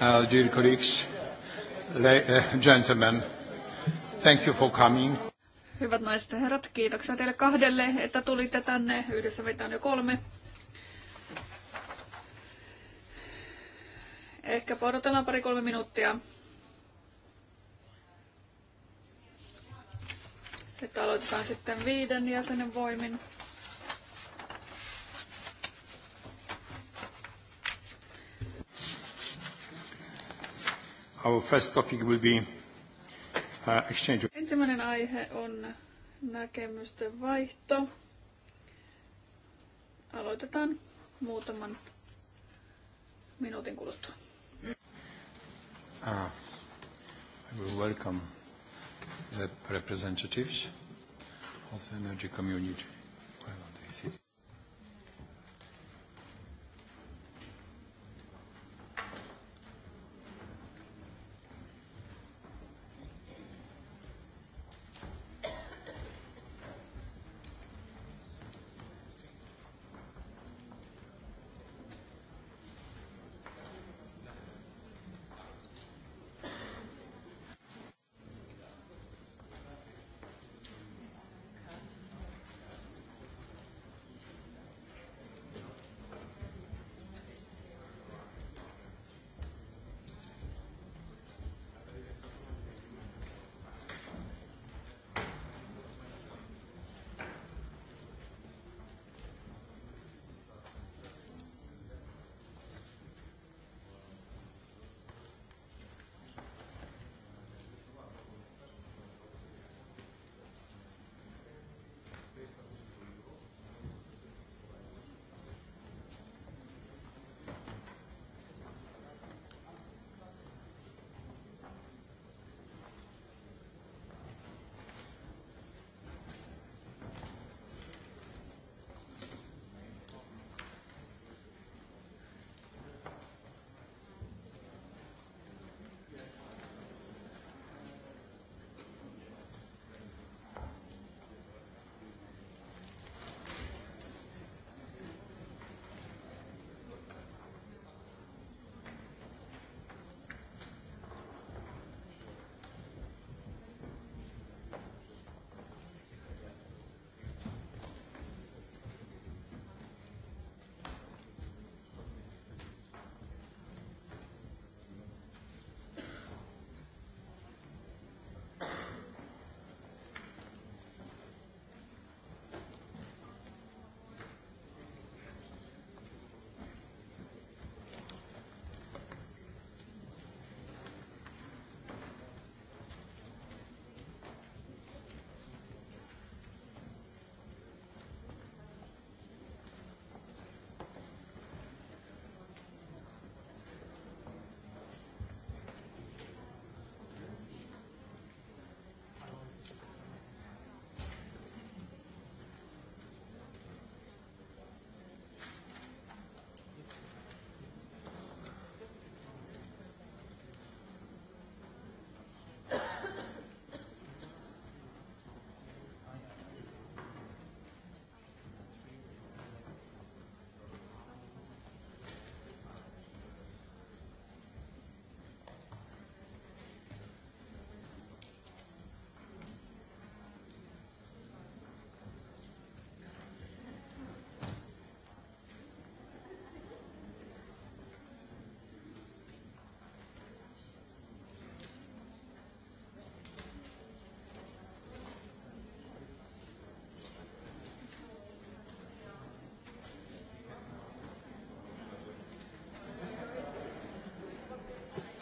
Uh, dear colleagues, uh, gentlemen, thank you for coming. Hyvät naiset ja herrat, kiitoksia teille kahdelle, että tulitte tänne. Yhdessä vetään jo kolme. Ehkä odotellaan pari-kolme minuuttia. Että aloitetaan sitten viiden jäsenen voimin. Our first topic will be uh, exchange. Ensimmäinen aihe on näkemysten vaihto. Aloitetaan muutaman minuutin kuluttua. Uh, I will welcome the representatives of the energy community.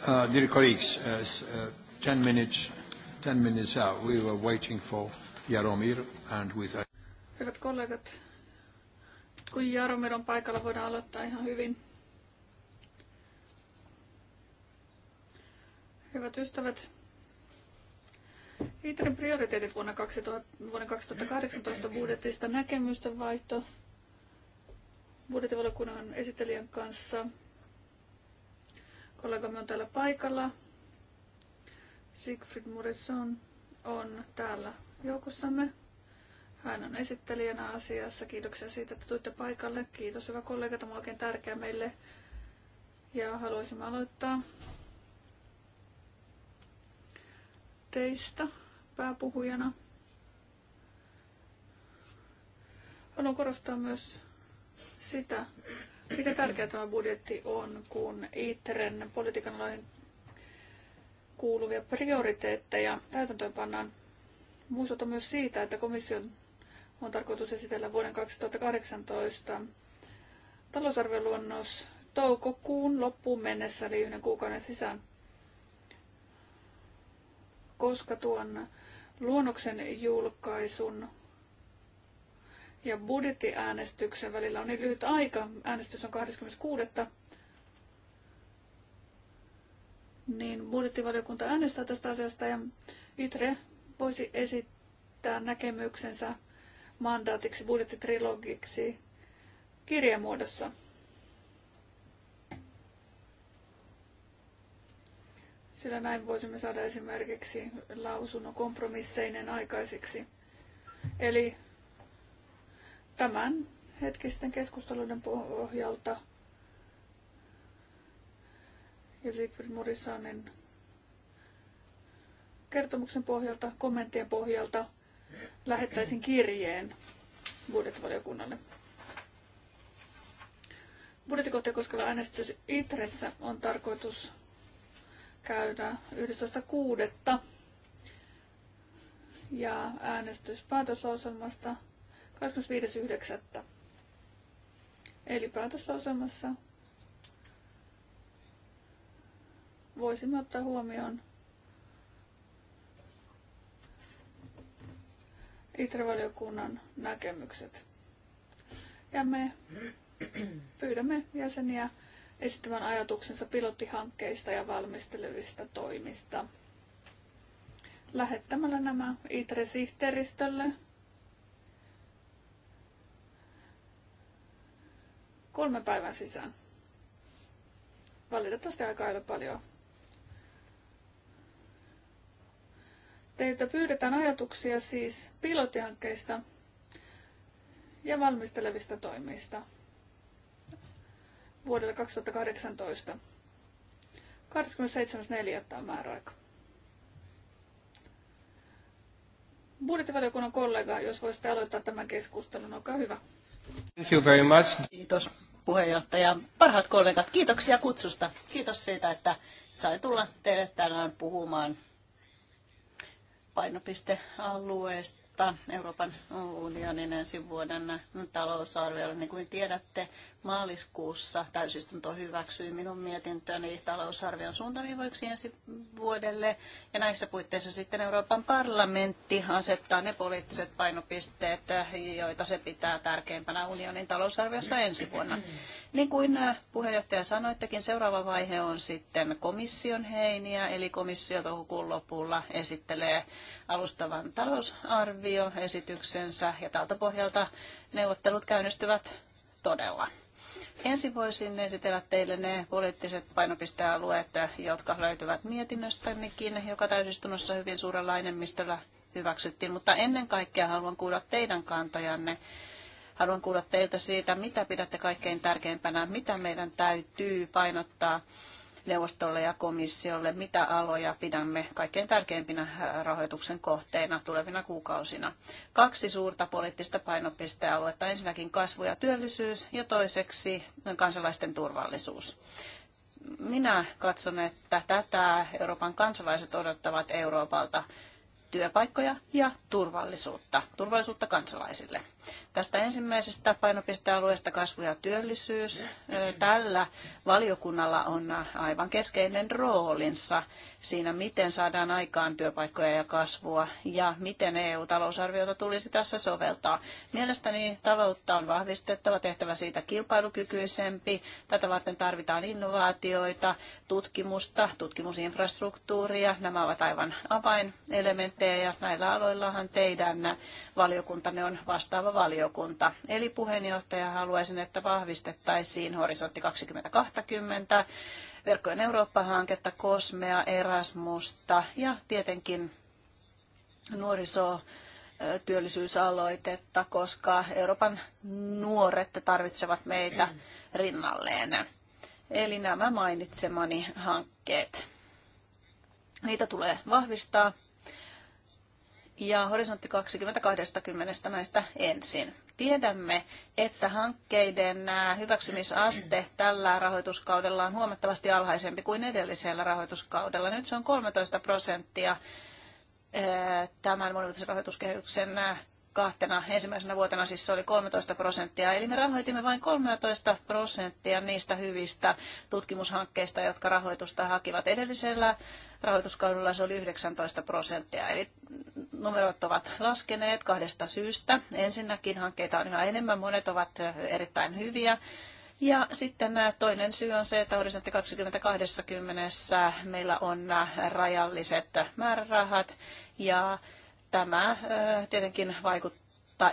Uh, dear colleagues, uh, uh, ten minutes, ten minutes out. We were waiting for Jaromir and with... Hyvät kollegat, kun Jaromir on paikalla, voidaan aloittaa ihan hyvin. Hyvät ystävät, Itren prioriteetit vuonna 2000, vuoden 2018 budjetista näkemysten vaihto budjettivaliokunnan esittelijän kanssa kollegamme on täällä paikalla. Siegfried Murisson on täällä joukossamme. Hän on esittelijänä asiassa. Kiitoksia siitä, että tuitte paikalle. Kiitos hyvä kollega, tämä on oikein tärkeä meille. Ja haluaisimme aloittaa teistä pääpuhujana. Haluan korostaa myös sitä, mikä tärkeä tämä budjetti on, kun ITREn politiikan aloihin kuuluvia prioriteetteja täytäntöön pannaan. Muistuta myös siitä, että komission on tarkoitus esitellä vuoden 2018 talousarvioluonnos toukokuun loppuun mennessä, eli yhden kuukauden sisään. Koska tuon luonnoksen julkaisun ja budjettiäänestyksen välillä on niin lyhyt aika, äänestys on 26. Niin budjettivaliokunta äänestää tästä asiasta ja ITRE voisi esittää näkemyksensä mandaatiksi budjettitrilogiksi kirjemuodossa. Sillä näin voisimme saada esimerkiksi lausunnon kompromisseinen aikaiseksi. Eli Tämän hetkisten keskusteluiden pohjalta ja Siegfried Morisanin kertomuksen pohjalta, kommenttien pohjalta lähettäisin kirjeen budjettivaliokunnalle. Budjettikohtia koskeva äänestys ITRESSä on tarkoitus käydä 11.6. ja äänestys päätöslauselmasta 25.9. Eli päätöslauselmassa voisimme ottaa huomioon itre näkemykset. Ja me pyydämme jäseniä esittämään ajatuksensa pilottihankkeista ja valmistelevista toimista lähettämällä nämä ITRE-sihteeristölle kolmen päivän sisään. Valitettavasti aika ei ole paljon. Teiltä pyydetään ajatuksia siis pilottihankkeista ja valmistelevista toimista vuodelle 2018. 27.4. on määräaika. Budjettivaliokunnan kollega, jos voisitte aloittaa tämän keskustelun, olkaa hyvä. Thank you very much. Kiitos puheenjohtaja. Parhaat kollegat, kiitoksia kutsusta. Kiitos siitä, että sain tulla teille tänään puhumaan painopistealueesta Euroopan unionin ensi vuoden talousarviolla. Niin kuin tiedätte, maaliskuussa täysistunto hyväksyi minun mietintöni talousarvion suuntaviivoiksi ensi vuodelle. Ja näissä puitteissa sitten Euroopan parlamentti asettaa ne poliittiset painopisteet, joita se pitää tärkeimpänä unionin talousarviossa ensi vuonna. Niin kuin äh, puheenjohtaja sanoittekin, seuraava vaihe on sitten komission heiniä, eli komissio toukokuun lopulla esittelee alustavan talousarvioesityksensä ja tältä pohjalta neuvottelut käynnistyvät todella. Ensin voisin esitellä teille ne poliittiset painopistealueet, jotka löytyvät mietinnöstämmekin, joka täysistunnossa hyvin suurella enemmistöllä hyväksyttiin. Mutta ennen kaikkea haluan kuulla teidän kantojanne. Haluan kuulla teiltä siitä, mitä pidätte kaikkein tärkeimpänä, mitä meidän täytyy painottaa neuvostolle ja komissiolle, mitä aloja pidämme kaikkein tärkeimpinä äh, rahoituksen kohteina tulevina kuukausina. Kaksi suurta poliittista painopistealuetta, ensinnäkin kasvu ja työllisyys ja toiseksi kansalaisten turvallisuus minä katson, että tätä Euroopan kansalaiset odottavat Euroopalta työpaikkoja ja turvallisuutta, turvallisuutta kansalaisille. Tästä ensimmäisestä painopistealueesta kasvu ja työllisyys. Tällä valiokunnalla on aivan keskeinen roolinsa siinä, miten saadaan aikaan työpaikkoja ja kasvua ja miten EU-talousarviota tulisi tässä soveltaa. Mielestäni taloutta on vahvistettava, tehtävä siitä kilpailukykyisempi. Tätä varten tarvitaan innovaatioita, tutkimusta, tutkimusinfrastruktuuria. Nämä ovat aivan avainelementtejä ja näillä aloillahan teidän valiokuntanne on vastaava valiokunta. Eli puheenjohtaja haluaisin, että vahvistettaisiin Horisontti 2020, Verkkojen Eurooppa-hanketta, Kosmea, Erasmusta ja tietenkin nuoriso työllisyysaloitetta, koska Euroopan nuoret tarvitsevat meitä rinnalleen. Eli nämä mainitsemani hankkeet. Niitä tulee vahvistaa ja horisontti 2020 näistä ensin. Tiedämme, että hankkeiden hyväksymisaste tällä rahoituskaudella on huomattavasti alhaisempi kuin edellisellä rahoituskaudella. Nyt se on 13 prosenttia tämän monivuotisen rahoituskehyksen kahtena ensimmäisenä vuotena siis se oli 13 prosenttia. Eli me rahoitimme vain 13 prosenttia niistä hyvistä tutkimushankkeista, jotka rahoitusta hakivat. Edellisellä rahoituskaudella se oli 19 prosenttia. Eli numerot ovat laskeneet kahdesta syystä. Ensinnäkin hankkeita on yhä enemmän, monet ovat erittäin hyviä. Ja sitten toinen syy on se, että horisontti 2020 meillä on rajalliset määrärahat ja tämä tietenkin vaikuttaa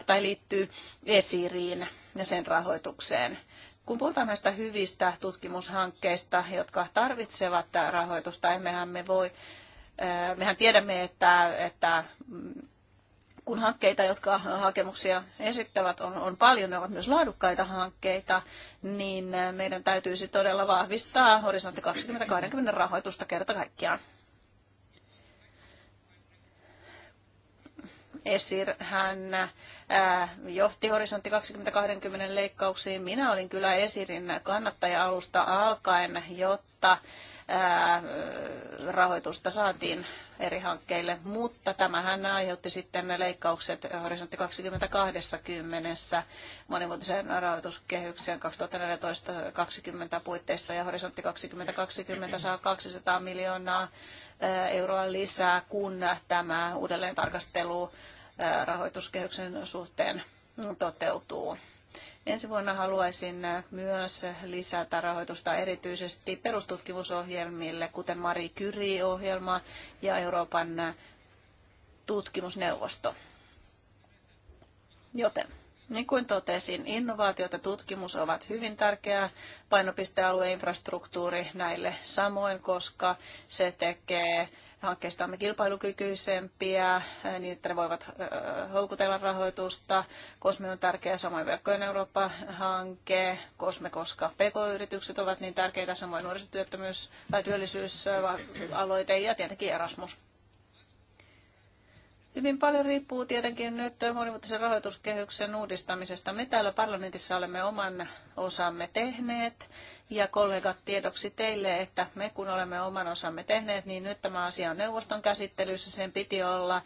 tai liittyy esiriin ja sen rahoitukseen. Kun puhutaan näistä hyvistä tutkimushankkeista, jotka tarvitsevat rahoitusta, emmehän me voi, mehän tiedämme, että, että mm, kun hankkeita, jotka hakemuksia esittävät, on, on paljon, ne ovat myös laadukkaita hankkeita, niin meidän täytyisi todella vahvistaa Horisontti 2020 rahoitusta kerta kaikkiaan. Esir, hän äh, johti Horisontti 2020 leikkauksiin. Minä olin kyllä Esirin kannattaja alusta alkaen, jotta äh, rahoitusta saatiin eri hankkeille, mutta tämähän aiheutti sitten ne leikkaukset horisontti 2020 monivuotisen rahoituskehyksen 2014-2020 puitteissa ja horisontti 2020 saa 200 miljoonaa äh, euroa lisää, kun tämä uudelleen tarkastelu rahoituskehyksen suhteen toteutuu. Ensi vuonna haluaisin myös lisätä rahoitusta erityisesti perustutkimusohjelmille, kuten Marie Curie-ohjelma ja Euroopan tutkimusneuvosto. Joten niin kuin totesin, innovaatiot ja tutkimus ovat hyvin tärkeä painopistealueinfrastruktuuri infrastruktuuri näille samoin, koska se tekee hankkeistamme kilpailukykyisempiä, eh, niin että ne voivat eh, houkutella rahoitusta. Kosme on tärkeä, samoin Verkkojen Eurooppa-hanke, Kosme, koska PK-yritykset ovat niin tärkeitä, samoin nuorisotyöttömyys tai työllisyysaloite ja tietenkin Erasmus. Hyvin paljon riippuu tietenkin nyt monimuotoisen rahoituskehyksen uudistamisesta. Me täällä parlamentissa olemme oman osamme tehneet ja kollegat tiedoksi teille, että me kun olemme oman osamme tehneet, niin nyt tämä asia on neuvoston käsittelyssä. Sen piti olla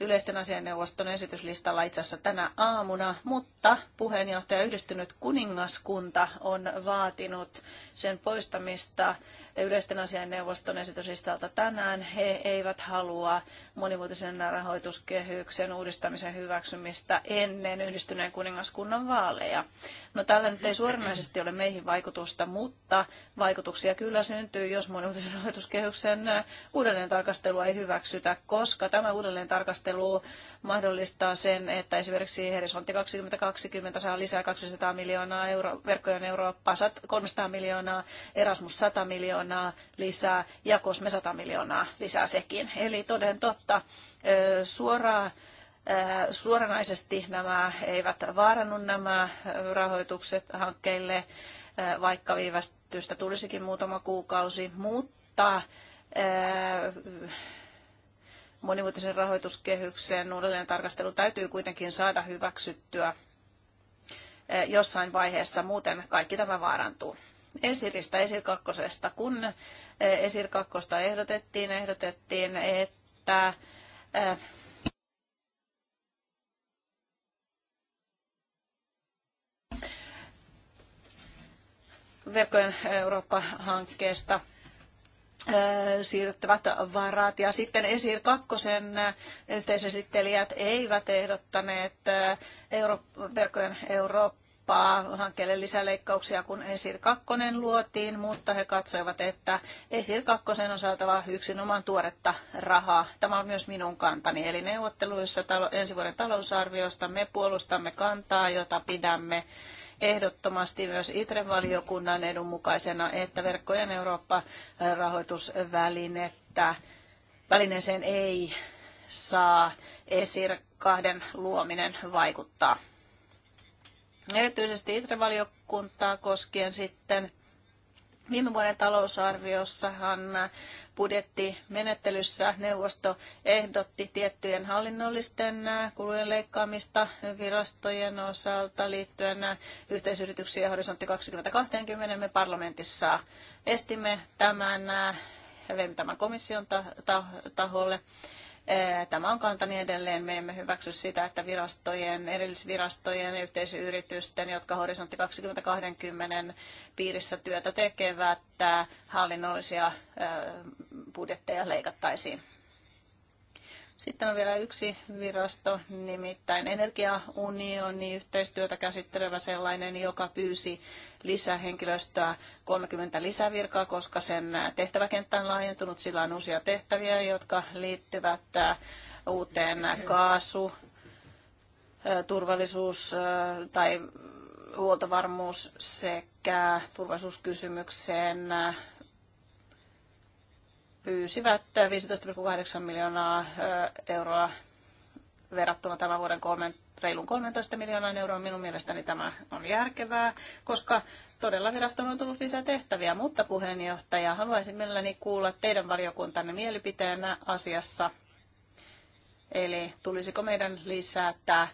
yleisten asianneuvoston esityslistalla itse asiassa tänä aamuna, mutta puheenjohtaja yhdistynyt kuningaskunta on vaatinut sen poistamista yleisten neuvoston esityslistalta tänään. He eivät halua monivuotisen rahoituskehyksen uudistamisen hyväksymistä ennen yhdistyneen kuningaskunnan vaaleja. No tällä nyt ei suoranaisesti ole meihin vaikutusta, mutta vaikutuksia kyllä syntyy, jos monivuotisen rahoituskehyksen uudelleen tarkastelua ei hyväksytä, koska tämä uudelleen tarkastelu mahdollistaa sen, että esimerkiksi Horisontti 2020 saa lisää 200 miljoonaa euroa, verkkojen Eurooppa 300 miljoonaa, Erasmus 100 miljoonaa, miljoonaa lisää ja Kosme 100 miljoonaa lisää sekin. Eli toden totta suoraa Suoranaisesti nämä eivät vaarannu nämä rahoitukset hankkeille, vaikka viivästystä tulisikin muutama kuukausi, mutta monivuotisen rahoituskehyksen uudelleen tarkastelu täytyy kuitenkin saada hyväksyttyä jossain vaiheessa, muuten kaikki tämä vaarantuu. Esiristä, Esir kakkosesta. Kun Esir kakkosta ehdotettiin, ehdotettiin, että verkkojen Eurooppa-hankkeesta siirrettävät varat. Ja sitten Esir kakkosen yhteisesittelijät eivät ehdottaneet Euro- verkkojen Eurooppa kauppaa hankkeelle lisäleikkauksia, kun Esir 2 luotiin, mutta he katsoivat, että Esir 2 on saatava yksinomaan tuoretta rahaa. Tämä on myös minun kantani. Eli neuvotteluissa talo, ensi vuoden talousarviosta me puolustamme kantaa, jota pidämme ehdottomasti myös ITREn valiokunnan edun mukaisena, että verkkojen Eurooppa-rahoitusvälinettä välineeseen ei saa esir kahden luominen vaikuttaa erityisesti ITRE-valiokuntaa koskien sitten Viime vuoden talousarviossahan budjettimenettelyssä neuvosto ehdotti tiettyjen hallinnollisten kulujen leikkaamista virastojen osalta liittyen yhteisyrityksiin ja horisontti 2020. Me parlamentissa estimme tämän, tämän komission taholle. Tämä on kantani edelleen. Me emme hyväksy sitä, että virastojen, erillisvirastojen, yhteisöyritysten, jotka horisontti 2020 piirissä työtä tekevät, hallinnollisia budjetteja leikattaisiin. Sitten on vielä yksi virasto, nimittäin energiaunioni, yhteistyötä käsittelevä sellainen, joka pyysi lisähenkilöstöä 30 lisävirkaa, koska sen tehtäväkenttä on laajentunut. Sillä on uusia tehtäviä, jotka liittyvät äh, uuteen kaasu, äh, turvallisuus äh, tai huoltovarmuus sekä turvallisuuskysymykseen pyysivät 15,8 miljoonaa euroa verrattuna tämän vuoden kolmen, reilun 13 miljoonaa euroa. Minun mielestäni tämä on järkevää, koska todella viraston on tullut lisää tehtäviä. Mutta puheenjohtaja, haluaisin mielelläni kuulla teidän valiokuntanne mielipiteenä asiassa. Eli tulisiko meidän lisätä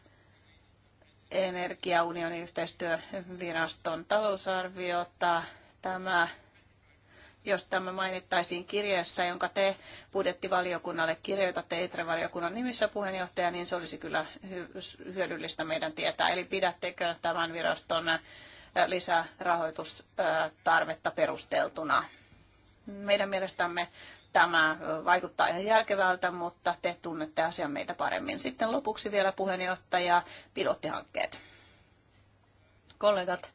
energiaunionin yhteistyöviraston talousarviota? Tämä jos tämä mainittaisiin kirjeessä, jonka te budjettivaliokunnalle kirjoitatte ITRE-valiokunnan nimissä puheenjohtaja, niin se olisi kyllä hyödyllistä meidän tietää. Eli pidättekö tämän viraston äh, lisärahoitustarvetta äh, perusteltuna? Meidän mielestämme tämä äh, vaikuttaa ihan järkevältä, mutta te tunnette asian meitä paremmin. Sitten lopuksi vielä puheenjohtaja, pilottihankkeet. Kollegat,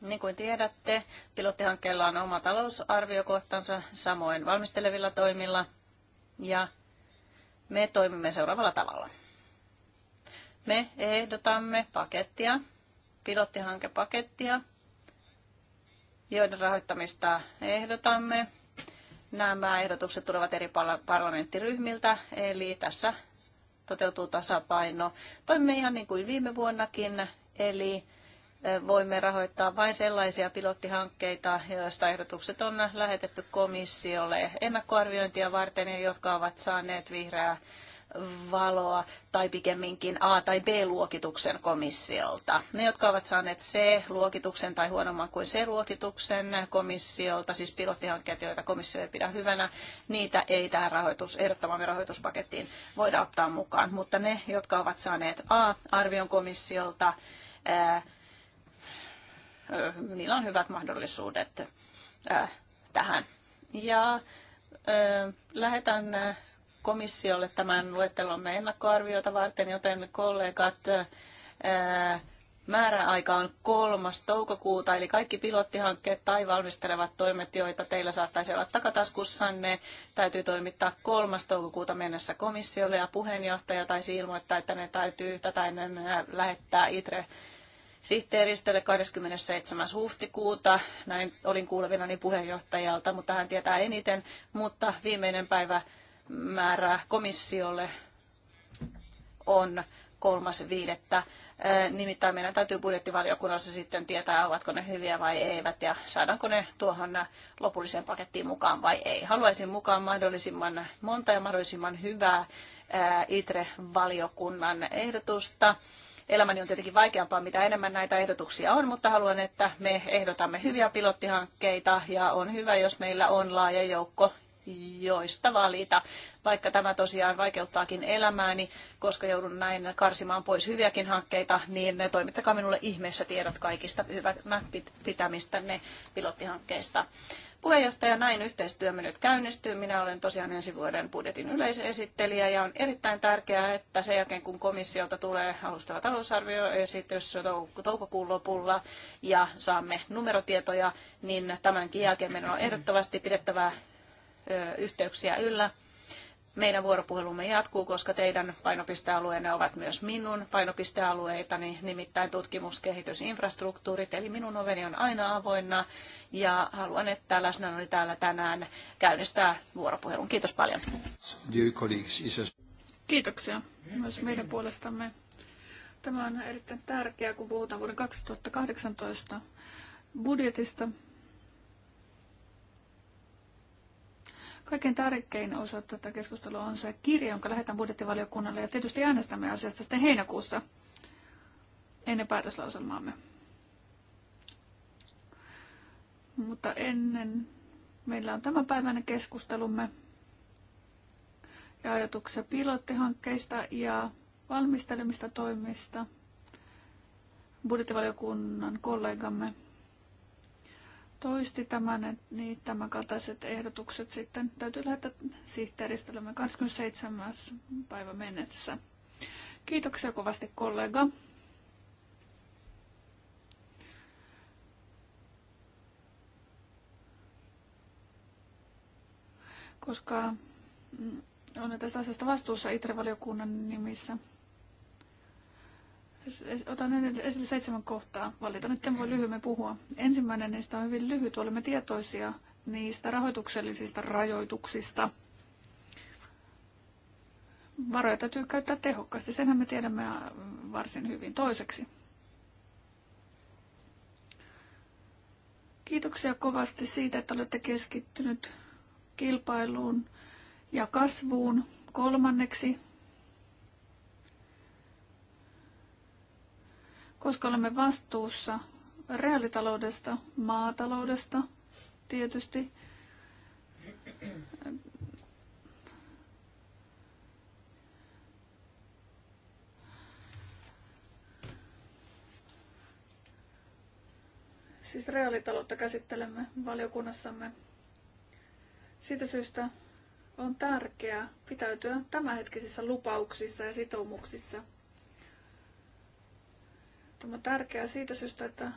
Niin kuin tiedätte, pilottihankkeella on oma talousarviokohtansa samoin valmistelevilla toimilla ja me toimimme seuraavalla tavalla. Me ehdotamme pakettia, pilottihankepakettia, joiden rahoittamista ehdotamme. Nämä ehdotukset tulevat eri parlamenttiryhmiltä, eli tässä toteutuu tasapaino. Toimimme ihan niin kuin viime vuonnakin, eli voimme rahoittaa vain sellaisia pilottihankkeita, joista ehdotukset on lähetetty komissiolle ennakkoarviointia varten ja jotka ovat saaneet vihreää valoa tai pikemminkin A- tai B-luokituksen komissiolta. Ne, jotka ovat saaneet C-luokituksen tai huonomman kuin C-luokituksen komissiolta, siis pilottihankkeet, joita komissio ei pidä hyvänä, niitä ei tähän rahoitus, ehdottamamme rahoituspakettiin voida ottaa mukaan. Mutta ne, jotka ovat saaneet A-arvion komissiolta, ää, niillä on hyvät mahdollisuudet tähän. Ja lähetän komissiolle tämän luettelomme ennakkoarviota varten, joten kollegat, määräaika on 3. toukokuuta, eli kaikki pilottihankkeet tai valmistelevat toimet, joita teillä saattaisi olla takataskussanne, täytyy toimittaa 3. toukokuuta mennessä komissiolle ja puheenjohtaja taisi ilmoittaa, että ne täytyy tätä ennen lähettää ITRE sihteeristölle 27. huhtikuuta. Näin olin kuulevinani puheenjohtajalta, mutta hän tietää eniten. Mutta viimeinen päivä määrää komissiolle on kolmas viidettä. Nimittäin meidän täytyy budjettivaliokunnassa sitten tietää, ovatko ne hyviä vai eivät ja saadaanko ne tuohon lopulliseen pakettiin mukaan vai ei. Haluaisin mukaan mahdollisimman monta ja mahdollisimman hyvää ITRE-valiokunnan ehdotusta. Elämäni on tietenkin vaikeampaa, mitä enemmän näitä ehdotuksia on, mutta haluan, että me ehdotamme hyviä pilottihankkeita ja on hyvä, jos meillä on laaja joukko joista valita. Vaikka tämä tosiaan vaikeuttaakin elämääni, koska joudun näin karsimaan pois hyviäkin hankkeita, niin toimittakaa minulle ihmeessä tiedot kaikista hyvänä pitämistänne pilottihankkeista. Puheenjohtaja, näin yhteistyömme nyt käynnistyy. Minä olen tosiaan ensi vuoden budjetin yleisesittelijä ja on erittäin tärkeää, että sen jälkeen kun komissiolta tulee alustava talousarvioesitys toukokuun lopulla ja saamme numerotietoja, niin tämänkin jälkeen meidän on ehdottomasti pidettävä yhteyksiä yllä meidän vuoropuhelumme jatkuu, koska teidän painopistealueenne ovat myös minun painopistealueitani, nimittäin tutkimus, kehitys, infrastruktuurit, eli minun oveni on aina avoinna ja haluan, että oli täällä tänään käynnistää vuoropuhelun. Kiitos paljon. Kiitoksia myös meidän puolestamme. Tämä on erittäin tärkeää, kun puhutaan vuoden 2018 budjetista. Kaiken tärkein osa tätä keskustelua on se kirja, jonka lähetän budjettivaliokunnalle ja tietysti äänestämme asiasta sitten heinäkuussa ennen päätöslauselmaamme. Mutta ennen meillä on tämän päivänä keskustelumme ja ajatuksia pilottihankkeista ja valmistelemista toimista budjettivaliokunnan kollegamme toisti tämän, niin tämä kaltaiset ehdotukset sitten täytyy lähettää sihteeristölle 27. päivä mennessä. Kiitoksia kovasti kollega. Koska mm, olen tästä asiasta vastuussa ITRE-valiokunnan nimissä. Otan esille seitsemän kohtaa. Valitan, että en voi lyhyemmin puhua. Ensimmäinen niistä on hyvin lyhyt. Olemme tietoisia niistä rahoituksellisista rajoituksista. Varoja täytyy käyttää tehokkaasti. Senhän me tiedämme varsin hyvin. Toiseksi. Kiitoksia kovasti siitä, että olette keskittynyt kilpailuun ja kasvuun. Kolmanneksi koska olemme vastuussa reaalitaloudesta, maataloudesta tietysti, siis reaalitaloutta käsittelemme valiokunnassamme. Siitä syystä on tärkeää pitäytyä tämänhetkisissä lupauksissa ja sitoumuksissa – Tämä on tärkeää siitä syystä, että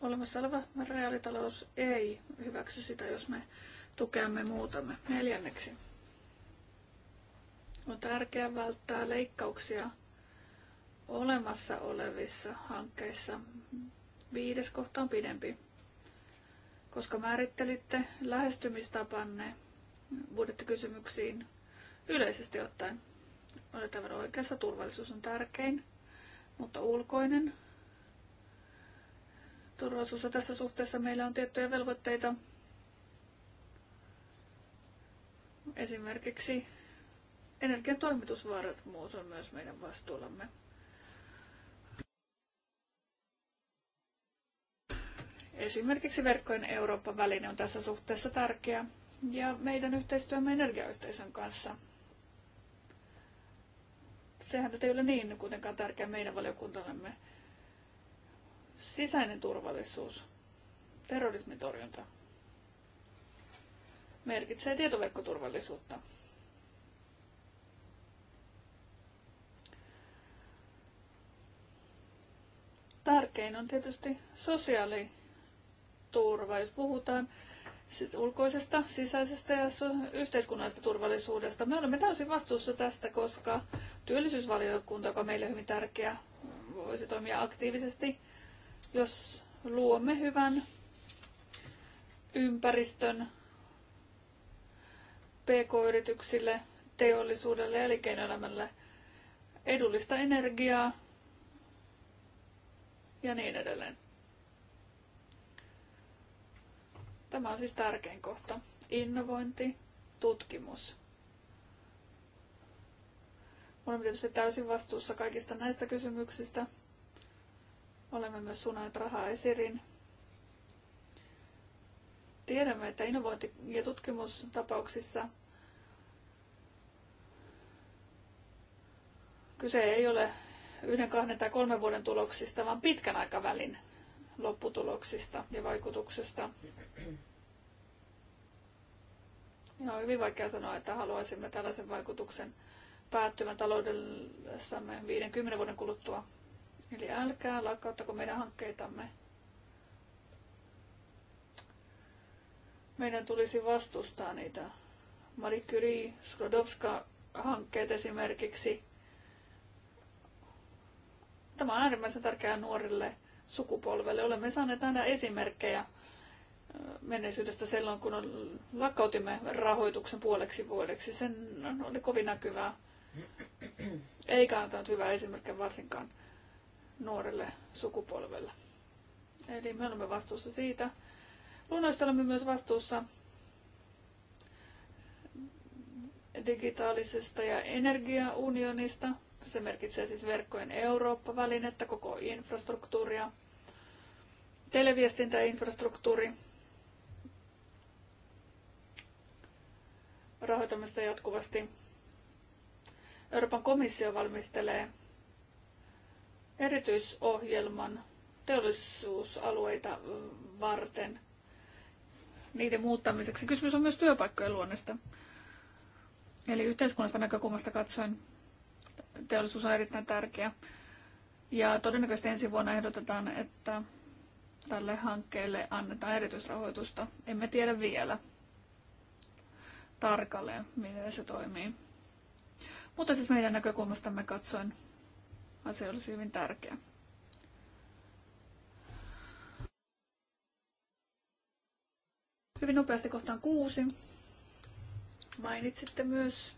olemassa oleva reaalitalous ei hyväksy sitä, jos me tukeamme muutamme. Neljänneksi on tärkeää välttää leikkauksia olemassa olevissa hankkeissa. Viides kohta on pidempi, koska määrittelitte lähestymistapanne budjettikysymyksiin Yleisesti ottaen olet aivan oikeassa, turvallisuus on tärkein, mutta ulkoinen turvallisuus ja tässä suhteessa meillä on tiettyjä velvoitteita. Esimerkiksi energian toimitusvarmuus on myös meidän vastuullamme. Esimerkiksi verkkojen Euroopan väline on tässä suhteessa tärkeä ja meidän yhteistyömme energiayhteisön kanssa – sehän nyt ei ole niin kuitenkaan tärkeä meidän valiokuntamme. Sisäinen turvallisuus, terrorismitorjunta, torjunta, merkitsee tietoverkkoturvallisuutta. Tärkein on tietysti sosiaaliturva, jos puhutaan siis ulkoisesta, sisäisestä ja yhteiskunnallisesta turvallisuudesta. Me olemme täysin vastuussa tästä, koska työllisyysvaliokunta, joka on meille hyvin tärkeä, voisi toimia aktiivisesti, jos luomme hyvän ympäristön pk-yrityksille, teollisuudelle ja elinkeinoelämälle edullista energiaa ja niin edelleen. Tämä on siis tärkein kohta. Innovointi, tutkimus. Olemme tietysti täysin vastuussa kaikista näistä kysymyksistä. Olemme myös suunnanneet rahaa esirin. Tiedämme, että innovointi- ja tutkimustapauksissa kyse ei ole yhden, kahden tai kolmen vuoden tuloksista, vaan pitkän aikavälin lopputuloksista ja vaikutuksesta. Ja on hyvin vaikea sanoa, että haluaisimme tällaisen vaikutuksen päättyvän taloudellamme 50 vuoden kuluttua. Eli älkää lakkauttako meidän hankkeitamme. Meidän tulisi vastustaa niitä. Marie Curie, Skrodowska-hankkeet esimerkiksi. Tämä on äärimmäisen tärkeää nuorille sukupolvelle. Olemme saaneet aina esimerkkejä menneisyydestä silloin, kun on, lakkautimme rahoituksen puoleksi vuodeksi. Sen oli kovin näkyvää. ei antanut hyvää esimerkkiä varsinkaan nuorelle sukupolvelle. Eli me olemme vastuussa siitä. Luonnollisesti olemme myös vastuussa digitaalisesta ja energiaunionista. Se merkitsee siis verkkojen Eurooppa-välinettä, koko infrastruktuuria, televiestintäinfrastruktuuri, rahoitamista jatkuvasti. Euroopan komissio valmistelee erityisohjelman teollisuusalueita varten niiden muuttamiseksi. Kysymys on myös työpaikkojen luonnesta. Eli yhteiskunnasta näkökulmasta katsoen teollisuus on erittäin tärkeä. Ja todennäköisesti ensi vuonna ehdotetaan, että Tälle hankkeelle annetaan erityisrahoitusta. Emme tiedä vielä tarkalleen, miten se toimii. Mutta siis meidän näkökulmastamme katsoen asia olisi hyvin tärkeä. Hyvin nopeasti kohtaan kuusi. Mainitsitte myös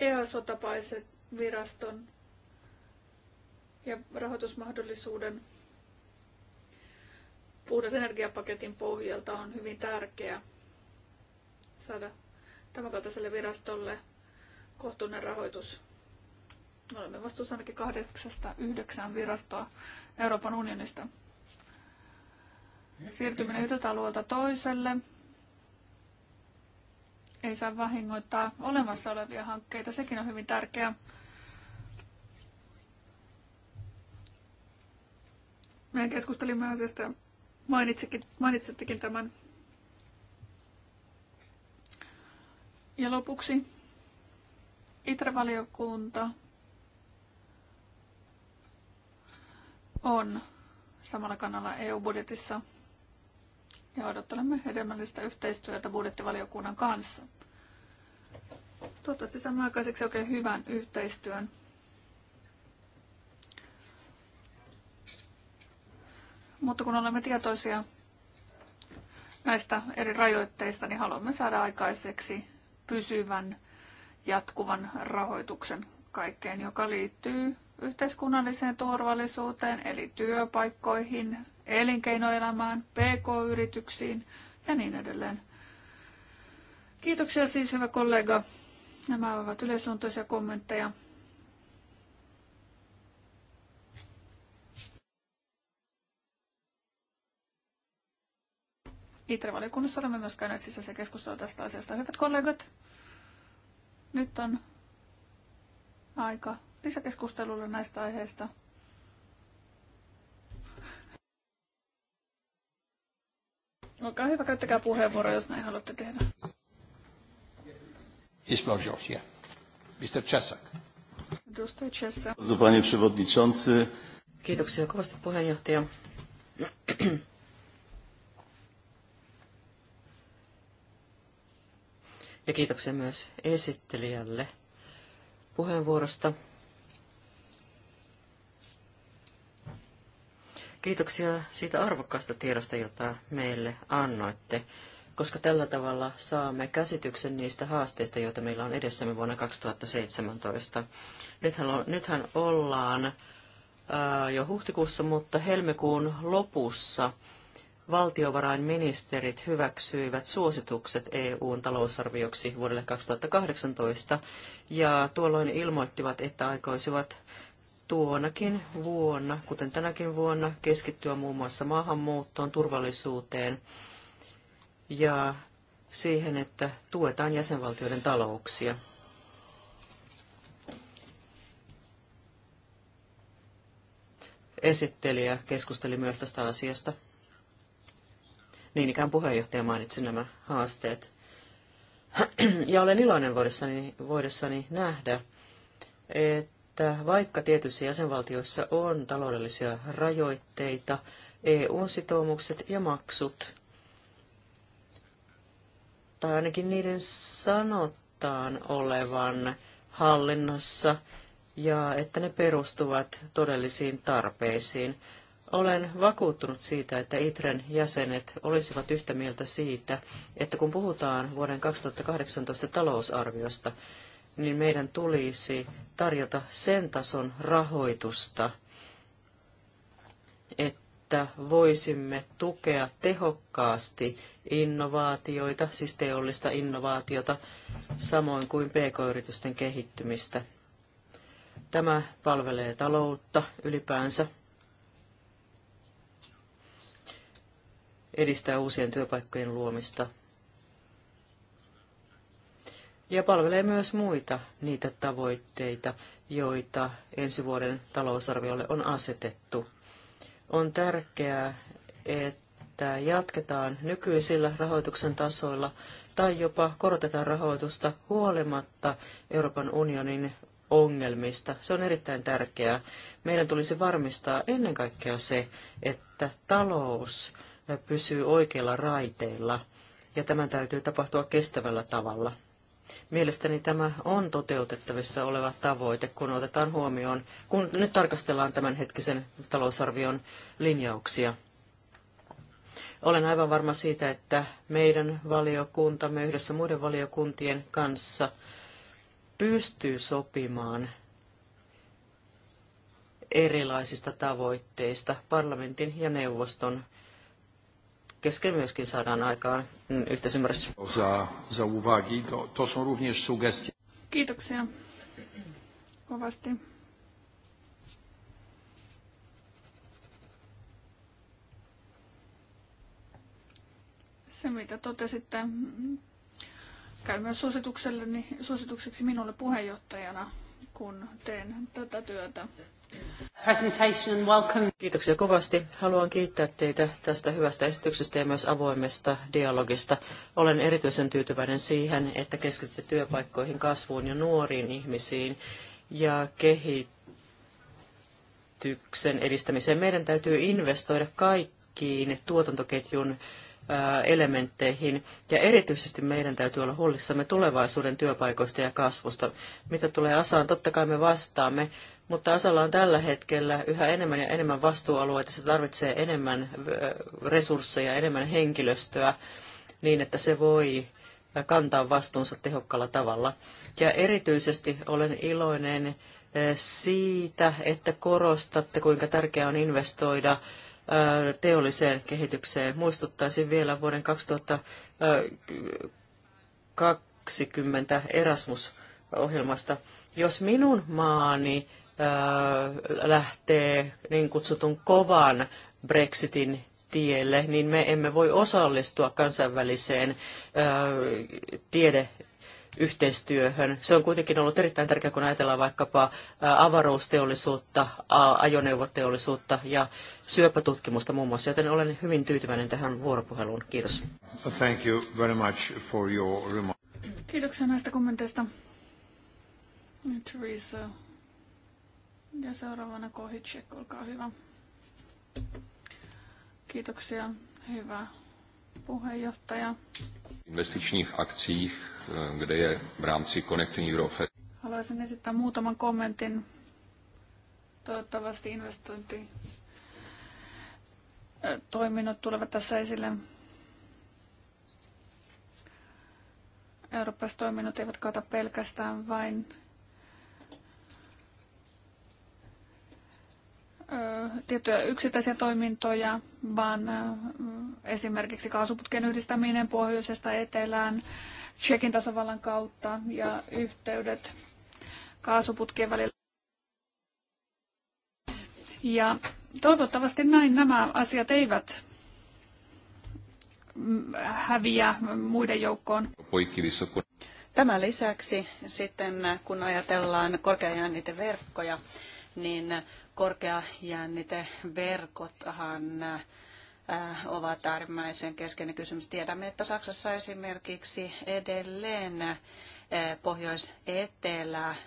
EASO-tapaiset viraston ja rahoitusmahdollisuuden puhdas energiapaketin pohjalta on hyvin tärkeää saada tämänkaltaiselle virastolle kohtuullinen rahoitus. Olemme vastuussa ainakin kahdeksasta yhdeksään virastoa Euroopan unionista. Siirtyminen yhdeltä alueelta toiselle ei saa vahingoittaa olemassa olevia hankkeita. Sekin on hyvin tärkeää. Mehän keskustelimme asiasta ja mainitsittekin tämän. Ja lopuksi ITRE-valiokunta on samalla kannalla EU-budjetissa ja odottelemme hedelmällistä yhteistyötä budjettivaliokunnan kanssa. Toivottavasti saamme aikaiseksi oikein hyvän yhteistyön. Mutta kun olemme tietoisia näistä eri rajoitteista, niin haluamme saada aikaiseksi pysyvän jatkuvan rahoituksen kaikkeen, joka liittyy yhteiskunnalliseen turvallisuuteen, eli työpaikkoihin, elinkeinoelämään, pk-yrityksiin ja niin edelleen. Kiitoksia siis, hyvä kollega. Nämä ovat yleisluontoisia kommentteja. ITRE-valiokunnassa olemme myös käyneet sisäisiä keskustelua tästä asiasta. Hyvät kollegat, nyt on aika lisäkeskustelulle näistä aiheista. Olkaa hyvä, käyttäkää puheenvuoro, jos näin haluatte tehdä. Mr. Kiitoksia kovasti puheenjohtaja. ja kiitoksia myös esittelijälle puheenvuorosta. Kiitoksia siitä arvokkaasta tiedosta, jota meille annoitte, koska tällä tavalla saamme käsityksen niistä haasteista, joita meillä on edessämme vuonna 2017. Nythän, on, nythän ollaan ää, jo huhtikuussa, mutta helmikuun lopussa valtiovarainministerit hyväksyivät suositukset EUn talousarvioksi vuodelle 2018 ja tuolloin ilmoittivat, että aikoisivat tuonakin vuonna, kuten tänäkin vuonna, keskittyä muun muassa maahanmuuttoon, turvallisuuteen ja siihen, että tuetaan jäsenvaltioiden talouksia. Esittelijä keskusteli myös tästä asiasta. Niin ikään puheenjohtaja mainitsi nämä haasteet. Ja olen iloinen voidessani, voidessani nähdä, että vaikka tietyissä jäsenvaltioissa on taloudellisia rajoitteita, eu sitoumukset ja maksut, tai ainakin niiden sanotaan olevan hallinnassa, ja että ne perustuvat todellisiin tarpeisiin. Olen vakuuttunut siitä, että ITREN jäsenet olisivat yhtä mieltä siitä, että kun puhutaan vuoden 2018 talousarviosta, niin meidän tulisi tarjota sen tason rahoitusta, että voisimme tukea tehokkaasti innovaatioita, siis teollista innovaatiota, samoin kuin pk-yritysten kehittymistä. Tämä palvelee taloutta ylipäänsä edistää uusien työpaikkojen luomista ja palvelee myös muita niitä tavoitteita, joita ensi vuoden talousarviolle on asetettu. On tärkeää, että jatketaan nykyisillä rahoituksen tasoilla tai jopa korotetaan rahoitusta huolimatta Euroopan unionin ongelmista. Se on erittäin tärkeää. Meidän tulisi varmistaa ennen kaikkea se, että talous pysyy oikeilla raiteilla, ja tämän täytyy tapahtua kestävällä tavalla. Mielestäni tämä on toteutettavissa oleva tavoite, kun otetaan huomioon, kun nyt tarkastellaan tämänhetkisen talousarvion linjauksia. Olen aivan varma siitä, että meidän valiokuntamme yhdessä muiden valiokuntien kanssa pystyy sopimaan erilaisista tavoitteista parlamentin ja neuvoston kesken myöskin saadaan aikaan mm, yhteisymmärrys. Za, za uwagi. To, to są również sugestie. Kiitoksia kovasti. Se, mitä totesitte, käy myös suositukseksi minulle puheenjohtajana, kun teen tätä työtä. Kiitoksia kovasti. Haluan kiittää teitä tästä hyvästä esityksestä ja myös avoimesta dialogista. Olen erityisen tyytyväinen siihen, että keskitytte työpaikkoihin, kasvuun ja nuoriin ihmisiin ja kehityksen edistämiseen. Meidän täytyy investoida kaikkiin tuotantoketjun elementteihin. Ja erityisesti meidän täytyy olla huolissamme tulevaisuuden työpaikoista ja kasvusta. Mitä tulee Asaan, totta kai me vastaamme, mutta Asalla on tällä hetkellä yhä enemmän ja enemmän vastuualueita. Se tarvitsee enemmän resursseja, enemmän henkilöstöä niin, että se voi kantaa vastuunsa tehokkaalla tavalla. Ja erityisesti olen iloinen siitä, että korostatte, kuinka tärkeää on investoida teolliseen kehitykseen. Muistuttaisin vielä vuoden 2020 Erasmus-ohjelmasta. Jos minun maani lähtee niin kutsutun kovan Brexitin tielle, niin me emme voi osallistua kansainväliseen tiede- yhteistyöhön. Se on kuitenkin ollut erittäin tärkeää, kun ajatellaan vaikkapa avaruusteollisuutta, ajoneuvoteollisuutta ja syöpätutkimusta muun muassa, joten olen hyvin tyytyväinen tähän vuoropuheluun. Kiitos. Thank you very much for your Kiitoksia näistä kommenteista. Teresa. Ja seuraavana Kohitsek, olkaa hyvä. Kiitoksia. Hyvä puheenjohtaja. Investičních akcích, eh, kde je v rámci Connecting Europe. Haluaisin esittää muutaman kommentin. Toivottavasti investointi eh, toiminnot tulevat tässä esille. Euroopassa toiminnot eivät kata pelkästään vain tiettyjä yksittäisiä toimintoja, vaan esimerkiksi kaasuputken yhdistäminen pohjoisesta etelään, Tsekin tasavallan kautta ja yhteydet kaasuputkien välillä. Ja toivottavasti näin nämä asiat eivät häviä muiden joukkoon. Tämän lisäksi sitten kun ajatellaan korkeajänniteverkkoja, niin korkeajänniteverkothan äh, ovat äärimmäisen keskeinen kysymys. Tiedämme, että Saksassa esimerkiksi edelleen äh, pohjois-etelä äh,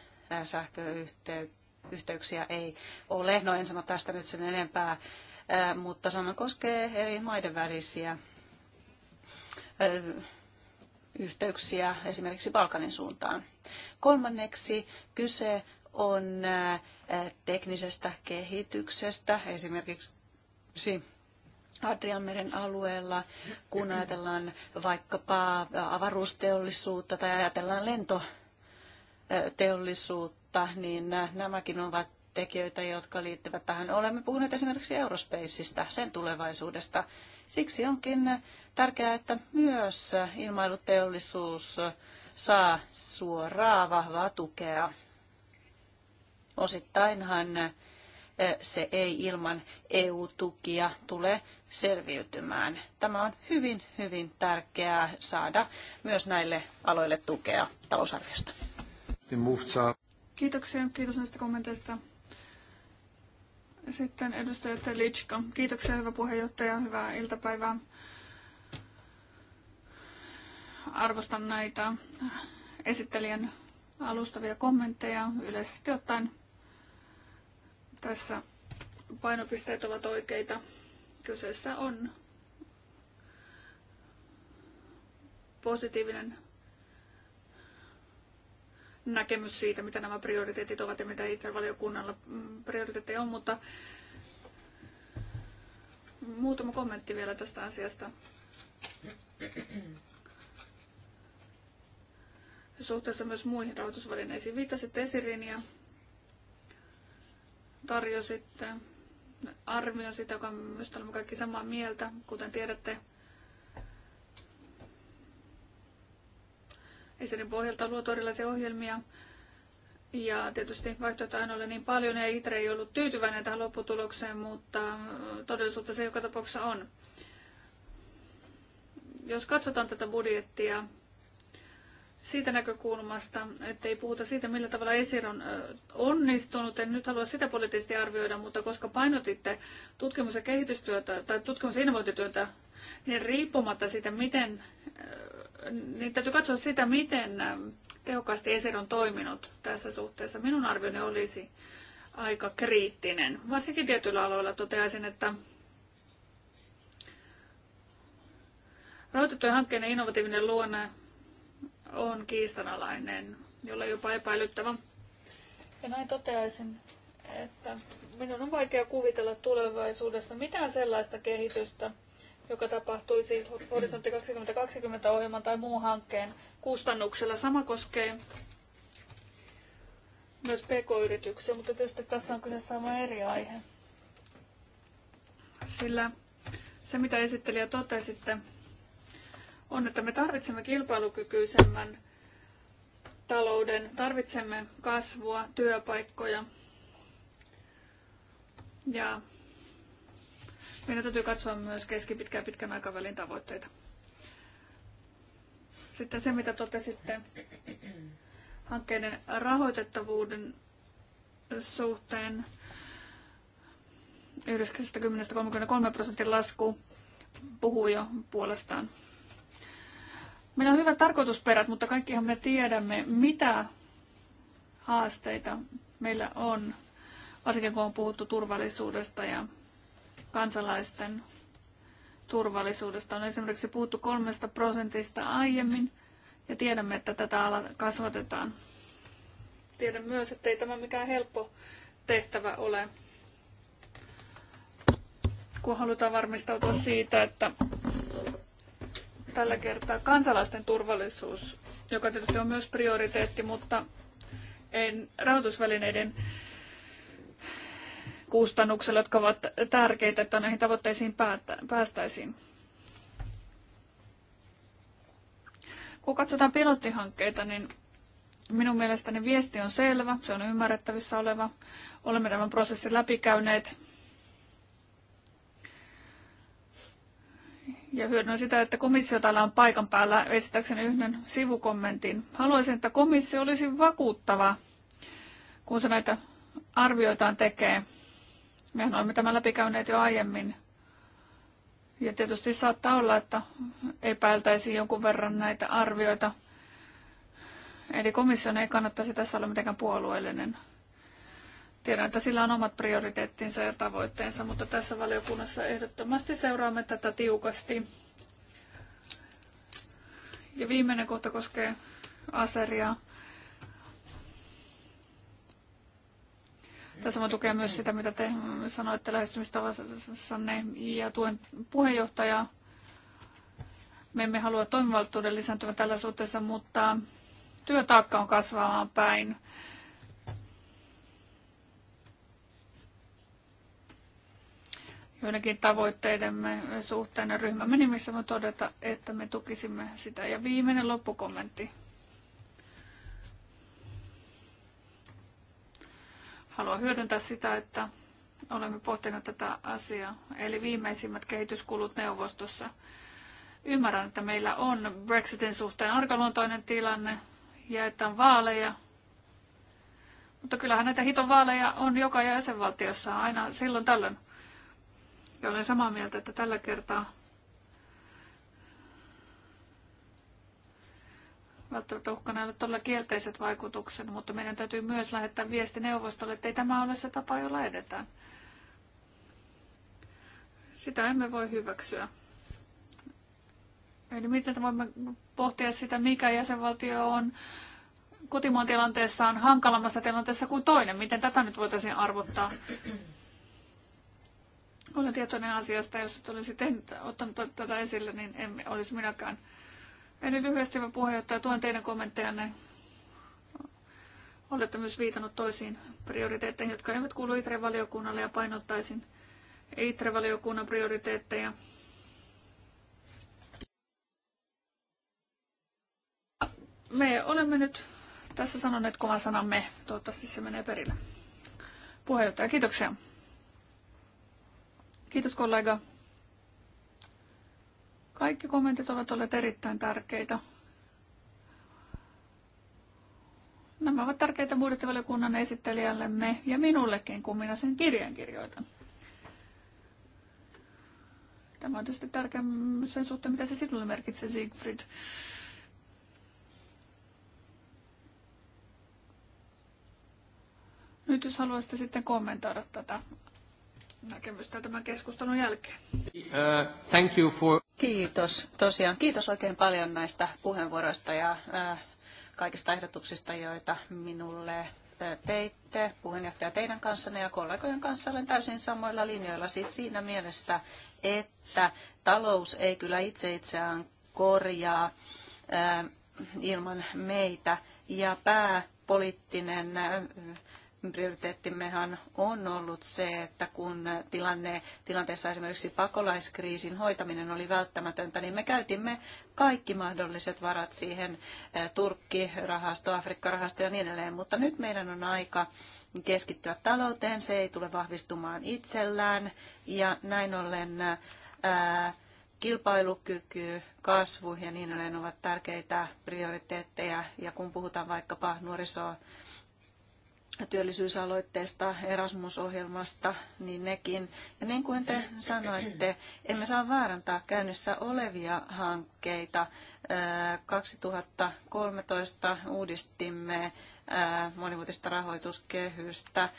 sähköyhteyksiä ei ole. No en sano tästä nyt sen enempää, mutta sama koskee eri maiden välisiä yhteyksiä esimerkiksi Balkanin suuntaan. Kolmanneksi kyse on teknisestä kehityksestä, esimerkiksi Adrianmeren alueella, kun ajatellaan vaikkapa avaruusteollisuutta tai ajatellaan lentoteollisuutta, niin nämäkin ovat tekijöitä, jotka liittyvät tähän. Olemme puhuneet esimerkiksi Eurospaceista, sen tulevaisuudesta. Siksi onkin tärkeää, että myös ilmailuteollisuus saa suoraa vahvaa tukea Osittainhan eh, se ei ilman EU-tukia tule selviytymään. Tämä on hyvin, hyvin tärkeää saada myös näille aloille tukea talousarviosta. Kiitoksia, kiitos näistä kommenteista. Sitten edustaja Telitschka. Kiitoksia, hyvä puheenjohtaja, hyvää iltapäivää. Arvostan näitä esittelijän alustavia kommentteja yleisesti ottaen tässä painopisteet ovat oikeita. Kyseessä on positiivinen näkemys siitä, mitä nämä prioriteetit ovat ja mitä itse valiokunnalla prioriteetteja on, mutta muutama kommentti vielä tästä asiasta. Suhteessa myös muihin rahoitusvälineisiin viittasitte esiriin ja tarjositte arvio siitä, joka myös olemme kaikki samaa mieltä, kuten tiedätte. Esirin pohjalta on luotu erilaisia ohjelmia ja tietysti vaihtoehto aina oli niin paljon ja ITRE ei ollut tyytyväinen tähän lopputulokseen, mutta äh, todellisuutta se joka tapauksessa on. Jos katsotaan tätä budjettia siitä näkökulmasta, että ei puhuta siitä, millä tavalla ESIR on onnistunut. En nyt halua sitä poliittisesti arvioida, mutta koska painotitte tutkimus- ja kehitystyötä tai tutkimus- ja innovointityötä, niin riippumatta siitä, miten, niin täytyy katsoa sitä, miten tehokkaasti ESIR on toiminut tässä suhteessa. Minun arvioni olisi aika kriittinen. Varsinkin tietyillä aloilla toteaisin, että rahoitettujen hankkeiden innovatiivinen luonne on kiistanalainen, jolla jopa epäilyttävä. Ja näin toteaisin, että minun on vaikea kuvitella tulevaisuudessa mitään sellaista kehitystä, joka tapahtuisi Horisontti 2020 ohjelman tai muun hankkeen kustannuksella. Sama koskee myös pk-yrityksiä, mutta tietysti tässä on kyseessä sama eri aihe. Sillä se, mitä esittelijä totesitte, on, että me tarvitsemme kilpailukykyisemmän talouden, tarvitsemme kasvua, työpaikkoja. Ja meidän täytyy katsoa myös keskipitkän ja pitkän aikavälin tavoitteita. Sitten se, mitä totesitte hankkeiden rahoitettavuuden suhteen 90-33 prosentin lasku puhuu jo puolestaan. Meillä on hyvät tarkoitusperät, mutta kaikkihan me tiedämme, mitä haasteita meillä on, varsinkin kun on puhuttu turvallisuudesta ja kansalaisten turvallisuudesta. On esimerkiksi puhuttu kolmesta prosentista aiemmin ja tiedämme, että tätä ala kasvatetaan. Tiedän myös, että ei tämä mikään helppo tehtävä ole, kun halutaan varmistautua siitä, että tällä kertaa kansalaisten turvallisuus, joka tietysti on myös prioriteetti, mutta en, rahoitusvälineiden kustannuksella, jotka ovat tärkeitä, että näihin tavoitteisiin päästäisiin. Kun katsotaan pilottihankkeita, niin minun mielestäni viesti on selvä, se on ymmärrettävissä oleva. Olemme tämän prosessin läpikäyneet ja hyödyn sitä, että komissio täällä on paikan päällä esittääkseni yhden sivukommentin. Haluaisin, että komissio olisi vakuuttava, kun se näitä arvioitaan tekee. Mehän olemme tämän läpikäyneet jo aiemmin. Ja tietysti saattaa olla, että epäiltäisiin jonkun verran näitä arvioita. Eli komission ei kannattaisi tässä olla mitenkään puolueellinen. Tiedän, että sillä on omat prioriteettinsa ja tavoitteensa, mutta tässä valiokunnassa ehdottomasti seuraamme tätä tiukasti. Ja viimeinen kohta koskee aseria. Tässä voin tukea myös sitä, mitä te sanoitte lähestymistavassanne ja tuen puheenjohtajaa. Me emme halua toimivaltuuden lisääntyvän tällä suhteessa, mutta työtaakka on kasvamaan päin. joidenkin tavoitteidemme suhteen ja ryhmämme nimissä voi todeta, että me tukisimme sitä. Ja viimeinen loppukommentti. Haluan hyödyntää sitä, että olemme pohtineet tätä asiaa, eli viimeisimmät kehityskulut neuvostossa. Ymmärrän, että meillä on Brexitin suhteen arkaluontoinen tilanne ja että on vaaleja, mutta kyllähän näitä hiton vaaleja on joka jäsenvaltiossa aina silloin tällöin. Ja olen samaa mieltä, että tällä kertaa välttämättä uhkana ole todella kielteiset vaikutukset, mutta meidän täytyy myös lähettää viesti neuvostolle, että ei tämä ole se tapa, jolla edetään. Sitä emme voi hyväksyä. Eli miten voimme pohtia sitä, mikä jäsenvaltio on kotimaan tilanteessaan hankalammassa tilanteessa kuin toinen. Miten tätä nyt voitaisiin arvottaa? olen tietoinen asiasta, jos et olisi tehnyt, ottanut tätä esille, niin en olisi minäkään. Eli lyhyesti mä puheenjohtaja, tuon teidän kommenttejanne. Olette myös viitannut toisiin prioriteetteihin, jotka eivät kuulu ITRE-valiokunnalle ja painottaisin ITRE-valiokunnan prioriteetteja. Me olemme nyt tässä sanoneet kovan sanamme. Toivottavasti se menee perille. Puheenjohtaja, kiitoksia. Kiitos kollega. Kaikki kommentit ovat olleet erittäin tärkeitä. Nämä ovat tärkeitä budjettivaliokunnan esittelijällemme ja minullekin, kun minä sen kirjan kirjoitan. Tämä on tietysti tärkeä sen suhteen, mitä se sinulle merkitsee, Siegfried. Nyt jos haluaisitte sitten kommentoida tätä näkemystä tämän keskustelun jälkeen. Uh, thank you for... Kiitos. Tosiaan kiitos oikein paljon näistä puheenvuoroista ja uh, kaikista ehdotuksista, joita minulle uh, teitte puheenjohtaja teidän kanssanne ja kollegojen kanssa olen täysin samoilla linjoilla. Siis siinä mielessä, että talous ei kyllä itse itseään korjaa uh, ilman meitä ja pääpoliittinen uh, prioriteettimmehan on ollut se, että kun tilanne, tilanteessa esimerkiksi pakolaiskriisin hoitaminen oli välttämätöntä, niin me käytimme kaikki mahdolliset varat siihen, eh, Turkki-rahasto, Afrikka-rahasto ja niin edelleen. Mutta nyt meidän on aika keskittyä talouteen, se ei tule vahvistumaan itsellään ja näin ollen ää, eh, kilpailukyky, kasvu ja niin edelleen ovat tärkeitä prioriteetteja. Ja kun puhutaan vaikkapa nuorisoa, työllisyysaloitteesta, Erasmus-ohjelmasta, niin nekin. Ja niin kuin te sanoitte, emme saa vaarantaa käynnissä olevia hankkeita. 2013 uudistimme monivuotista rahoituskehystä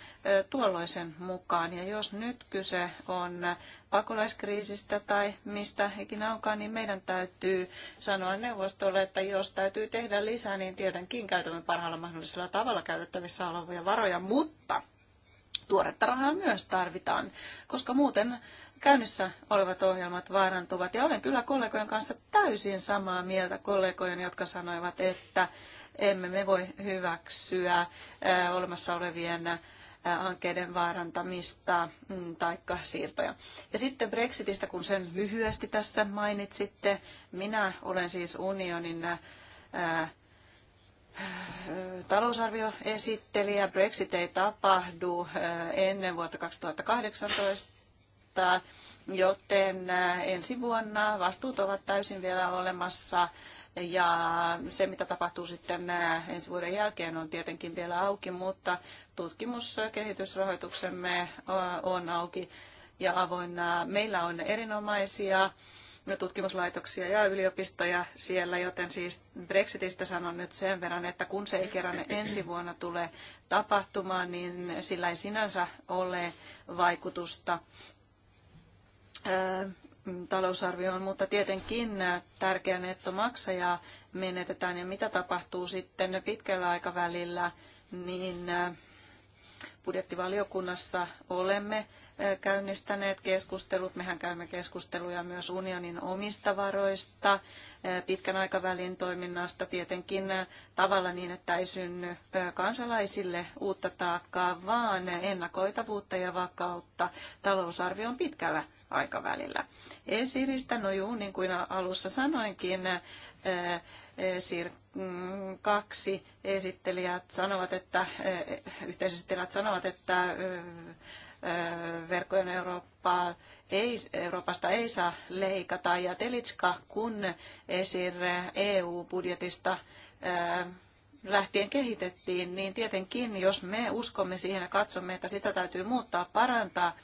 tuolloisen mukaan. Ja jos nyt kyse on pakolaiskriisistä tai mistä ikinä onkaan, niin meidän täytyy sanoa neuvostolle, että jos täytyy tehdä lisää, niin tietenkin käytämme parhaalla mahdollisella tavalla käytettävissä olevia varoja, mutta tuoretta rahaa myös tarvitaan, koska muuten käynnissä olevat ohjelmat vaarantuvat. Ja olen kyllä kollegojen kanssa täysin samaa mieltä kollegojen, jotka sanoivat, että emme me voi hyväksyä olemassa olevien hankkeiden vaarantamista mm, tai siirtoja. Ja sitten Brexitistä, kun sen lyhyesti tässä mainitsitte, minä olen siis unionin talousarvioesittelijä. Brexit ei tapahdu ennen vuotta 2018, joten ensi vuonna vastuut ovat täysin vielä olemassa ja se, mitä tapahtuu sitten äh, ensi vuoden jälkeen, on tietenkin vielä auki, mutta tutkimuskehitysrahoituksemme äh, on auki ja avoinna. Äh, meillä on erinomaisia tutkimuslaitoksia ja yliopistoja siellä, joten siis Brexitistä sanon nyt sen verran, että kun se ei kerran ensi vuonna tule tapahtumaan, niin sillä ei sinänsä ole vaikutusta talousarvioon, mutta tietenkin tärkeä nettomaksaja menetetään ja mitä tapahtuu sitten pitkällä aikavälillä, niin äh, budjettivaliokunnassa olemme äh, käynnistäneet keskustelut. Mehän käymme keskusteluja myös unionin omista varoista, äh, pitkän aikavälin toiminnasta tietenkin tavalla niin, että ei synny kansalaisille uutta taakkaa, vaan ennakoitavuutta ja vakautta talousarvion pitkällä aikavälillä. Esiristä, no juu, niin kuin alussa sanoinkin, Sir mm, kaksi esittelijät sanovat, että, yhteisesittelijät sanovat, että verkkojen Eurooppaa ei, Euroopasta ei saa leikata. Ja Telitska, kun esir EU-budjetista lähtien kehitettiin, niin tietenkin jos me uskomme siihen ja katsomme, että sitä täytyy muuttaa, parantaa,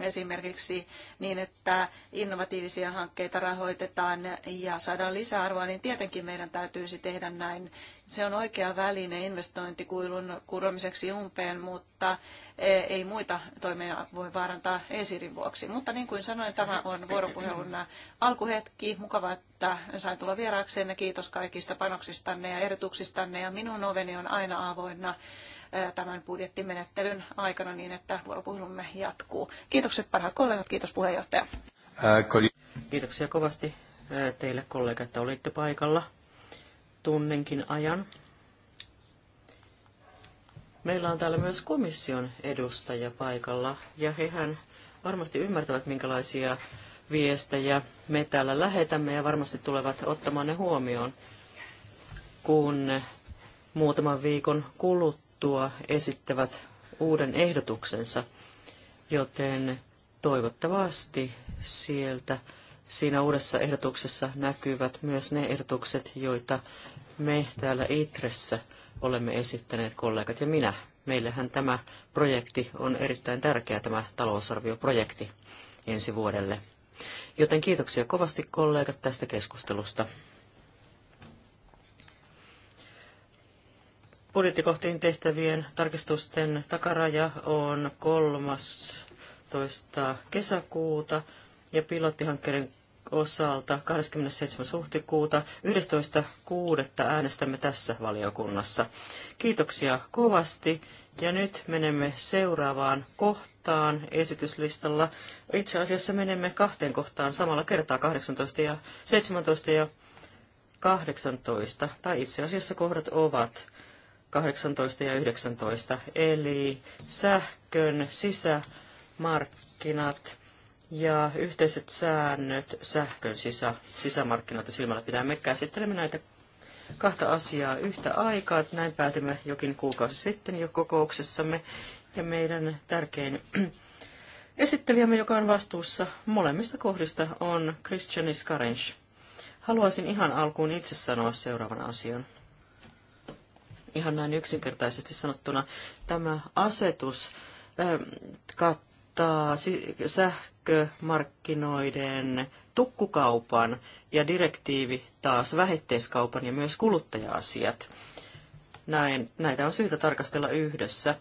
esimerkiksi niin, että innovatiivisia hankkeita rahoitetaan ja saadaan lisäarvoa, niin tietenkin meidän täytyisi tehdä näin. Se on oikea väline investointikuilun kuromiseksi umpeen, mutta eh, ei muita toimia voi vaarantaa esirin vuoksi. Mutta niin kuin sanoin, tämä on vuoropuhelun alkuhetki. Mukava, että sain tulla vieraaksenne. Kiitos kaikista panoksistanne ja ehdotuksistanne ja minun oveni on aina avoinna tämän budjettimenettelyn aikana niin, että vuoropuhelumme jatkuu. Kiitokset parhaat kollegat, kiitos puheenjohtaja. Kiitoksia kovasti teille kollega, että olitte paikalla tunnenkin ajan. Meillä on täällä myös komission edustaja paikalla, ja hehän varmasti ymmärtävät, minkälaisia viestejä me täällä lähetämme, ja varmasti tulevat ottamaan ne huomioon, kun muutaman viikon kuluttua kuluttua esittävät uuden ehdotuksensa, joten toivottavasti sieltä siinä uudessa ehdotuksessa näkyvät myös ne ehdotukset, joita me täällä Itressä olemme esittäneet kollegat ja minä. Meillähän tämä projekti on erittäin tärkeä, tämä talousarvioprojekti ensi vuodelle. Joten kiitoksia kovasti kollegat tästä keskustelusta. Budjettikohtiin tehtävien tarkistusten takaraja on 13. kesäkuuta ja pilottihankkeiden osalta 27. huhtikuuta 11.6. äänestämme tässä valiokunnassa. Kiitoksia kovasti ja nyt menemme seuraavaan kohtaan esityslistalla. Itse asiassa menemme kahteen kohtaan samalla kertaa 18 ja 17 ja 18, tai itse asiassa kohdat ovat 18 ja 19, eli sähkön sisämarkkinat ja yhteiset säännöt sähkön sisä, sisämarkkinoita silmällä pitää. Me käsittelemme näitä kahta asiaa yhtä aikaa. Näin päätimme jokin kuukausi sitten jo kokouksessamme. Ja meidän tärkein esittelijämme, joka on vastuussa molemmista kohdista, on Christian Skarench. Haluaisin ihan alkuun itse sanoa seuraavan asian. Ihan näin yksinkertaisesti sanottuna tämä asetus kattaa sähkömarkkinoiden tukkukaupan ja direktiivi taas vähitteiskaupan ja myös kuluttaja-asiat. Näin, näitä on syytä tarkastella yhdessä.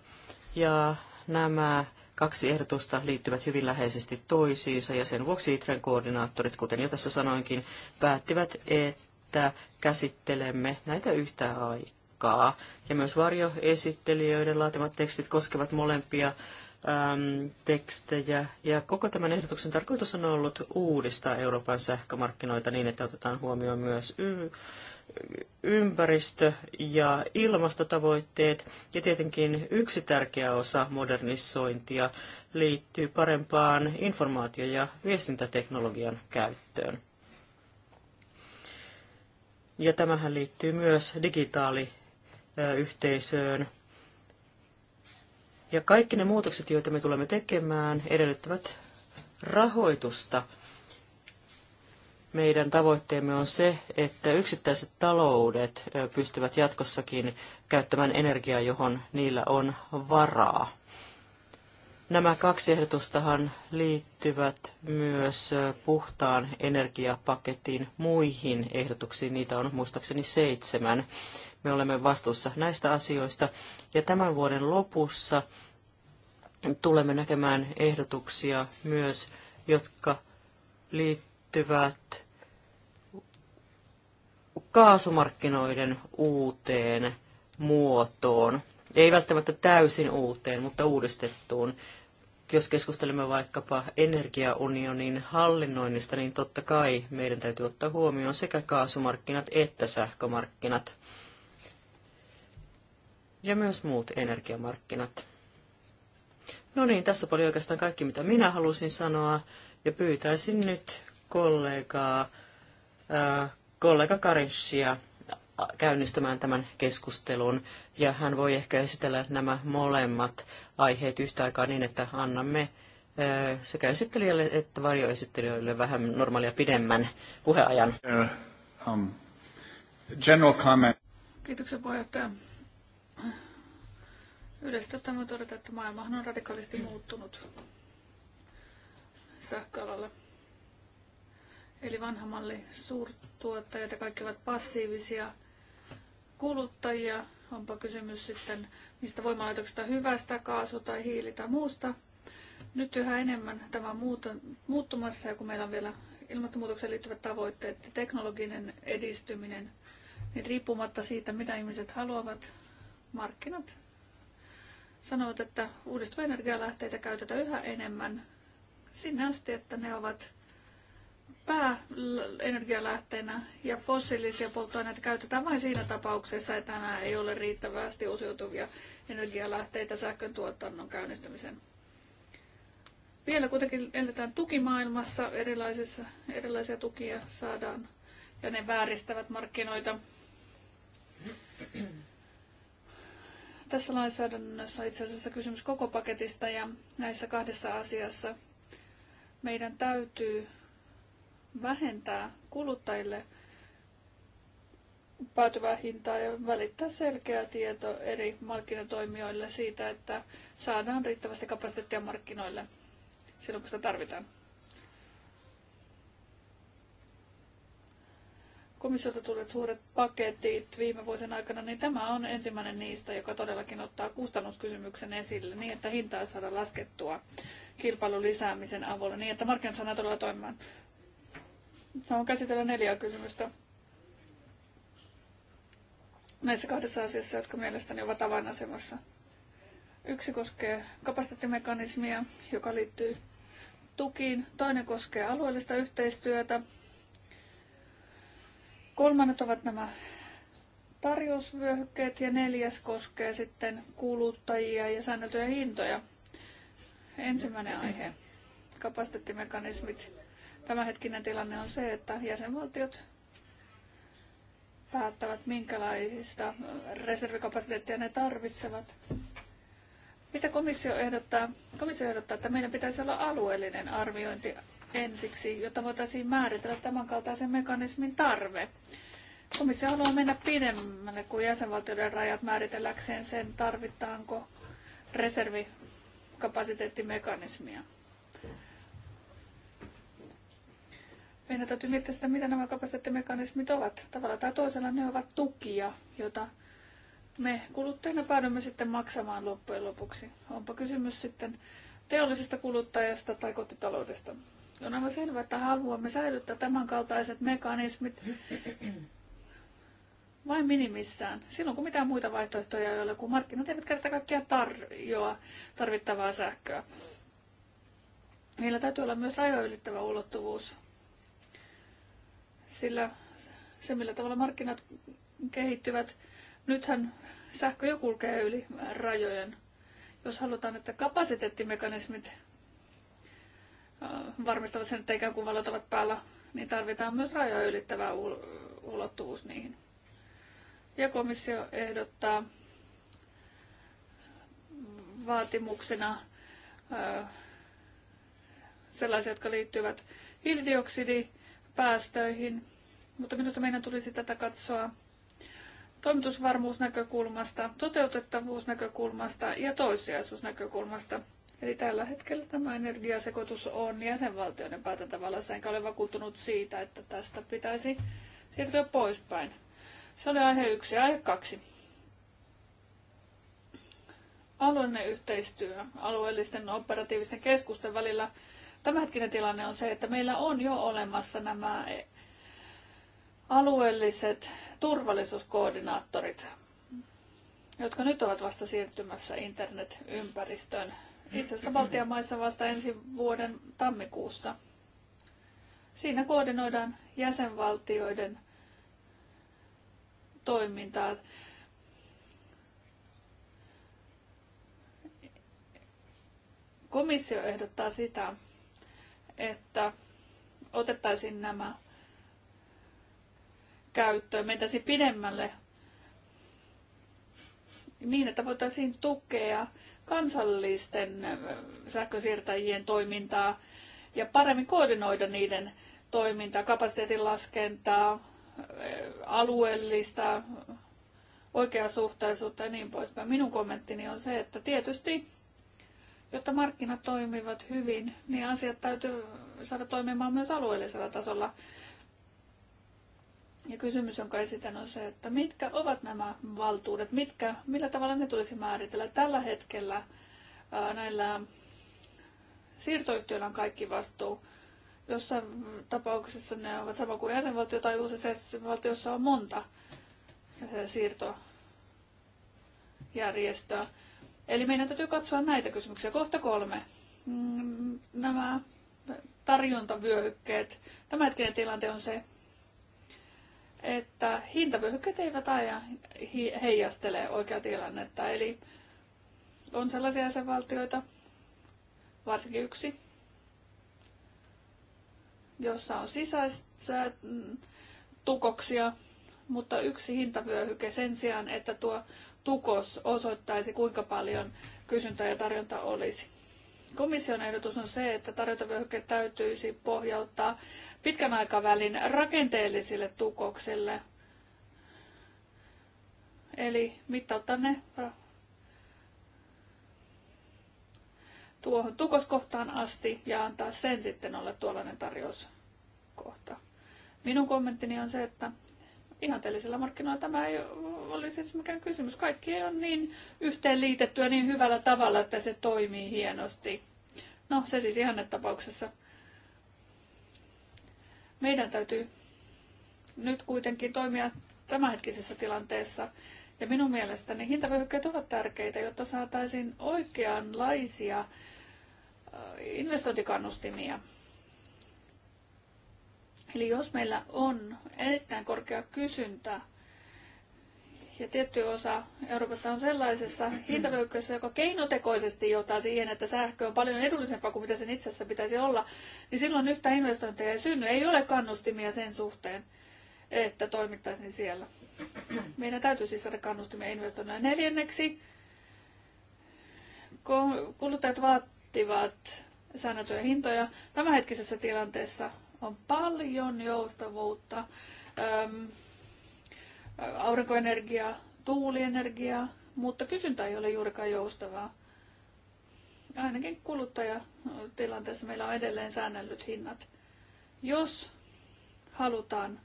Ja nämä kaksi ehdotusta liittyvät hyvin läheisesti toisiinsa ja sen vuoksi ITREn koordinaattorit, kuten jo tässä sanoinkin, päättivät, että käsittelemme näitä yhtä aikaa tarkkaa. Ja myös varjoesittelijöiden laatimat tekstit koskevat molempia äm, tekstejä. Ja koko tämän ehdotuksen tarkoitus on ollut uudistaa Euroopan sähkömarkkinoita niin, että otetaan huomioon myös y- ympäristö- ja ilmastotavoitteet. Ja tietenkin yksi tärkeä osa modernisointia liittyy parempaan informaatio- ja viestintäteknologian käyttöön. Ja tämähän liittyy myös digitaali- yhteisöön. Ja kaikki ne muutokset, joita me tulemme tekemään, edellyttävät rahoitusta. Meidän tavoitteemme on se, että yksittäiset taloudet pystyvät jatkossakin käyttämään energiaa, johon niillä on varaa. Nämä kaksi ehdotustahan liittyvät myös puhtaan energiapaketin muihin ehdotuksiin. Niitä on muistaakseni seitsemän. Me olemme vastuussa näistä asioista. Ja tämän vuoden lopussa tulemme näkemään ehdotuksia myös, jotka liittyvät kaasumarkkinoiden uuteen muotoon. Ei välttämättä täysin uuteen, mutta uudistettuun jos keskustelemme vaikkapa energiaunionin hallinnoinnista, niin totta kai meidän täytyy ottaa huomioon sekä kaasumarkkinat että sähkömarkkinat ja myös muut energiamarkkinat. No niin, tässä oli oikeastaan kaikki, mitä minä halusin sanoa, ja pyytäisin nyt kollegaa, äh, kollega Karinsia käynnistämään tämän keskustelun, ja hän voi ehkä esitellä nämä molemmat aiheet yhtä aikaa niin, että annamme eh, sekä esittelijälle että varjoesittelijöille vähän normaalia pidemmän puheajan. Uh, um, general comment. Kiitoksia puheenjohtaja. Yleisesti ottaen voi todeta, että maailmahan on radikaalisti muuttunut sähköalalla. Eli vanha malli suurtuottajat ja kaikki ovat passiivisia kuluttajia, onpa kysymys sitten mistä voimalaitoksesta hyvästä, kaasu tai hiili tai muusta. Nyt yhä enemmän tämä on muuttumassa ja kun meillä on vielä ilmastonmuutokseen liittyvät tavoitteet ja teknologinen edistyminen, niin riippumatta siitä, mitä ihmiset haluavat, markkinat sanovat, että uudistuvia energialähteitä käytetään yhä enemmän sinne asti, että ne ovat pääenergialähteenä ja fossiilisia polttoaineita käytetään vain siinä tapauksessa, että nämä ei ole riittävästi uusiutuvia energialähteitä sähkön tuotannon käynnistymisen Vielä kuitenkin eletään tukimaailmassa, erilaisissa, erilaisia tukia saadaan ja ne vääristävät markkinoita. Tässä lainsäädännössä on itse asiassa kysymys koko paketista ja näissä kahdessa asiassa meidän täytyy vähentää kuluttajille päätyvää hintaa ja välittää selkeä tieto eri markkinatoimijoille siitä, että saadaan riittävästi kapasiteettia markkinoille silloin, kun sitä tarvitaan. komissiolta tulleet suuret paketit viime vuosien aikana, niin tämä on ensimmäinen niistä, joka todellakin ottaa kustannuskysymyksen esille niin, että hintaa saadaan laskettua kilpailun lisäämisen avulla niin, että markkinat saadaan todella toimimaan. Haluan käsitellä neljää kysymystä näissä kahdessa asiassa, jotka mielestäni ovat avainasemassa. Yksi koskee kapasiteettimekanismia, joka liittyy tukiin. Toinen koskee alueellista yhteistyötä. Kolmannet ovat nämä tarjousvyöhykkeet ja neljäs koskee sitten kuluttajia ja säänneltyjä hintoja. Ensimmäinen aihe, kapasiteettimekanismit. Tämänhetkinen tilanne on se, että jäsenvaltiot päättävät, minkälaista reservikapasiteettia ne tarvitsevat. Mitä komissio ehdottaa? Komissio ehdottaa, että meidän pitäisi olla alueellinen arviointi ensiksi, jotta voitaisiin määritellä tämän kaltaisen mekanismin tarve. Komissio haluaa mennä pidemmälle kuin jäsenvaltioiden rajat määritelläkseen sen, tarvitaanko reservikapasiteettimekanismia. Meidän täytyy miettiä sitä, mitä nämä kapasiteettimekanismit ovat. Tavalla tai toisella ne ovat tukia, joita me kuluttajina päädymme sitten maksamaan loppujen lopuksi. Onpa kysymys sitten teollisesta kuluttajasta tai kotitaloudesta. On aivan selvää, että haluamme säilyttää tämänkaltaiset mekanismit vain minimissään. Silloin kun mitään muita vaihtoehtoja ei ole, kun markkinat eivät kerta kaikkiaan tarjoa tarvittavaa sähköä. Meillä täytyy olla myös rajoja ylittävä ulottuvuus sillä se millä tavalla markkinat kehittyvät, nythän sähkö jo kulkee yli rajojen. Jos halutaan, että kapasiteettimekanismit äh, varmistavat sen, että ikään kuin valot ovat päällä, niin tarvitaan myös rajoja ylittävä ulottuvuus niihin. Ja komissio ehdottaa vaatimuksena äh, sellaisia, jotka liittyvät hiilidioksidi päästöihin. Mutta minusta meidän tulisi tätä katsoa toimitusvarmuusnäkökulmasta, toteutettavuusnäkökulmasta ja toissijaisuusnäkökulmasta. Eli tällä hetkellä tämä energiasekoitus on jäsenvaltioiden päätäntävallassa, enkä ole vakuuttunut siitä, että tästä pitäisi siirtyä poispäin. Se oli aihe yksi ja aihe kaksi. Alueellinen yhteistyö alueellisten operatiivisten keskusten välillä Tämänhetkinen tilanne on se, että meillä on jo olemassa nämä alueelliset turvallisuuskoordinaattorit, jotka nyt ovat vasta siirtymässä internetympäristöön. Itse asiassa Baltian maissa vasta ensi vuoden tammikuussa. Siinä koordinoidaan jäsenvaltioiden toimintaa. Komissio ehdottaa sitä, että otettaisiin nämä käyttöön, mentäisiin pidemmälle niin, että voitaisiin tukea kansallisten sähkösiirtäjien toimintaa ja paremmin koordinoida niiden toimintaa, kapasiteetin laskentaa, alueellista oikeasuhtaisuutta ja niin poispäin. Minun kommenttini on se, että tietysti Jotta markkinat toimivat hyvin, niin asiat täytyy saada toimimaan myös alueellisella tasolla. Ja kysymys, jonka esitän, on se, että mitkä ovat nämä valtuudet, mitkä, millä tavalla ne tulisi määritellä. Tällä hetkellä näillä siirtoyhtiöillä on kaikki vastuu. Jossain tapauksessa ne ovat sama kuin jäsenvaltio tai uusissa jäsenvaltiossa on monta siirtojärjestöä. Eli meidän täytyy katsoa näitä kysymyksiä. Kohta kolme. Mm, nämä tarjontavyöhykkeet. Tämänhetkinen tilante on se, että hintavyöhykkeet eivät aina heijastele oikeaa tilannetta. Eli on sellaisia jäsenvaltioita, varsinkin yksi, jossa on sisäisiä mm, tukoksia, mutta yksi hintavyöhyke sen sijaan, että tuo tukos osoittaisi, kuinka paljon kysyntää ja tarjonta olisi. Komission ehdotus on se, että tarjontavyöhyke täytyisi pohjauttaa pitkän aikavälin rakenteellisille tukoksille. Eli mittauttaa ne tuohon tukoskohtaan asti ja antaa sen sitten olla tuollainen tarjouskohta. Minun kommenttini on se, että ihanteellisilla markkinoilla tämä ei olisi siis mikään kysymys. Kaikki on niin yhteenliitettyä niin hyvällä tavalla, että se toimii hienosti. No, se siis ihan tapauksessa. Meidän täytyy nyt kuitenkin toimia tämänhetkisessä tilanteessa. Ja minun mielestäni hintavyöhykkeet ovat tärkeitä, jotta saataisiin oikeanlaisia äh, investointikannustimia Eli jos meillä on erittäin korkea kysyntä ja tietty osa Euroopasta on sellaisessa hintavyöhykkeessä, joka keinotekoisesti johtaa siihen, että sähkö on paljon edullisempaa kuin mitä sen itse asiassa pitäisi olla, niin silloin yhtä investointeja ei synny. Ei ole kannustimia sen suhteen, että toimittaisiin siellä. Meidän täytyy siis saada kannustimia investoinnille Neljänneksi kuluttajat vaativat säännötyjä hintoja tämänhetkisessä tilanteessa on paljon joustavuutta, äm, aurinkoenergiaa, tuulienergiaa, mutta kysyntä ei ole juurikaan joustavaa. Ainakin kuluttajatilanteessa meillä on edelleen säännellyt hinnat. Jos halutaan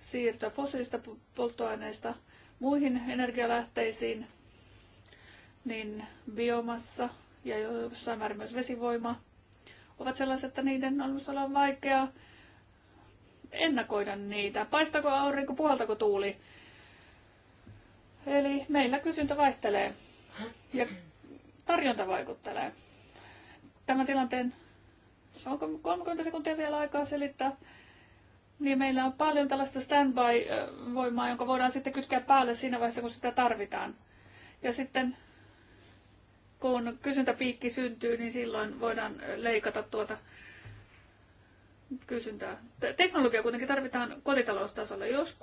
siirtyä fossiilista polttoaineista muihin energialähteisiin, niin biomassa ja jossain määrin myös vesivoima ovat sellaiset, että niiden on olla vaikea ennakoida niitä. Paistako aurinko, puhaltako tuuli? Eli meillä kysyntä vaihtelee ja tarjonta vaikuttelee. Tämän tilanteen, onko 30 sekuntia vielä aikaa selittää? Niin meillä on paljon tällaista standby-voimaa, jonka voidaan sitten kytkeä päälle siinä vaiheessa, kun sitä tarvitaan. Ja sitten kun kysyntäpiikki syntyy, niin silloin voidaan leikata tuota kysyntää. Teknologia kuitenkin tarvitaan kotitaloustasolla. Jos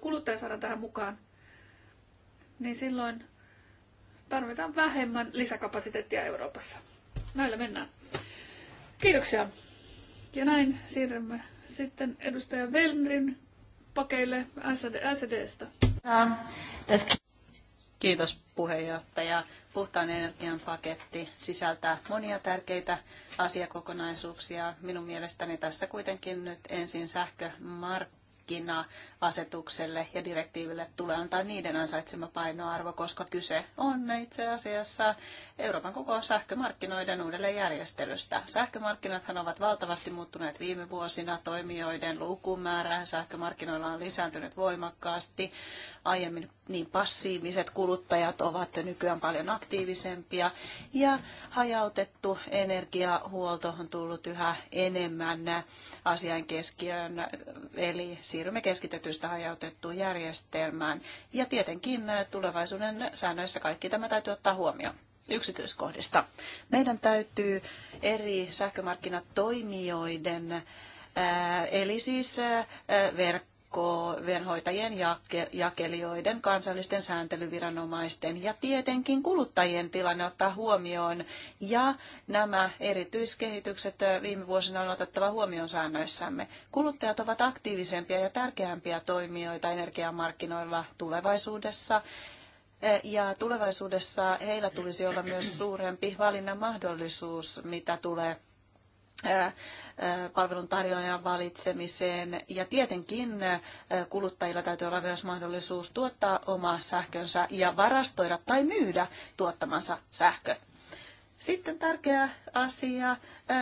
kuluttaja saadaan tähän mukaan, niin silloin tarvitaan vähemmän lisäkapasiteettia Euroopassa. Näillä mennään. Kiitoksia. Ja näin siirrymme sitten edustaja Velnrin pakeille SDstä. Kiitos puheenjohtaja. Puhtaan energian paketti sisältää monia tärkeitä asiakokonaisuuksia. Minun mielestäni tässä kuitenkin nyt ensin sähkömarkkina asetukselle ja direktiiville tulee antaa niiden ansaitsema painoarvo, koska kyse on itse asiassa Euroopan koko sähkömarkkinoiden uudelleenjärjestelystä. Sähkömarkkinathan ovat valtavasti muuttuneet viime vuosina, toimijoiden lukumäärä sähkömarkkinoilla on lisääntynyt voimakkaasti. Aiemmin niin passiiviset kuluttajat ovat nykyään paljon aktiivisempia ja hajautettu energiahuolto on tullut yhä enemmän asian keskiöön, eli siirrymme keskitetty syystä hajautettuun järjestelmään. Ja tietenkin äh, tulevaisuuden säännöissä kaikki tämä täytyy ottaa huomioon yksityiskohdista. Meidän täytyy eri sähkömarkkinatoimijoiden äh, Eli siis äh, verkko venhoitajien, ja jakelijoiden, kansallisten sääntelyviranomaisten ja tietenkin kuluttajien tilanne ottaa huomioon. Ja nämä erityiskehitykset viime vuosina on otettava huomioon säännöissämme. Kuluttajat ovat aktiivisempia ja tärkeämpiä toimijoita energiamarkkinoilla tulevaisuudessa ja tulevaisuudessa heillä tulisi olla myös suurempi valinnan mahdollisuus, mitä tulee palveluntarjoajan valitsemiseen. Ja tietenkin kuluttajilla täytyy olla myös mahdollisuus tuottaa oma sähkönsä ja varastoida tai myydä tuottamansa sähkö. Sitten tärkeä asia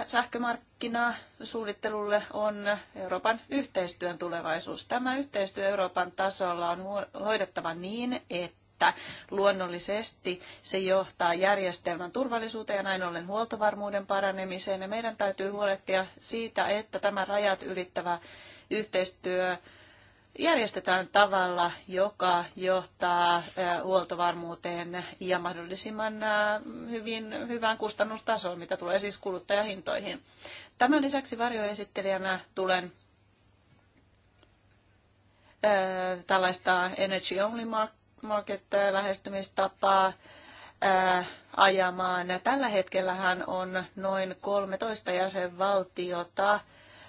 sähkömarkkinasuunnittelulle on Euroopan yhteistyön tulevaisuus. Tämä yhteistyö Euroopan tasolla on hoidettava niin, että että luonnollisesti se johtaa järjestelmän turvallisuuteen ja näin ollen huoltovarmuuden paranemiseen. Ja meidän täytyy huolehtia siitä, että tämä rajat ylittävä yhteistyö järjestetään tavalla, joka johtaa huoltovarmuuteen ja mahdollisimman hyvin, hyvään kustannustasoon, mitä tulee siis kuluttajahintoihin. Tämän lisäksi varjoesittelijänä tulen tällaista Energy Only Mark market-lähestymistapaa ajamaan. Tällä hetkellähän on noin 13 jäsenvaltiota,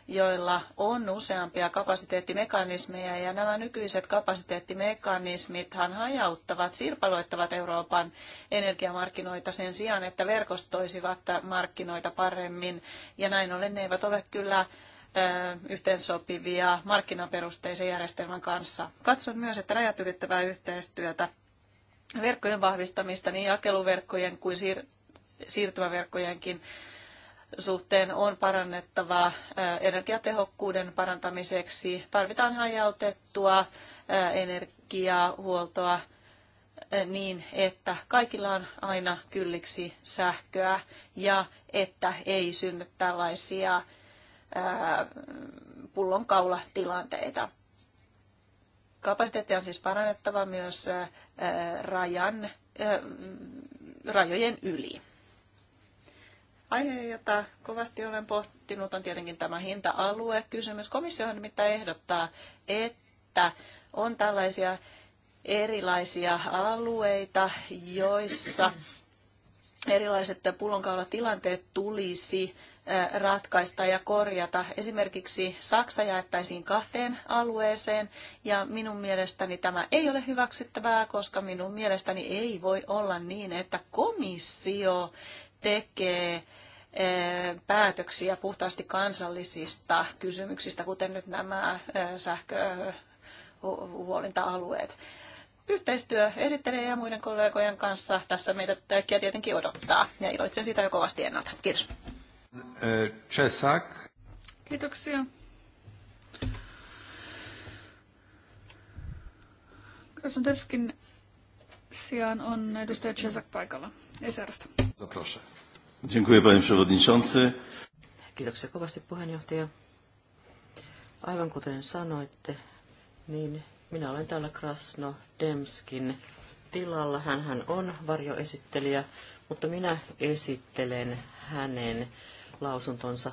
joilla on useampia kapasiteettimekanismeja ja nämä nykyiset kapasiteettimekanismit hajauttavat, sirpaloittavat Euroopan energiamarkkinoita sen sijaan, että verkostoisivat markkinoita paremmin ja näin ollen ne eivät ole kyllä yhteensopivia markkinaperusteisen järjestelmän kanssa. Katson myös, että rajat ylittävää yhteistyötä, verkkojen vahvistamista niin jakeluverkkojen kuin siir- siirtymäverkkojenkin suhteen on parannettava energiatehokkuuden parantamiseksi. Tarvitaan hajautettua energiahuoltoa niin, että kaikilla on aina kylliksi sähköä ja että ei synny tällaisia pullonkaulatilanteita. Kapasiteettia on siis parannettava myös rajan, rajojen yli. Aihe, jota kovasti olen pohtinut, on tietenkin tämä hinta-alue-kysymys. on, mitä ehdottaa, että on tällaisia erilaisia alueita, joissa erilaiset pullonkaulatilanteet tulisi ratkaista ja korjata. Esimerkiksi Saksa jaettaisiin kahteen alueeseen ja minun mielestäni tämä ei ole hyväksyttävää, koska minun mielestäni ei voi olla niin, että komissio tekee päätöksiä puhtaasti kansallisista kysymyksistä, kuten nyt nämä sähköhuolinta-alueet yhteistyö esittelee ja muiden kollegojen kanssa tässä meitä kaikkia tietenkin odottaa. Ja iloitsen sitä jo kovasti ennalta. Kiitos. E, Czesak. Kiitoksia. Krasnodevskin sijaan on edustaja Czesak paikalla. Esärästä. Kiitoksia kovasti puheenjohtaja. Aivan kuten sanoitte, niin minä olen täällä Krasno Demskin tilalla. Hänhän on varjoesittelijä, mutta minä esittelen hänen lausuntonsa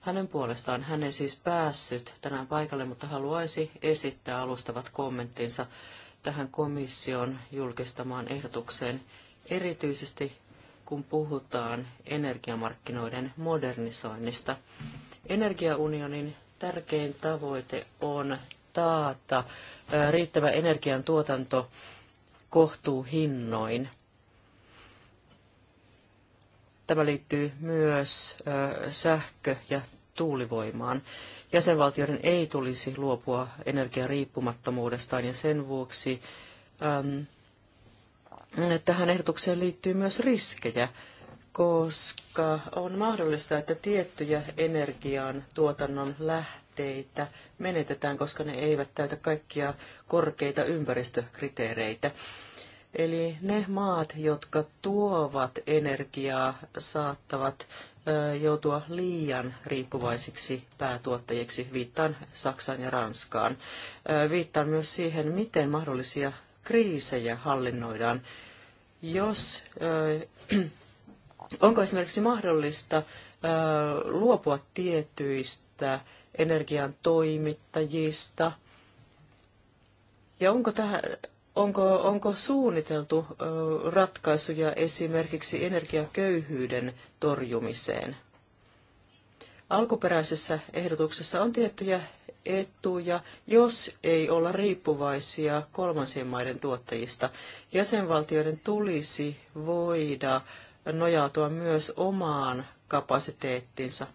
hänen puolestaan. Hän ei siis päässyt tänään paikalle, mutta haluaisi esittää alustavat kommenttinsa tähän komission julkistamaan ehdotukseen, erityisesti kun puhutaan energiamarkkinoiden modernisoinnista. Energiaunionin tärkein tavoite on taata riittävä energiantuotanto kohtuuhinnoin – Tämä liittyy myös sähkö- ja tuulivoimaan. Jäsenvaltioiden ei tulisi luopua energiariippumattomuudestaan ja sen vuoksi tähän ehdotukseen liittyy myös riskejä, koska on mahdollista, että tiettyjä energian tuotannon lähteitä menetetään, koska ne eivät täytä kaikkia korkeita ympäristökriteereitä. Eli ne maat, jotka tuovat energiaa, saattavat joutua liian riippuvaisiksi päätuottajiksi. Viittaan Saksaan ja Ranskaan. Viittaan myös siihen, miten mahdollisia kriisejä hallinnoidaan. Jos, onko esimerkiksi mahdollista luopua tietyistä energian toimittajista, ja onko tähän, Onko, onko suunniteltu ratkaisuja esimerkiksi energiaköyhyyden torjumiseen? Alkuperäisessä ehdotuksessa on tiettyjä etuja, jos ei olla riippuvaisia kolmansien maiden tuottajista. Jäsenvaltioiden tulisi voida nojautua myös omaan kapasiteettinsa.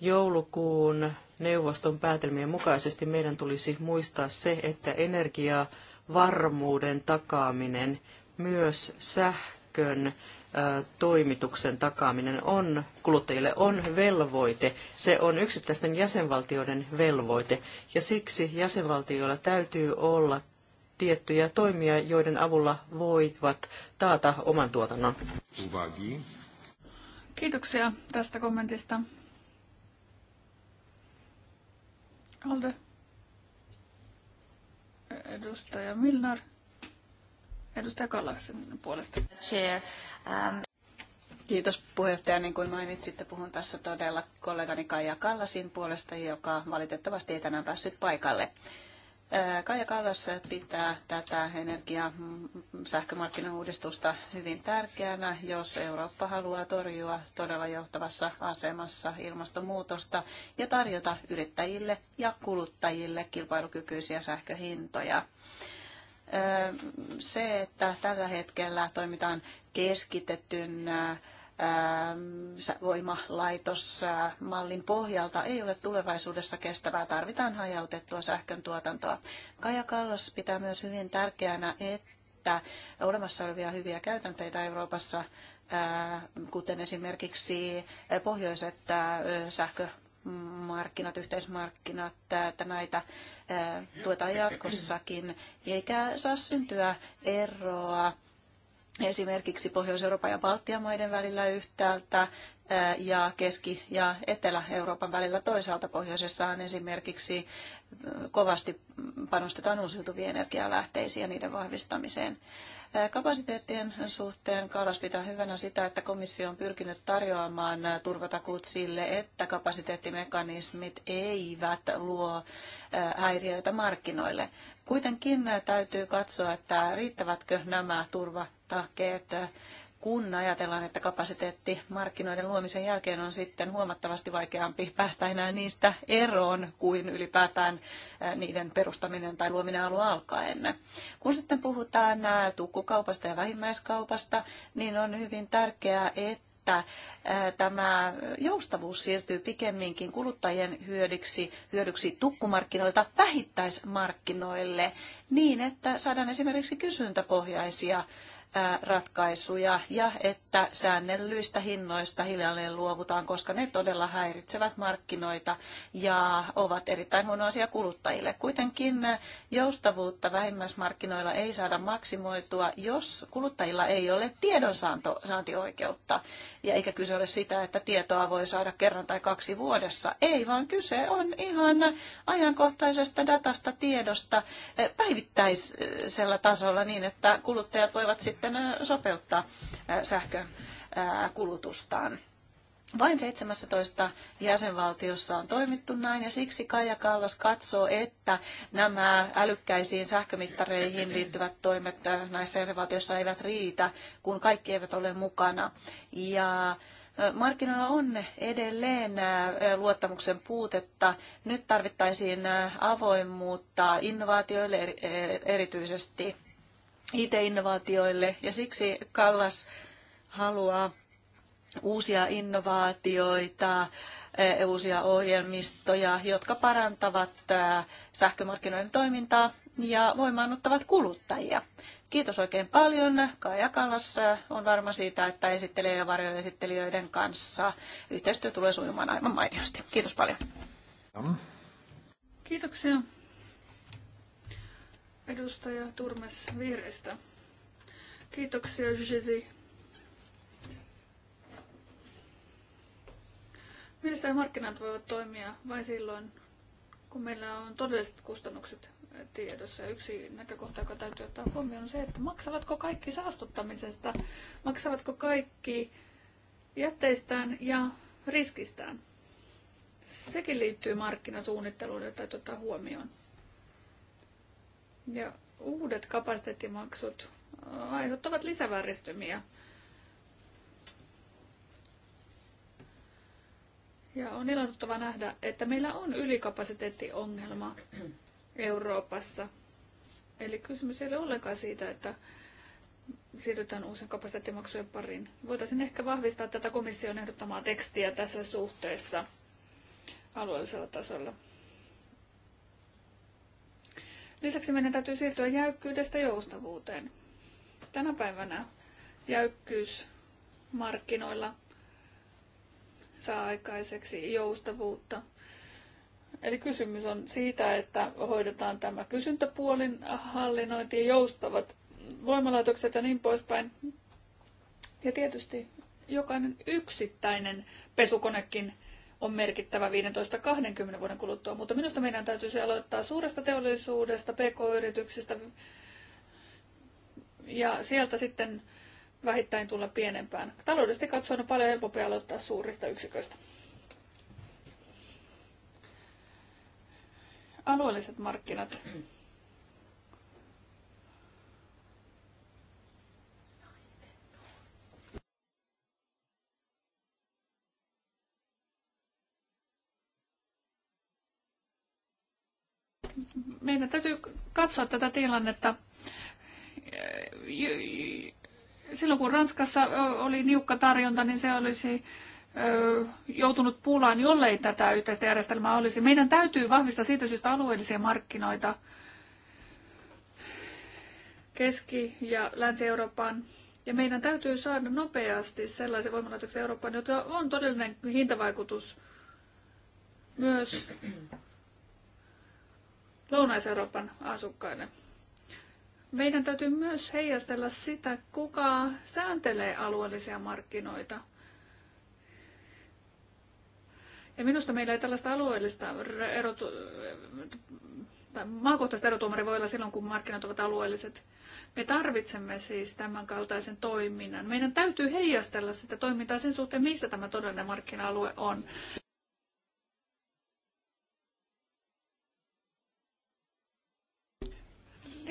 Joulukuun neuvoston päätelmien mukaisesti meidän tulisi muistaa se, että energiavarmuuden takaaminen, myös sähkön toimituksen takaaminen on kuluttajille on velvoite. Se on yksittäisten jäsenvaltioiden velvoite ja siksi jäsenvaltioilla täytyy olla tiettyjä toimia, joiden avulla voivat taata oman tuotannon. Kiitoksia tästä kommentista. Alde. Edustaja Milnar. Edustaja Kallaksen puolesta. Chair. Um... Kiitos puheenjohtaja. Niin kuin mainitsitte, puhun tässä todella kollegani Kaija Kallasin puolesta, joka valitettavasti ei tänään päässyt paikalle. Kaija Kallas pitää tätä energia- sähkömarkkinauudistusta hyvin tärkeänä, jos Eurooppa haluaa torjua todella johtavassa asemassa ilmastonmuutosta ja tarjota yrittäjille ja kuluttajille kilpailukykyisiä sähköhintoja. Se, että tällä hetkellä toimitaan keskitetyn Ähm, voimalaitosmallin äh, pohjalta ei ole tulevaisuudessa kestävää. Tarvitaan hajautettua sähkön tuotantoa. Kaja Kallas pitää myös hyvin tärkeänä, että olemassa olevia hyviä käytänteitä Euroopassa, äh, kuten esimerkiksi äh, pohjoiset sähkömarkkinat, yhteismarkkinat, että näitä tuetaan jatkossakin, eikä saa syntyä eroa esimerkiksi Pohjois-Euroopan ja Baltian maiden välillä yhtäältä ja Keski- ja Etelä-Euroopan välillä toisaalta. on esimerkiksi kovasti panostetaan uusiutuviin energialähteisiin ja niiden vahvistamiseen. Kapasiteettien suhteen Kallas pitää hyvänä sitä, että komissio on pyrkinyt tarjoamaan turvatakuut sille, että kapasiteettimekanismit eivät luo häiriöitä markkinoille. Kuitenkin täytyy katsoa, että riittävätkö nämä turvatakeet, kun ajatellaan, että kapasiteetti markkinoiden luomisen jälkeen on sitten huomattavasti vaikeampi päästä enää niistä eroon kuin ylipäätään niiden perustaminen tai luominen alu alkaen. Kun sitten puhutaan tukkukaupasta ja vähimmäiskaupasta, niin on hyvin tärkeää, että että tämä joustavuus siirtyy pikemminkin kuluttajien hyödyksi, hyödyksi tukkumarkkinoilta vähittäismarkkinoille niin, että saadaan esimerkiksi kysyntäpohjaisia ratkaisuja ja että säännellyistä hinnoista hiljalleen luovutaan, koska ne todella häiritsevät markkinoita ja ovat erittäin huono asia kuluttajille. Kuitenkin joustavuutta vähimmäismarkkinoilla ei saada maksimoitua, jos kuluttajilla ei ole tiedonsaantioikeutta. Ja eikä kyse ole sitä, että tietoa voi saada kerran tai kaksi vuodessa. Ei, vaan kyse on ihan ajankohtaisesta datasta, tiedosta päivittäisellä tasolla niin, että kuluttajat voivat sitten sitten sopeuttaa sähkön kulutustaan. Vain 17 jäsenvaltiossa on toimittu näin ja siksi Kaija Kallas katsoo, että nämä älykkäisiin sähkömittareihin liittyvät toimet näissä jäsenvaltioissa eivät riitä, kun kaikki eivät ole mukana. Ja Markkinoilla on edelleen luottamuksen puutetta. Nyt tarvittaisiin avoimuutta innovaatioille erityisesti IT-innovaatioille ja siksi Kallas haluaa uusia innovaatioita, eh, uusia ohjelmistoja, jotka parantavat eh, sähkömarkkinoiden toimintaa ja voimaannuttavat kuluttajia. Kiitos oikein paljon. Kaija Kallas eh, on varma siitä, että esittelijä ja varjoesittelijöiden kanssa yhteistyö tulee sujumaan aivan mainiosti. Kiitos paljon. Kiitoksia edustaja Turmes Vihreistä. Kiitoksia Jizi. Mielestäni markkinat voivat toimia vain silloin, kun meillä on todelliset kustannukset tiedossa. Yksi näkökohta, joka täytyy ottaa huomioon, on se, että maksavatko kaikki saastuttamisesta, maksavatko kaikki jätteistään ja riskistään. Sekin liittyy markkinasuunnitteluun, jota täytyy ottaa huomioon. Ja uudet kapasiteettimaksut äh, aiheuttavat lisävääristymiä. Ja on ilahduttava nähdä, että meillä on ylikapasiteettiongelma Euroopassa. Eli kysymys ei ole ollenkaan siitä, että siirrytään uusien kapasiteettimaksujen pariin. Voitaisiin ehkä vahvistaa tätä komission ehdottamaa tekstiä tässä suhteessa alueellisella tasolla. Lisäksi meidän täytyy siirtyä jäykkyydestä joustavuuteen. Tänä päivänä jäykkyys markkinoilla saa aikaiseksi joustavuutta. Eli kysymys on siitä, että hoidetaan tämä kysyntäpuolin hallinnointi, ja joustavat voimalaitokset ja niin poispäin. Ja tietysti jokainen yksittäinen pesukonekin on merkittävä 15-20 vuoden kuluttua, mutta minusta meidän täytyisi aloittaa suuresta teollisuudesta, pk-yrityksistä ja sieltä sitten vähittäin tulla pienempään. Taloudellisesti katsoen on paljon helpompi aloittaa suurista yksiköistä. Alueelliset markkinat meidän täytyy katsoa tätä tilannetta. Silloin kun Ranskassa oli niukka tarjonta, niin se olisi joutunut pulaan, jollei tätä yhteistä järjestelmää olisi. Meidän täytyy vahvistaa siitä syystä alueellisia markkinoita Keski- ja Länsi-Eurooppaan. Ja meidän täytyy saada nopeasti sellaisia voimalaitoksia Eurooppaan, jotka on todellinen hintavaikutus myös Lounais-Euroopan asukkaille. Meidän täytyy myös heijastella sitä, kuka sääntelee alueellisia markkinoita. Ja minusta meillä ei tällaista alueellista erotu- tai maakohtaista erotuomaria voi olla silloin, kun markkinat ovat alueelliset. Me tarvitsemme siis tämän kaltaisen toiminnan. Meidän täytyy heijastella sitä toimintaa sen suhteen, missä tämä todellinen markkina-alue on.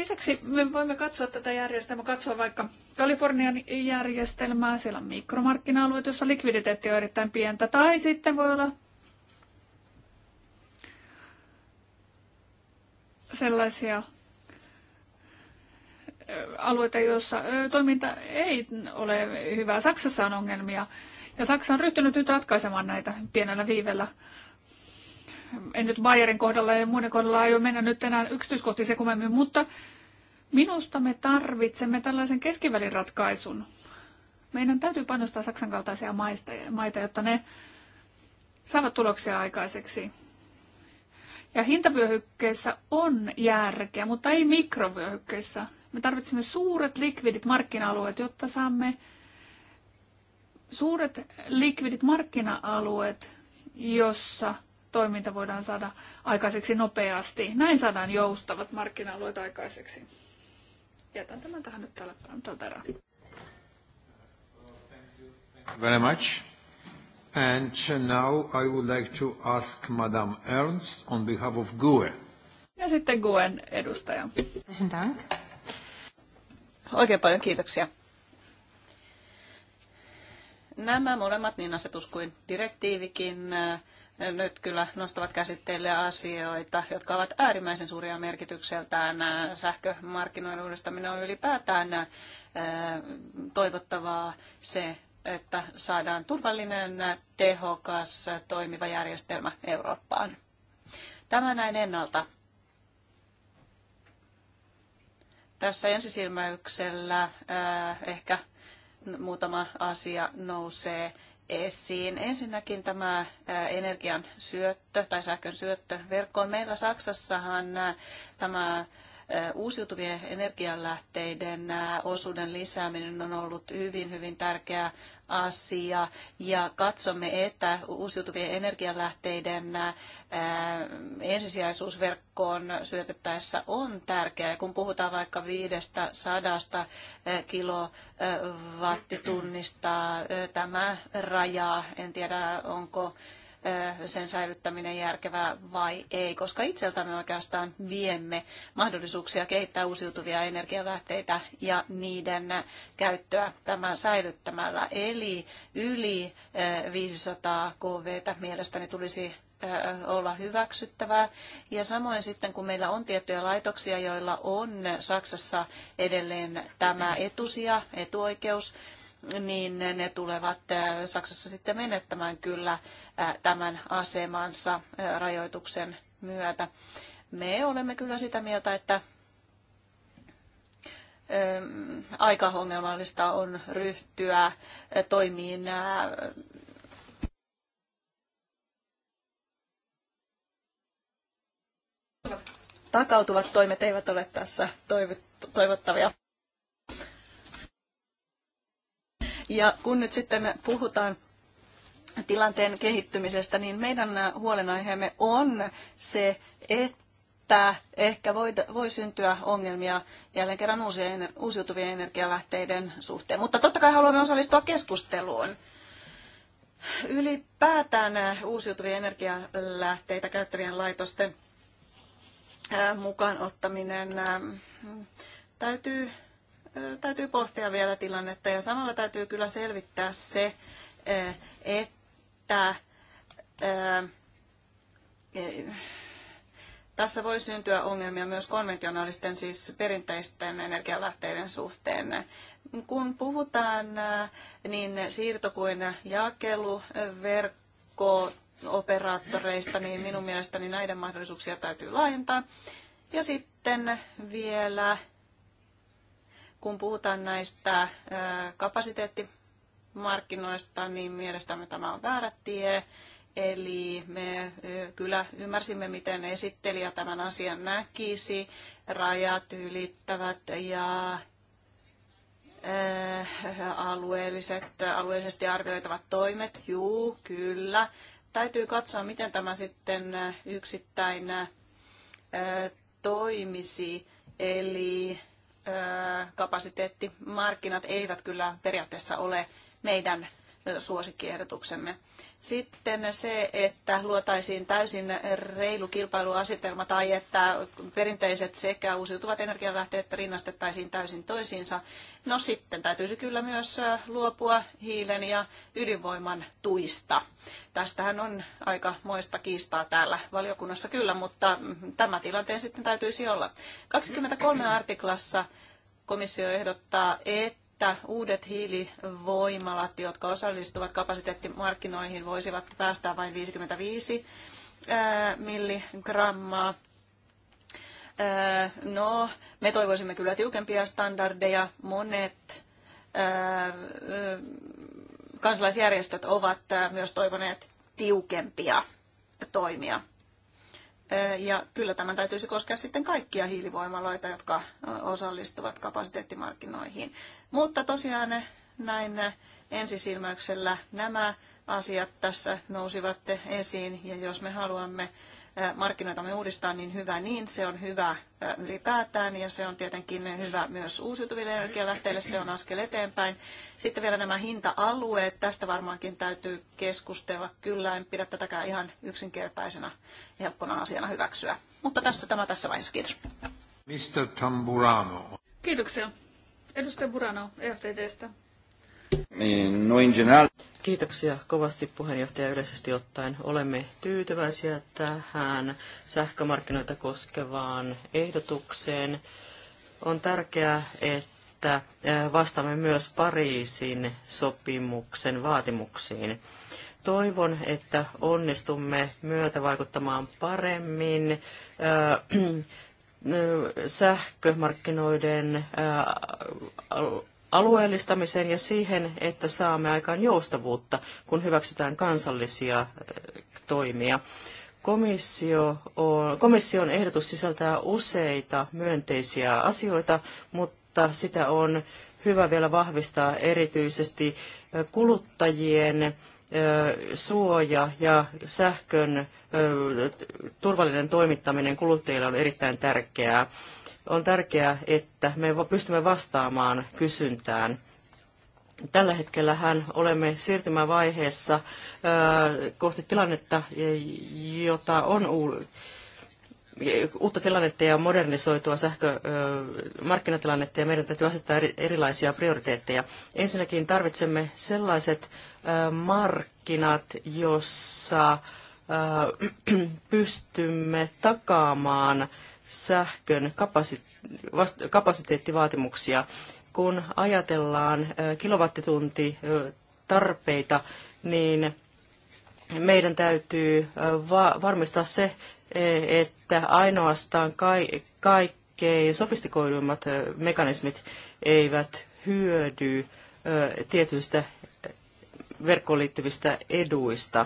Lisäksi me voimme katsoa tätä järjestelmää, katsoa vaikka Kalifornian järjestelmää, siellä on mikromarkkina-alueet, jossa likviditeetti on erittäin pientä, tai sitten voi olla sellaisia alueita, joissa toiminta ei ole hyvää. Saksassa on ongelmia, ja Saksa on ryhtynyt nyt ratkaisemaan näitä pienellä viivellä en nyt Bayerin kohdalla ja muiden kohdalla ole mennä nyt enää yksityiskohtiin kummemmin, mutta Minusta me tarvitsemme tällaisen keskiväliratkaisun. Meidän täytyy panostaa Saksan kaltaisia maita, jotta ne saavat tuloksia aikaiseksi. Ja hintavyöhykkeissä on järkeä, mutta ei mikrovyöhykkeissä. Me tarvitsemme suuret likvidit markkina-alueet, jotta saamme suuret likvidit markkina-alueet, jossa toiminta voidaan saada aikaiseksi nopeasti. Näin saadaan joustavat markkina-alueet aikaiseksi jätän tämän tähän nyt tällä perään. Very much. And now I would like to ask Madame Ernst on behalf of GUE. Ja sitten GUEn edustaja. Dank. Oikein paljon kiitoksia. Nämä molemmat, niin asetus kuin direktiivikin, nyt kyllä nostavat käsitteille asioita, jotka ovat äärimmäisen suuria merkitykseltään. Sähkömarkkinoiden uudistaminen on ylipäätään toivottavaa se, että saadaan turvallinen, tehokas, toimiva järjestelmä Eurooppaan. Tämä näin ennalta. Tässä ensisilmäyksellä ehkä muutama asia nousee esiin. Ensinnäkin tämä energian syöttö tai sähkön syöttö verkkoon. Meillä Saksassahan tämä uusiutuvien energianlähteiden osuuden lisääminen on ollut hyvin, hyvin tärkeä asia ja katsomme, että uusiutuvien energialähteiden ensisijaisuusverkkoon syötettäessä on tärkeää. Kun puhutaan vaikka 500 kilowattitunnista, tämä rajaa, en tiedä onko sen säilyttäminen järkevää vai ei, koska itseltämme oikeastaan viemme mahdollisuuksia kehittää uusiutuvia energialähteitä ja niiden käyttöä tämän säilyttämällä. Eli yli 500 kv mielestäni tulisi olla hyväksyttävää. Ja samoin sitten, kun meillä on tiettyjä laitoksia, joilla on Saksassa edelleen tämä etusija, etuoikeus, niin ne tulevat äh, Saksassa sitten menettämään kyllä äh, tämän asemansa äh, rajoituksen myötä. Me olemme kyllä sitä mieltä, että ähm, aika ongelmallista on ryhtyä toimiin takautuvat toimet eivät ole tässä toivottavia. Ja kun nyt sitten puhutaan tilanteen kehittymisestä, niin meidän huolenaiheemme on se, että ehkä voi, voi syntyä ongelmia jälleen kerran uusia, uusiutuvien energialähteiden suhteen. Mutta totta kai haluamme osallistua keskusteluun. Ylipäätään uusiutuvia energialähteitä käyttävien laitosten mukaan ottaminen täytyy täytyy pohtia vielä tilannetta ja samalla täytyy kyllä selvittää se, että e, tässä voi syntyä ongelmia myös konventionaalisten, siis perinteisten energialähteiden suhteen. Kun puhutaan niin siirto- kuin jakeluverkko-operaattoreista, niin minun mielestäni näiden mahdollisuuksia täytyy laajentaa. Ja sitten vielä kun puhutaan näistä kapasiteettimarkkinoista, niin mielestämme tämä on väärä tie. Eli me kyllä ymmärsimme, miten esittelijä tämän asian näkisi, rajat ylittävät ja alueelliset, alueellisesti arvioitavat toimet. Juu, kyllä. Täytyy katsoa, miten tämä sitten yksittäin toimisi. Eli kapasiteettimarkkinat eivät kyllä periaatteessa ole meidän suosikkiehdotuksemme. Sitten se, että luotaisiin täysin reilu kilpailuasetelma tai että perinteiset sekä uusiutuvat energialähteet rinnastettaisiin täysin toisiinsa. No sitten täytyisi kyllä myös luopua hiilen ja ydinvoiman tuista. Tästähän on aika moista kiistaa täällä valiokunnassa kyllä, mutta tämä tilanteen sitten täytyisi olla. 23 artiklassa komissio ehdottaa, että että uudet hiilivoimalat, jotka osallistuvat kapasiteettimarkkinoihin, voisivat päästää vain 55 äh, milligrammaa. Äh, no, me toivoisimme kyllä tiukempia standardeja. Monet äh, kansalaisjärjestöt ovat myös toivoneet tiukempia toimia. Ja kyllä tämän täytyisi koskea sitten kaikkia hiilivoimaloita, jotka osallistuvat kapasiteettimarkkinoihin. Mutta tosiaan näin ensisilmäyksellä nämä asiat tässä nousivat esiin ja jos me haluamme markkinoitamme uudistaa, niin hyvä niin. Se on hyvä ylipäätään ja se on tietenkin hyvä myös uusiutuville energialähteille. Se on askel eteenpäin. Sitten vielä nämä hinta-alueet. Tästä varmaankin täytyy keskustella. Kyllä en pidä tätäkään ihan yksinkertaisena helppona asiana hyväksyä. Mutta tässä tämä tässä vaiheessa. Kiitos. Mr. Tamburano. Kiitoksia. Edustaja Burano, EFTTstä. Noin general. Kiitoksia kovasti puheenjohtaja yleisesti ottaen. Olemme tyytyväisiä tähän sähkömarkkinoita koskevaan ehdotukseen. On tärkeää, että vastaamme myös Pariisin sopimuksen vaatimuksiin. Toivon, että onnistumme vaikuttamaan paremmin sähkömarkkinoiden alueellistamiseen ja siihen, että saamme aikaan joustavuutta, kun hyväksytään kansallisia äh, toimia. Komissio on, komission ehdotus sisältää useita myönteisiä asioita, mutta sitä on hyvä vielä vahvistaa erityisesti äh, kuluttajien äh, suoja ja sähkön turvallinen toimittaminen kuluttajille on erittäin tärkeää. On tärkeää, että me pystymme vastaamaan kysyntään. Tällä hetkellähän olemme siirtymävaiheessa kohti tilannetta, e, jota on e, uutta tilannetta ja modernisoitua sähkömarkkinatilannetta ja meidän täytyy asettaa erilaisia prioriteetteja. Ensinnäkin tarvitsemme sellaiset markkinat, jossa pystymme takaamaan sähkön kapasiteettivaatimuksia. Kun ajatellaan kilowattitunti tarpeita, niin meidän täytyy varmistaa se, e, että ainoastaan kaikkein sofistikoiduimmat mekanismit eivät hyödy tietyistä verkkoon liittyvistä eduista.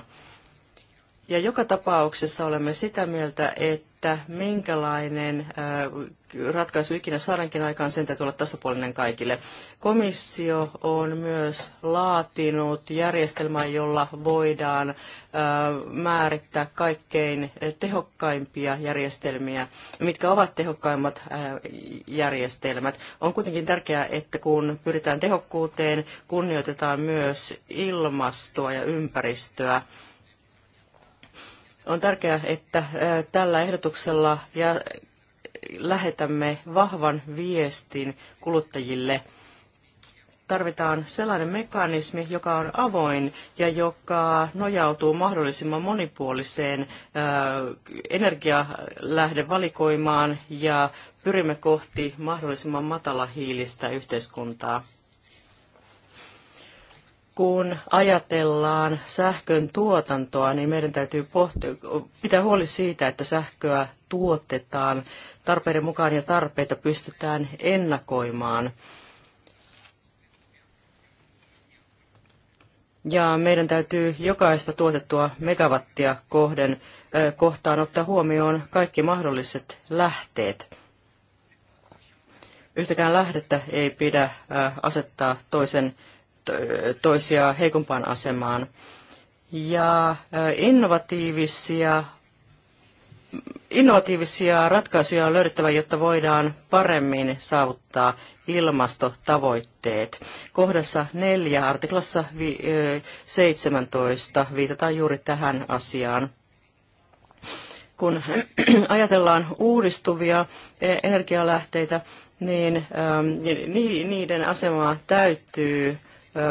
Ja joka tapauksessa olemme sitä mieltä, että minkälainen ratkaisu ikinä saadaankin aikaan, sen täytyy olla tasapuolinen kaikille. Komissio on myös laatinut järjestelmän, jolla voidaan määrittää kaikkein tehokkaimpia järjestelmiä, mitkä ovat tehokkaimmat järjestelmät. On kuitenkin tärkeää, että kun pyritään tehokkuuteen, kunnioitetaan myös ilmastoa ja ympäristöä on tärkeää, että tällä ehdotuksella ja lähetämme vahvan viestin kuluttajille. Tarvitaan sellainen mekanismi, joka on avoin ja joka nojautuu mahdollisimman monipuoliseen energialähdevalikoimaan ja pyrimme kohti mahdollisimman matalahiilistä yhteiskuntaa kun ajatellaan sähkön tuotantoa, niin meidän täytyy pohtia, pitää huoli siitä, että sähköä tuotetaan tarpeiden mukaan ja tarpeita pystytään ennakoimaan. Ja meidän täytyy jokaista tuotettua megawattia kohden, kohtaan ottaa huomioon kaikki mahdolliset lähteet. Yhtäkään lähdettä ei pidä asettaa toisen toisia heikompaan asemaan. Ja innovatiivisia, innovatiivisia ratkaisuja on löydettävä, jotta voidaan paremmin saavuttaa ilmastotavoitteet. Kohdassa 4 artiklassa 17 viitataan juuri tähän asiaan kun ajatellaan uudistuvia e, energialähteitä, niin niiden asemaa täytyy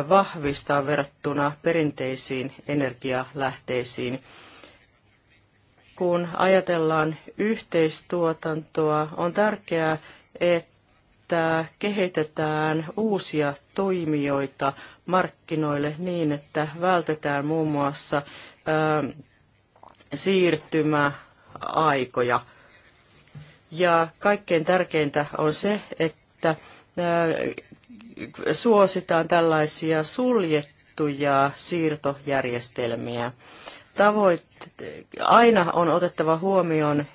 vahvistaa verrattuna perinteisiin energialähteisiin. Kun ajatellaan yhteistuotantoa, on tärkeää, että kehitetään uusia toimijoita markkinoille niin, että vältetään muun muassa siirtymäaikoja. Ja kaikkein tärkeintä on se, että suositaan tällaisia suljettuja siirtojärjestelmiä. Tavoitte- aina on otettava huomioon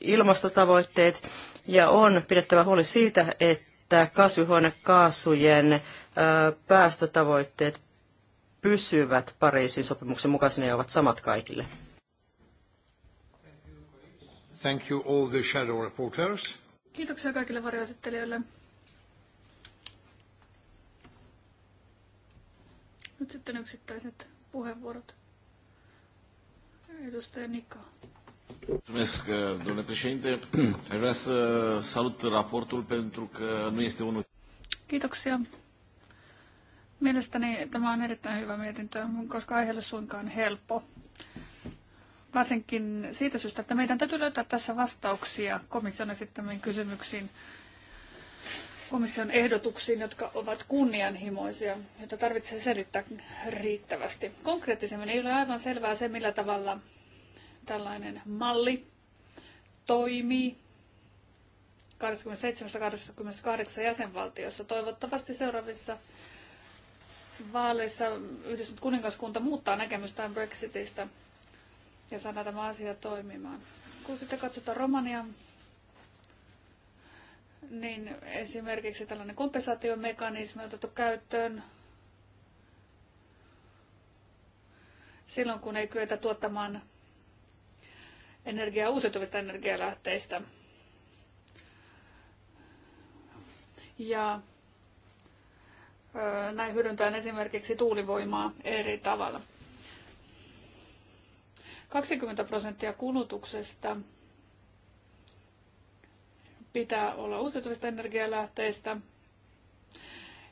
ilmastotavoitteet ja on pidettävä huoli siitä, että kasvihuonekaasujen päästötavoitteet pysyvät Pariisin sopimuksen mukaisina ja ovat samat kaikille. Thank you all the shadow reporters. Kiitoksia kaikille varjoesittelijöille. Nyt sitten yksittäiset puheenvuorot. Edustaja Nika. Mulțumesc, eh, domnule președinte. Aș vrea să salut raportul pentru că nu este unul... Kiitoksia. Mielestäni tämä on erittäin hyvä mietintö, koska ei suinkaan helppo. Varsinkin siitä syystä, että meidän täytyy löytää tässä vastauksia komission esittämiin kysymyksiin komission ehdotuksiin, jotka ovat kunnianhimoisia, joita tarvitsee selittää riittävästi. Konkreettisemmin ei ole aivan selvää se, millä tavalla tällainen malli toimii 27-28 jäsenvaltiossa. Toivottavasti seuraavissa vaaleissa yhdistynyt kuningaskunta muuttaa näkemystään Brexitistä ja saadaan tämä asia toimimaan. Kun sitten katsotaan Romanian niin esimerkiksi tällainen kompensaatiomekanismi on otettu käyttöön silloin, kun ei kyetä tuottamaan energiaa uusiutuvista energialähteistä. Ja näin hyödyntäen esimerkiksi tuulivoimaa eri tavalla. 20 prosenttia kulutuksesta pitää olla uusiutuvista energialähteistä.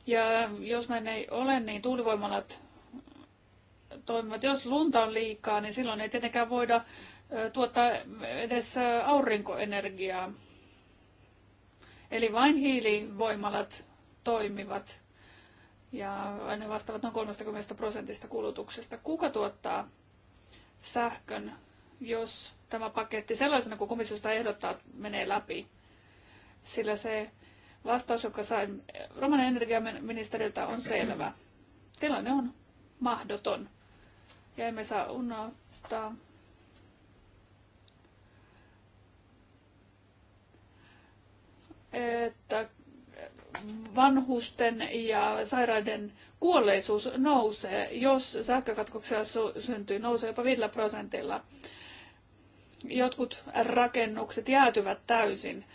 Ja jos näin ei ole, niin tuulivoimalat toimivat. Jos lunta on liikaa, niin silloin ei tietenkään voida tuottaa edes aurinkoenergiaa. Eli vain hiilivoimalat toimivat ja ne vastaavat noin 30 prosentista kulutuksesta. Kuka tuottaa sähkön, jos tämä paketti sellaisena kuin komissiosta ehdottaa menee läpi? sillä se vastaus, joka sain Romanen energiaministeriltä, on selvä. Tilanne on mahdoton. Ja emme saa unohtaa että vanhusten ja sairaiden kuolleisuus nousee, jos sähkökatkoksia syntyy, nousee jopa 5 prosentilla. Jotkut rakennukset jäätyvät täysin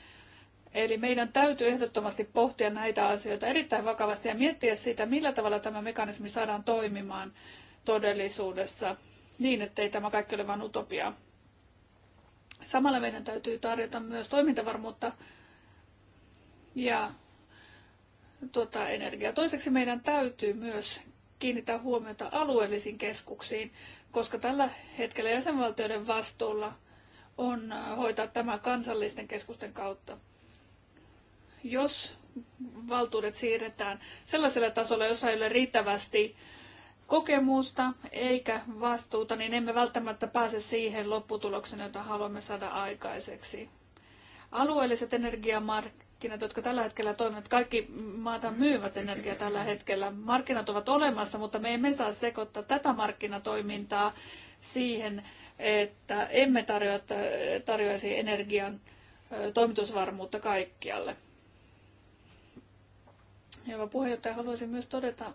Eli meidän täytyy ehdottomasti pohtia näitä asioita erittäin vakavasti ja miettiä sitä, millä tavalla tämä mekanismi saadaan toimimaan todellisuudessa niin, ettei tämä kaikki ole vain utopiaa. Samalla meidän täytyy tarjota myös toimintavarmuutta ja tuota, energiaa. Toiseksi meidän täytyy myös kiinnittää huomiota alueellisiin keskuksiin, koska tällä hetkellä jäsenvaltioiden vastuulla on äh, hoitaa tämä kansallisten keskusten kautta jos valtuudet siirretään sellaiselle tasolle, jossa ei ole riittävästi kokemusta eikä vastuuta, niin emme välttämättä pääse siihen lopputulokseen, jota haluamme saada aikaiseksi. Alueelliset energiamarkkinat, jotka tällä hetkellä toimivat, kaikki maata myyvät energiaa tällä hetkellä. Markkinat ovat olemassa, mutta me emme saa sekoittaa tätä markkinatoimintaa siihen, että emme tarjoa, tarjoaisi energian toimitusvarmuutta kaikkialle. Hyvä puheenjohtaja, haluaisin myös todeta,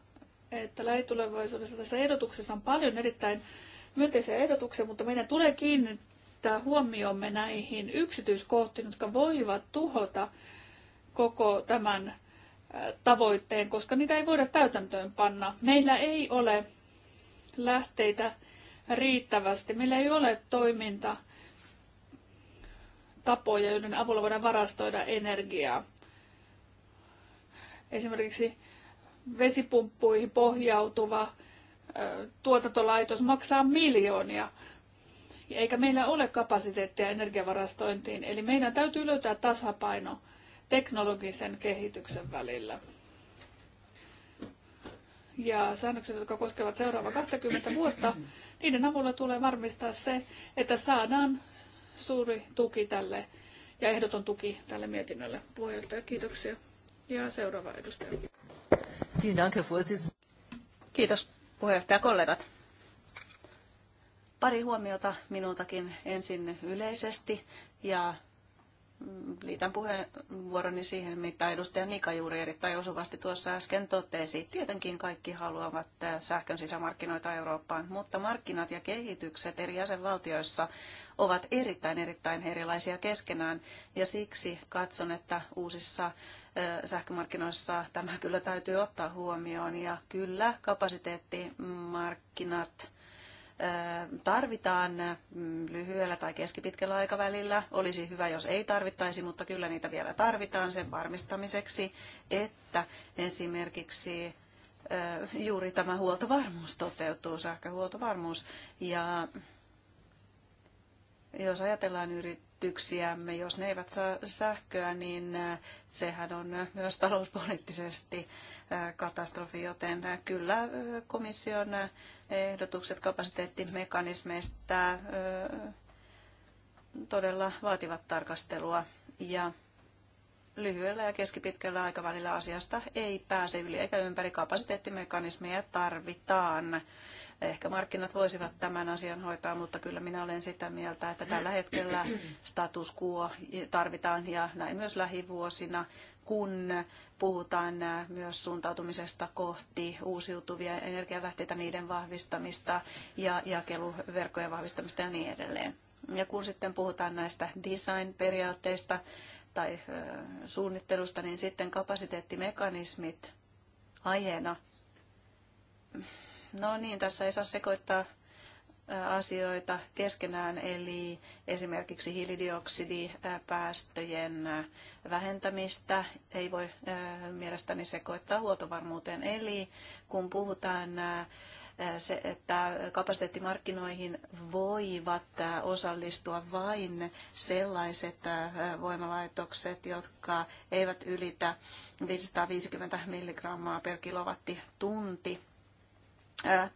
että lähitulevaisuudessa tässä ehdotuksessa on paljon erittäin myönteisiä ehdotuksia, mutta meidän tulee kiinnittää huomiomme näihin yksityiskohtiin, jotka voivat tuhota koko tämän tavoitteen, koska niitä ei voida täytäntöön panna. Meillä ei ole lähteitä riittävästi. Meillä ei ole toiminta tapoja, joiden avulla voidaan varastoida energiaa. Esimerkiksi vesipumppuihin pohjautuva tuotantolaitos maksaa miljoonia, eikä meillä ole kapasiteettia energiavarastointiin. Eli meidän täytyy löytää tasapaino teknologisen kehityksen välillä. Ja säännökset, jotka koskevat seuraava 20 vuotta, niiden avulla tulee varmistaa se, että saadaan suuri tuki tälle ja ehdoton tuki tälle mietinnölle. Puheenjohtaja, kiitoksia. Ja seuraava edustaja. Kiitos puheenjohtajakollegat. Pari huomiota minultakin ensin yleisesti ja liitän puheenvuoroni siihen, mitä edustaja Nika juuri erittäin osuvasti tuossa äsken totesi. Tietenkin kaikki haluavat sähkön sisämarkkinoita Eurooppaan, mutta markkinat ja kehitykset eri jäsenvaltioissa ovat erittäin erittäin erilaisia keskenään ja siksi katson, että uusissa sähkömarkkinoissa tämä kyllä täytyy ottaa huomioon ja kyllä kapasiteettimarkkinat tarvitaan mm, lyhyellä tai keskipitkällä aikavälillä. Olisi hyvä, jos ei tarvittaisi, mutta kyllä niitä vielä tarvitaan sen varmistamiseksi, että esimerkiksi juuri tämä huoltovarmuus toteutuu, sähköhuoltovarmuus. Ja jos ajatellaan yrityksiä, yrityksiämme, jos ne eivät saa sähköä, niin äh, sehän on äh, myös talouspoliittisesti äh, katastrofi, joten kyllä komission ehdotukset kapasiteettimekanismeista todella vaativat tarkastelua ja lyhyellä ja keskipitkällä aikavälillä asiasta ei pääse yli eikä ympäri. Kapasiteettimekanismeja tarvitaan. Ehkä markkinat voisivat tämän asian hoitaa, mutta kyllä minä olen sitä mieltä, että tällä hetkellä status quo tarvitaan ja näin myös lähivuosina, kun puhutaan myös suuntautumisesta kohti uusiutuvia energialähteitä, niiden vahvistamista ja jakeluverkkojen vahvistamista ja niin edelleen. Ja kun sitten puhutaan näistä design-periaatteista, tai suunnittelusta, niin sitten kapasiteettimekanismit aiheena. No niin, tässä ei saa sekoittaa asioita keskenään, eli esimerkiksi hiilidioksidipäästöjen vähentämistä ei voi mielestäni sekoittaa huoltovarmuuteen. Eli kun puhutaan se, että kapasiteettimarkkinoihin voivat osallistua vain sellaiset voimalaitokset, jotka eivät ylitä 550 milligrammaa per kilowattitunti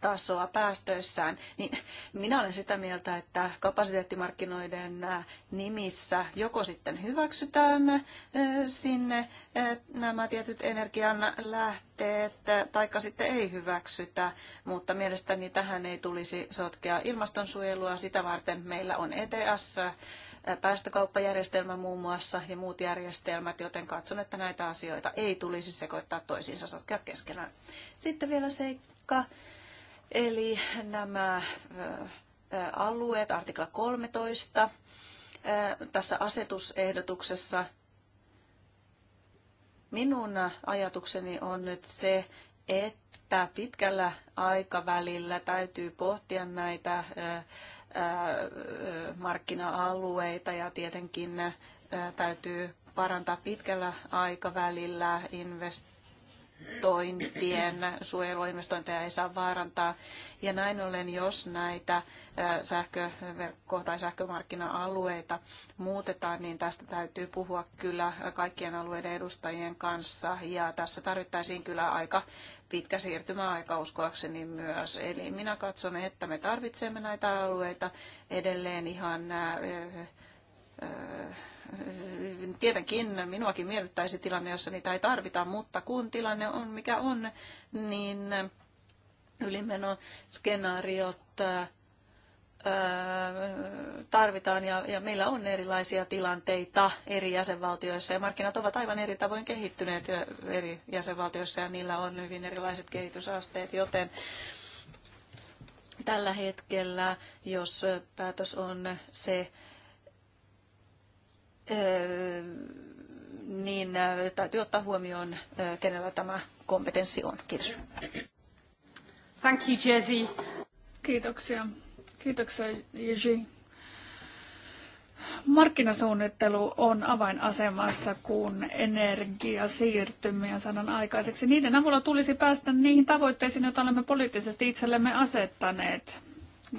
tasoa päästöissään, niin minä olen sitä mieltä, että kapasiteettimarkkinoiden nimissä joko sitten hyväksytään sinne nämä tietyt energian lähteet, taikka sitten ei hyväksytä, mutta mielestäni tähän ei tulisi sotkea ilmastonsuojelua. Sitä varten meillä on ETS, päästökauppajärjestelmä muun muassa ja muut järjestelmät, joten katson, että näitä asioita ei tulisi sekoittaa toisiinsa sotkea keskenään. Sitten vielä seikka Eli nämä alueet, artikla 13, tässä asetusehdotuksessa minun ajatukseni on nyt se, että pitkällä aikavälillä täytyy pohtia näitä markkina-alueita ja tietenkin täytyy parantaa pitkällä aikavälillä invest investointien suojeluinvestointeja ei saa vaarantaa. Ja näin ollen, jos näitä sähköverkko- tai sähkömarkkina-alueita muutetaan, niin tästä täytyy puhua kyllä kaikkien alueiden edustajien kanssa. Ja tässä tarvittaisiin kyllä aika pitkä siirtymäaika uskoakseni myös. Eli minä katson, että me tarvitsemme näitä alueita edelleen ihan tietenkin minuakin miellyttäisi tilanne, jossa niitä ei tarvita, mutta kun tilanne on mikä on, niin ylimenoskenaariot äh, tarvitaan ja, ja meillä on erilaisia tilanteita eri jäsenvaltioissa ja markkinat ovat aivan eri tavoin kehittyneet eri jäsenvaltioissa ja niillä on hyvin erilaiset kehitysasteet, joten tällä hetkellä, jos päätös on se, niin täytyy ottaa huomioon, kenellä tämä kompetenssi on. Kiitos. Thank you, Jesse. Kiitoksia. Kiitoksia, Jesse. Markkinasuunnittelu on avainasemassa, kun energia energiasiirtymiä sanan aikaiseksi. Niiden avulla tulisi päästä niihin tavoitteisiin, joita olemme poliittisesti itsellemme asettaneet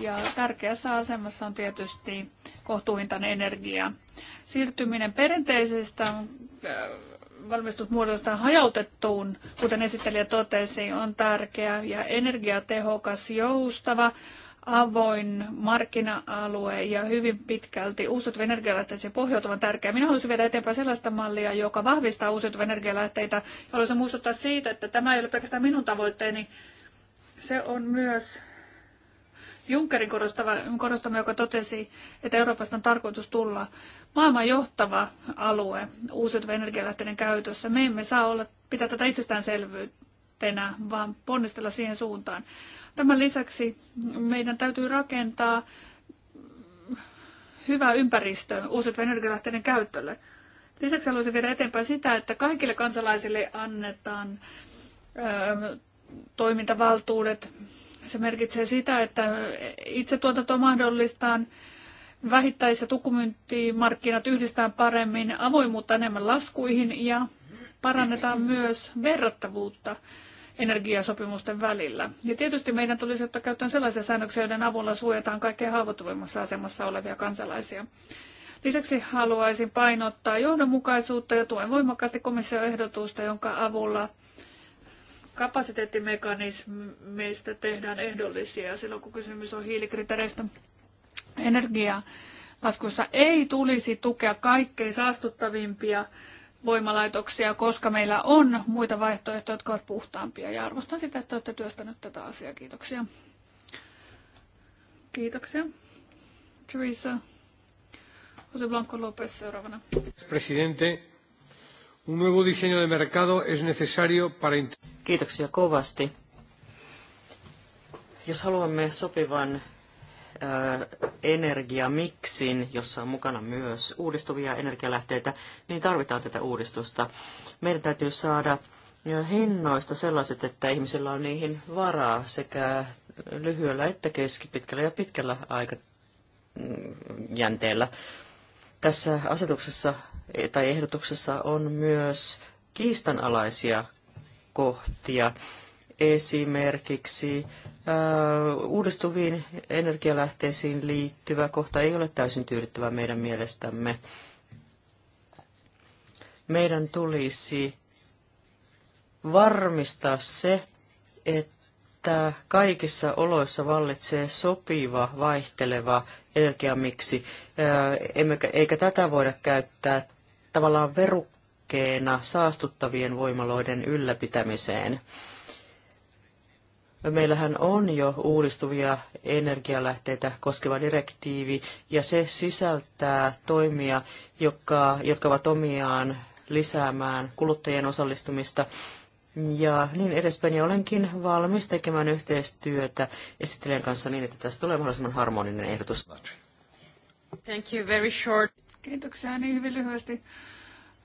ja tärkeässä asemassa on tietysti kohtuuhintainen energia. Siirtyminen perinteisestä äh, valmistusmuodosta hajautettuun, kuten esittelijä totesi, on tärkeä ja energiatehokas, joustava, avoin markkina-alue ja hyvin pitkälti uusiutuvan energialähteisiin pohjautuvan tärkeä. Minä haluaisin viedä eteenpäin sellaista mallia, joka vahvistaa uusiutuvan energialähteitä. Haluaisin muistuttaa siitä, että tämä ei ole pelkästään minun tavoitteeni. Se on myös Junckerin korostava, korostama, joka totesi, että Euroopasta on tarkoitus tulla maailman johtava alue uusiutuvien energialähteiden käytössä. Me emme saa olla, pitää tätä itsestäänselvyytenä, vaan ponnistella siihen suuntaan. Tämän lisäksi meidän täytyy rakentaa hyvä ympäristö uusiutuvien energialähteiden käyttölle. Lisäksi haluaisin viedä eteenpäin sitä, että kaikille kansalaisille annetaan ö, toimintavaltuudet se merkitsee sitä, että itse tuotanto mahdollistaa vähittäis- ja tukkumyyntimarkkinat yhdistetään paremmin, avoimuutta enemmän laskuihin ja parannetaan myös verrattavuutta energiasopimusten välillä. Ja tietysti meidän tulisi ottaa käyttöön sellaisia säännöksiä, joiden avulla suojataan kaikkein haavoittuvimmassa asemassa olevia kansalaisia. Lisäksi haluaisin painottaa johdonmukaisuutta ja tuen voimakkaasti komission ehdotusta, jonka avulla kapasiteettimekanismeista tehdään ehdollisia silloin, kun kysymys on hiilikriteereistä. Energialaskussa ei tulisi tukea kaikkein saastuttavimpia voimalaitoksia, koska meillä on muita vaihtoehtoja, jotka ovat puhtaampia. Ja arvostan sitä, että olette työstänyt tätä asiaa. Kiitoksia. Kiitoksia. Teresa. José Blanco López seuraavana. Presidente, Un nuevo diseño de mercado es necesario para... Kiitoksia kovasti. Jos haluamme sopivan äh, energiamiksin, jossa on mukana myös uudistuvia energialähteitä, niin tarvitaan tätä uudistusta. Meidän täytyy saada äh, hinnoista sellaiset, että ihmisillä on niihin varaa sekä lyhyellä että keskipitkällä ja pitkällä aikajänteellä. Mm, tässä asetuksessa eh, tai ehdotuksessa on myös kiistanalaisia kohtia. Esimerkiksi äh, uudistuviin energialähteisiin liittyvä kohta ei ole täysin tyydyttävä meidän mielestämme. Meidän tulisi varmistaa se, että että kaikissa oloissa vallitsee sopiva, vaihteleva energiamiksi, eikä tätä voida käyttää tavallaan verukkeena saastuttavien voimaloiden ylläpitämiseen. Meillähän on jo uudistuvia energialähteitä koskeva direktiivi, ja se sisältää toimia, jotka, jotka ovat omiaan lisäämään kuluttajien osallistumista ja niin edespäin. Ja niin olenkin valmis tekemään yhteistyötä esittelijän kanssa niin, että tästä tulee mahdollisimman harmoninen ehdotus. Thank you, very short. Kiitoksia niin hyvin lyhyesti.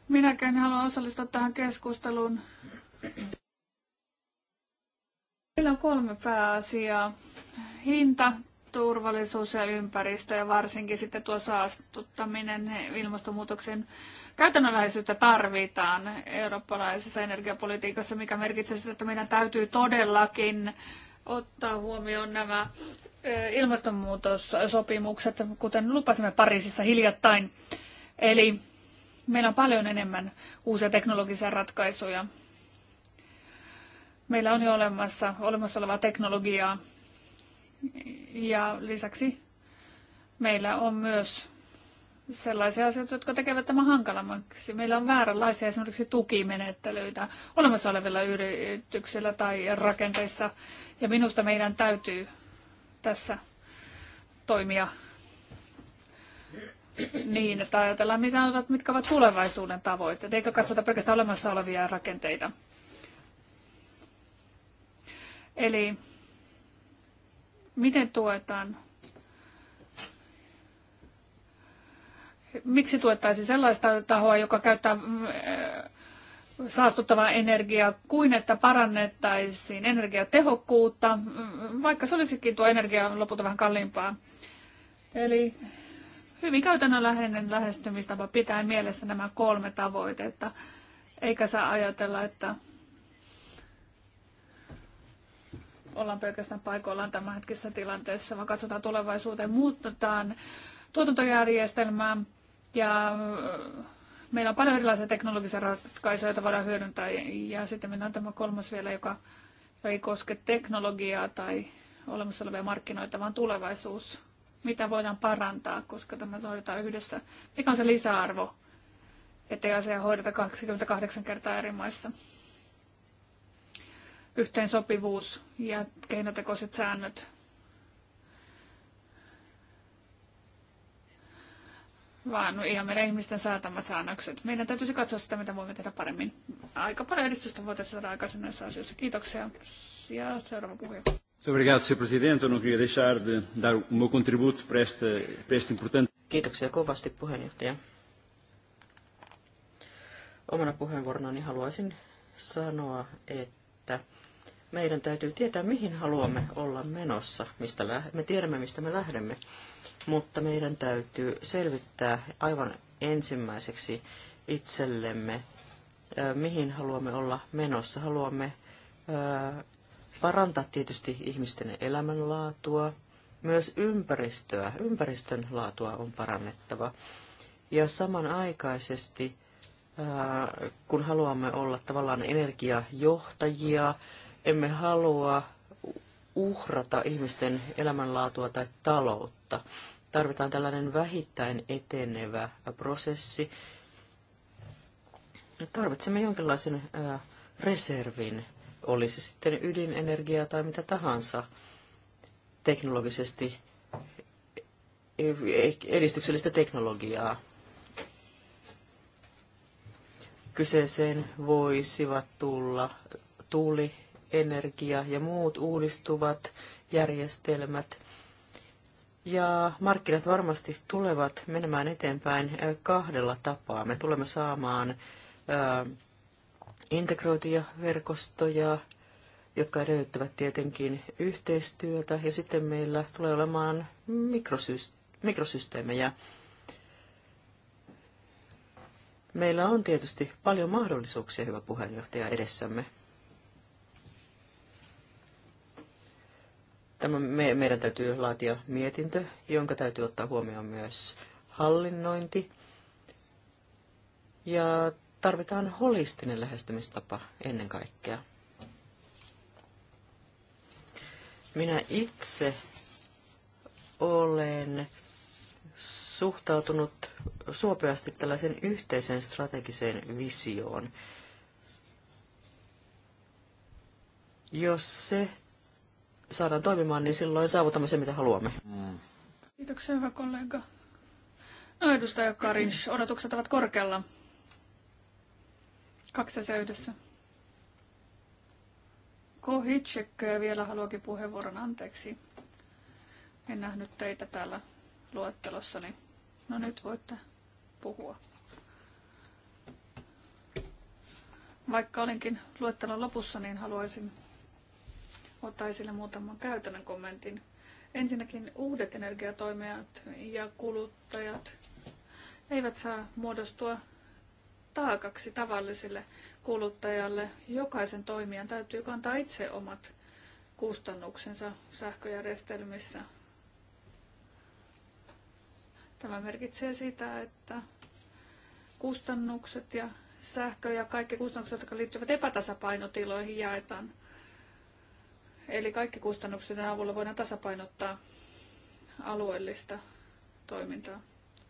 Minäkään haluan osallistua tähän keskusteluun. Meillä on kolme pääasiaa. Hinta, turvallisuus ja ympäristö ja varsinkin sitten tuo saastuttaminen ilmastonmuutoksen Käytännönläheisyyttä tarvitaan eurooppalaisessa energiapolitiikassa, mikä merkitsee sitä, että meidän täytyy todellakin ottaa huomioon nämä ilmastonmuutossopimukset, kuten lupasimme Pariisissa hiljattain. Eli meillä on paljon enemmän uusia teknologisia ratkaisuja. Meillä on jo olemassa, olemassa olevaa teknologiaa ja lisäksi meillä on myös sellaisia asioita, jotka tekevät tämän hankalammaksi. Meillä on vääränlaisia esimerkiksi tukimenettelyitä olemassa olevilla yrityksillä tai rakenteissa, ja minusta meidän täytyy tässä toimia niin, että ajatellaan, mitä ovat, mitkä ovat tulevaisuuden tavoitteet, eikä katsota pelkästään olemassa olevia rakenteita. Eli miten tuetaan miksi tuettaisiin sellaista tahoa, joka käyttää mm, äh, saastuttavaa energiaa, kuin että parannettaisiin energiatehokkuutta, mm, vaikka se olisikin tuo energia lopulta vähän kalliimpaa. Eli hyvin käytännönläheinen lähestymistapa pitää mielessä nämä kolme tavoitetta, eikä saa ajatella, että ollaan pelkästään paikoillaan tämänhetkisessä tilanteessa, vaan katsotaan tulevaisuuteen, muutetaan tuotantojärjestelmää, ja äh, meillä on paljon erilaisia teknologisia ratkaisuja, joita voidaan hyödyntää. Ja sitten meillä on tämä kolmas vielä, joka ei koske teknologiaa tai olemassa olevia markkinoita, vaan tulevaisuus. Mitä voidaan parantaa, koska tämä hoidetaan yhdessä. Mikä on se lisäarvo, ettei asiaa hoideta 28 kertaa eri maissa? Yhteensopivuus ja keinotekoiset säännöt vaan no, ihan meidän ihmisten säätämät säännökset. Meidän täytyisi katsoa sitä, mitä voimme tehdä paremmin. Aika paljon edistystä voitaisiin saada aikaisemmin näissä asioissa. Kiitoksia. Ja seuraava puhuja. Kiitoksia kovasti puheenjohtaja. Omana puheenvuoronani haluaisin sanoa, että meidän täytyy tietää, mihin haluamme olla menossa, mistä lä- me tiedämme, mistä me lähdemme, mutta meidän täytyy selvittää aivan ensimmäiseksi itsellemme, mihin haluamme olla menossa. Haluamme parantaa tietysti ihmisten elämänlaatua, myös ympäristöä, ympäristön laatua on parannettava. Ja samanaikaisesti, kun haluamme olla tavallaan energiajohtajia, emme halua uhrata ihmisten elämänlaatua tai taloutta. Tarvitaan tällainen vähittäin etenevä prosessi. Tarvitsemme jonkinlaisen reservin, olisi sitten ydinenergiaa tai mitä tahansa teknologisesti e, e, edistyksellistä teknologiaa. Kyseeseen voisivat tulla tuuli, energia ja muut uudistuvat järjestelmät. Ja markkinat varmasti tulevat menemään eteenpäin kahdella tapaa. Me tulemme saamaan integroituja verkostoja, jotka edellyttävät tietenkin yhteistyötä, ja sitten meillä tulee olemaan mikrosysteemejä. Meillä on tietysti paljon mahdollisuuksia, hyvä puheenjohtaja, edessämme. Tämä, me, meidän täytyy laatia mietintö, jonka täytyy ottaa huomioon myös hallinnointi. Ja tarvitaan holistinen lähestymistapa ennen kaikkea. Minä itse olen suhtautunut suopeasti tällaisen yhteisen strategiseen visioon. Jos se saadaan toimimaan, niin silloin saavutamme se, mitä haluamme. Mm. Kiitoksia, hyvä kollega. No, edustaja Karins, odotukset ovat korkealla. Kaksi asiaa yhdessä. Kohitsek vielä haluakin puheenvuoron, anteeksi. En nähnyt teitä täällä luettelossa, niin No nyt voitte puhua. Vaikka olinkin luettelon lopussa, niin haluaisin ottaa esille muutaman käytännön kommentin. Ensinnäkin uudet energiatoimijat ja kuluttajat eivät saa muodostua taakaksi tavallisille kuluttajalle. Jokaisen toimijan täytyy kantaa itse omat kustannuksensa sähköjärjestelmissä. Tämä merkitsee sitä, että kustannukset ja sähkö ja kaikki kustannukset, jotka liittyvät epätasapainotiloihin, jaetaan Eli kaikki kustannuksien avulla voidaan tasapainottaa alueellista toimintaa.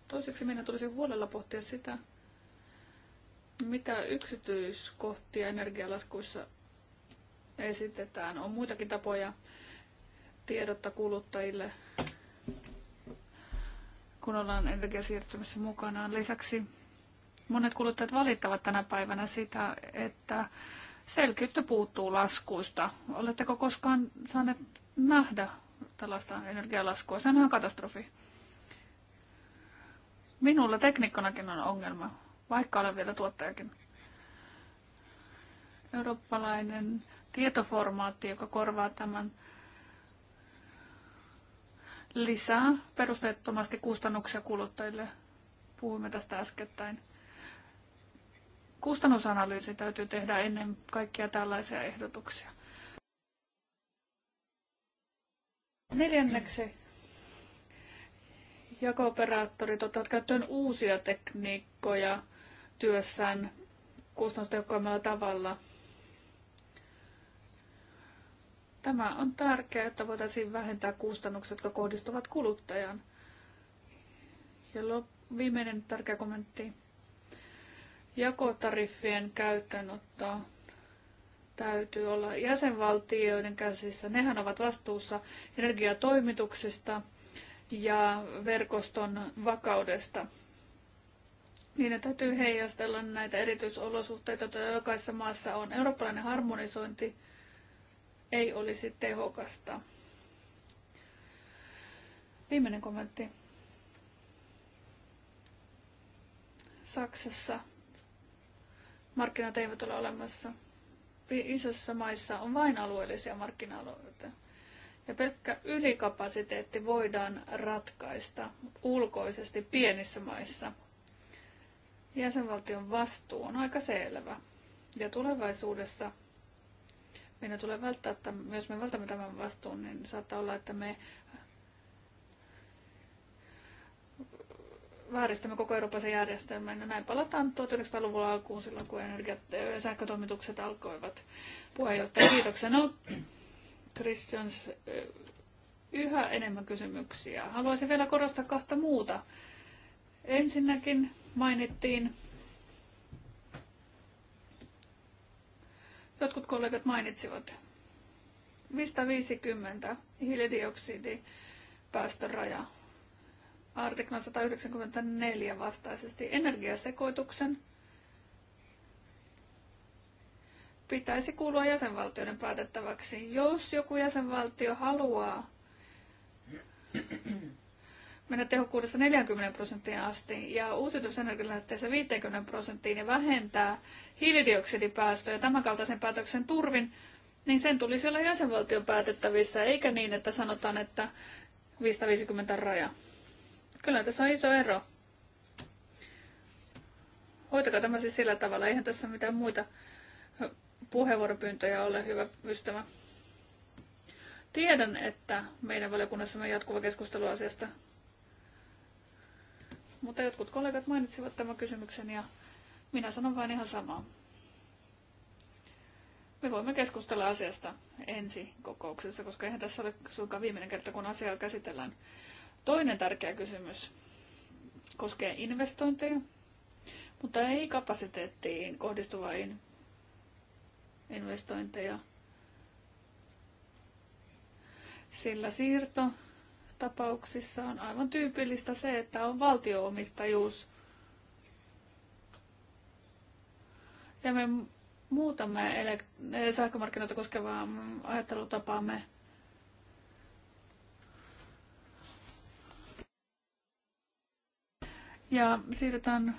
Toiseksi meidän tulisi huolella pohtia sitä, mitä yksityiskohtia energialaskuissa esitetään. On muitakin tapoja tiedottaa kuluttajille, kun ollaan energiasiirtymässä mukanaan. Lisäksi monet kuluttajat valittavat tänä päivänä sitä, että Selkeyttä puuttuu laskuista. Oletteko koskaan saaneet nähdä tällaista energialaskua? Se on ihan katastrofi. Minulla tekniikkanakin on ongelma, vaikka olen vielä tuottajakin. Eurooppalainen tietoformaatti, joka korvaa tämän lisää perusteettomasti kustannuksia kuluttajille. Puhuimme tästä äskettäin kustannusanalyysi täytyy tehdä ennen kaikkia tällaisia ehdotuksia. Neljänneksi jako-operaattorit ottavat käyttöön uusia tekniikkoja työssään kustannustehokkaimmalla tavalla. Tämä on tärkeää, että voitaisiin vähentää kustannukset, jotka kohdistuvat kuluttajan. Ja viimeinen tärkeä kommentti jakotariffien käyttöönottoa täytyy olla jäsenvaltioiden käsissä. Nehän ovat vastuussa energiatoimituksesta ja verkoston vakaudesta. Niin täytyy heijastella näitä erityisolosuhteita, joita jokaisessa maassa on. Eurooppalainen harmonisointi ei olisi tehokasta. Viimeinen kommentti. Saksassa markkinat eivät ole olemassa. Isossa maissa on vain alueellisia markkina-alueita. Ja pelkkä ylikapasiteetti voidaan ratkaista ulkoisesti pienissä maissa. Jäsenvaltion vastuu on aika selvä. Ja tulevaisuudessa meidän tulee välttää, että jos me vältämme tämän vastuun, niin saattaa olla, että me vääristämme koko Euroopan järjestelmän ja näin palataan 1900-luvun alkuun silloin, kun energiat, sähkötoimitukset alkoivat. Puheenjohtaja, kiitoksia. No, Christians, yhä enemmän kysymyksiä. Haluaisin vielä korostaa kahta muuta. Ensinnäkin mainittiin, jotkut kollegat mainitsivat, 550 hiilidioksidipäästöraja artiklan 194 vastaisesti energiasekoituksen pitäisi kuulua jäsenvaltioiden päätettäväksi. Jos joku jäsenvaltio haluaa mennä tehokkuudessa 40 prosenttiin asti ja uusiutusenergialähteessä 50 prosenttiin ja vähentää hiilidioksidipäästöjä tämän kaltaisen päätöksen turvin, niin sen tulisi olla jäsenvaltion päätettävissä, eikä niin, että sanotaan, että 550 raja. Kyllä tässä on iso ero. Hoitakaa tämä siis sillä tavalla. Eihän tässä mitään muita puheenvuoropyyntöjä ole, hyvä ystävä. Tiedän, että meidän valiokunnassamme on jatkuva keskustelu asiasta. Mutta jotkut kollegat mainitsivat tämän kysymyksen ja minä sanon vain ihan samaa. Me voimme keskustella asiasta ensi kokouksessa, koska eihän tässä ole suinkaan viimeinen kerta, kun asiaa käsitellään. Toinen tärkeä kysymys koskee investointeja, mutta ei kapasiteettiin kohdistuvaa investointeja, sillä siirto tapauksissa on aivan tyypillistä se, että on valtioomistajuus. Ja me muutamme sähkömarkkinoita koskevaa ajattelutapaamme ja siirrytään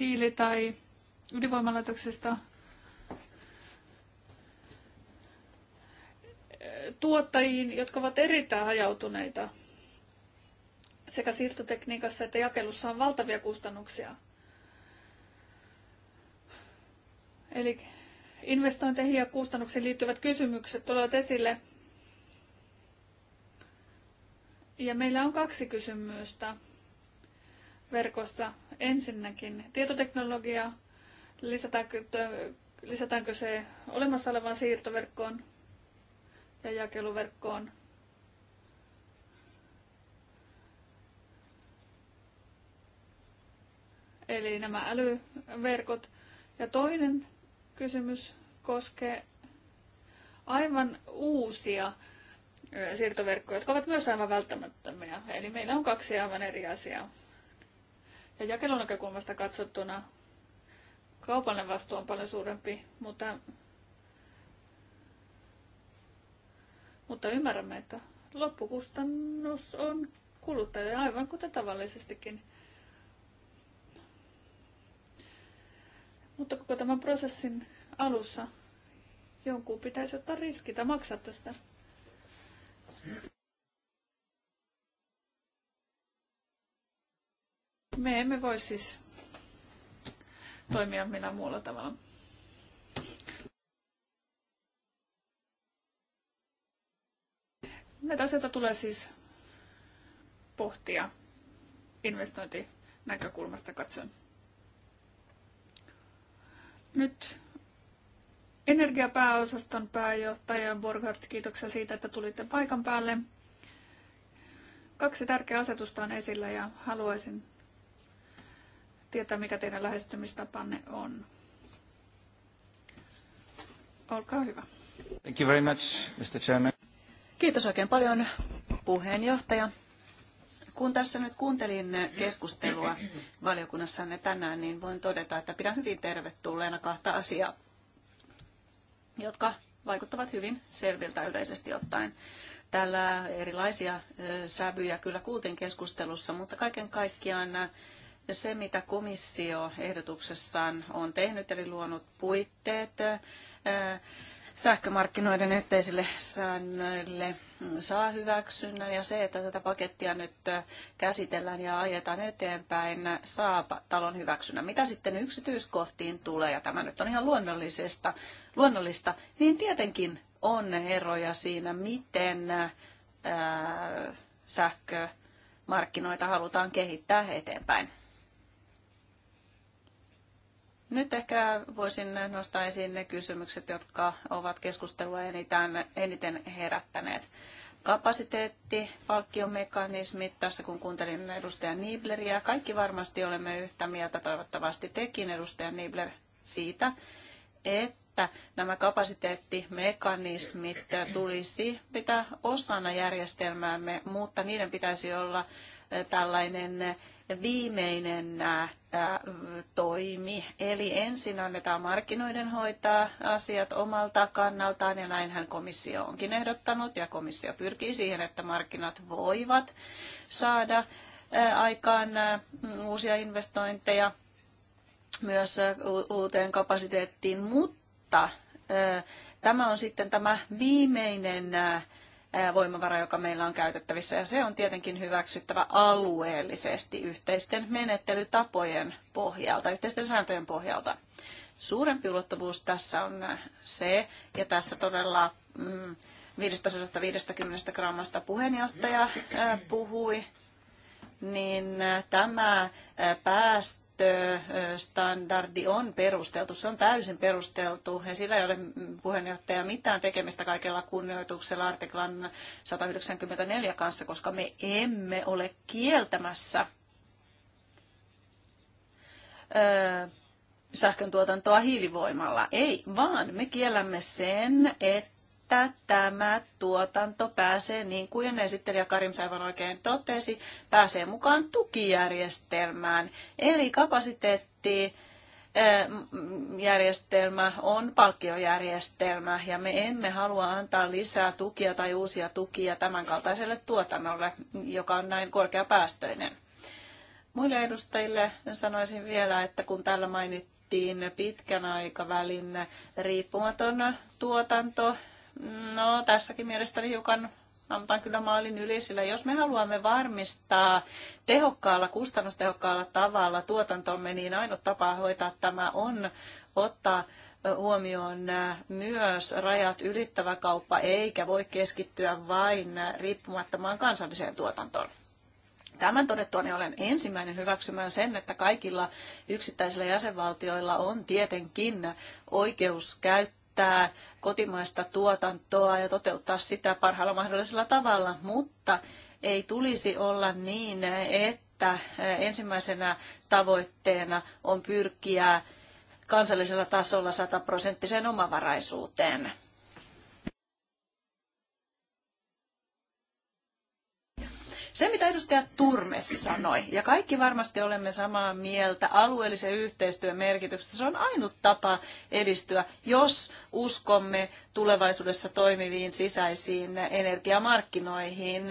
hiili- tai ydinvoimalaitoksesta tuottajiin, jotka ovat erittäin hajautuneita sekä siirtotekniikassa että jakelussa on valtavia kustannuksia. Eli investointeihin ja kustannuksiin liittyvät kysymykset tulevat esille. Ja meillä on kaksi kysymystä verkossa. Ensinnäkin tietoteknologia, lisätäänkö, lisätäänkö se olemassa olevaan siirtoverkkoon ja jakeluverkkoon. Eli nämä älyverkot. Ja toinen kysymys koskee aivan uusia siirtoverkkoja, jotka ovat myös aivan välttämättömiä. Eli meillä on kaksi aivan eri asiaa. Ja jakelun näkökulmasta katsottuna kaupallinen vastuu on paljon suurempi, mutta, mutta ymmärrämme, että loppukustannus on kuluttaja aivan kuten tavallisestikin. Mutta koko tämän prosessin alussa jonkun pitäisi ottaa riski tai maksaa tästä. Me emme voi siis toimia millään muulla tavalla. Näitä asioita tulee siis pohtia investointinäkökulmasta katsoen. Nyt energiapääosaston pääjohtaja Borghardt, kiitoksia siitä, että tulitte paikan päälle. Kaksi tärkeää asetusta on esillä ja haluaisin tietää, mikä teidän lähestymistapanne on. Olkaa hyvä. Thank you very much, Mr. Chairman. Kiitos oikein paljon, puheenjohtaja. Kun tässä nyt kuuntelin keskustelua valiokunnassanne tänään, niin voin todeta, että pidän hyvin tervetulleena kahta asiaa, jotka vaikuttavat hyvin selviltä yleisesti ottaen. Täällä erilaisia sävyjä kyllä kuultiin keskustelussa, mutta kaiken kaikkiaan se, mitä komissio ehdotuksessaan on tehnyt, eli luonut puitteet sähkömarkkinoiden yhteisille säännöille, mm, saa hyväksynnän ja se, että tätä pakettia nyt käsitellään ja ajetaan eteenpäin, saa talon hyväksynnän. Mitä sitten yksityiskohtiin tulee, ja tämä nyt on ihan luonnollisesta, luonnollista, niin tietenkin on eroja siinä, miten sähkömarkkinoita halutaan kehittää eteenpäin. Nyt ehkä voisin nostaa esiin ne kysymykset, jotka ovat keskustelua eniten, eniten herättäneet. Kapasiteetti, palkkiomekanismit, tässä kun kuuntelin edustaja Nibleriä, kaikki varmasti olemme yhtä mieltä, toivottavasti tekin edustaja Nibler, siitä, että nämä kapasiteettimekanismit tulisi pitää osana järjestelmäämme, mutta niiden pitäisi olla tällainen viimeinen toimi. Eli ensin annetaan markkinoiden hoitaa asiat omalta kannaltaan ja näinhän komissio onkin ehdottanut ja komissio pyrkii siihen, että markkinat voivat saada aikaan uusia investointeja myös uuteen kapasiteettiin, mutta tämä on sitten tämä viimeinen voimavara, joka meillä on käytettävissä, ja se on tietenkin hyväksyttävä alueellisesti yhteisten menettelytapojen pohjalta, yhteisten sääntöjen pohjalta. Suurempi ulottuvuus tässä on se, ja tässä todella mm, 550 grammasta puheenjohtaja puhui, niin tämä päästö ympäristöstandardi on perusteltu. Se on täysin perusteltu ja sillä ei ole puheenjohtaja mitään tekemistä kaikella kunnioituksella artiklan 194 kanssa, koska me emme ole kieltämässä sähkön tuotantoa hiilivoimalla. Ei, vaan me kiellämme sen, että että tämä tuotanto pääsee, niin kuin esittelijä Karim Saivan oikein totesi, pääsee mukaan tukijärjestelmään. Eli kapasiteetti eh, järjestelmä on palkkiojärjestelmä ja me emme halua antaa lisää tukia tai uusia tukia tämänkaltaiselle tuotannolle, joka on näin korkeapäästöinen. Muille edustajille sanoisin vielä, että kun täällä mainittiin pitkän aikavälin riippumaton tuotanto, No tässäkin mielestäni hiukan ammutaan kyllä maalin yli, sillä jos me haluamme varmistaa tehokkaalla, kustannustehokkaalla tavalla tuotantomme, niin ainut tapa hoitaa tämä on ottaa huomioon myös rajat ylittävä kauppa, eikä voi keskittyä vain riippumattomaan kansalliseen tuotantoon. Tämän todettua niin olen ensimmäinen hyväksymään sen, että kaikilla yksittäisillä jäsenvaltioilla on tietenkin oikeus käyttää kehittää kotimaista tuotantoa ja toteuttaa sitä parhaalla mahdollisella tavalla, mutta ei tulisi olla niin, että ensimmäisenä tavoitteena on pyrkiä kansallisella tasolla sataprosenttiseen omavaraisuuteen. Se, mitä edustaja Turmes sanoi, ja kaikki varmasti olemme samaa mieltä alueellisen yhteistyön merkityksestä, se on ainut tapa edistyä, jos uskomme tulevaisuudessa toimiviin sisäisiin energiamarkkinoihin.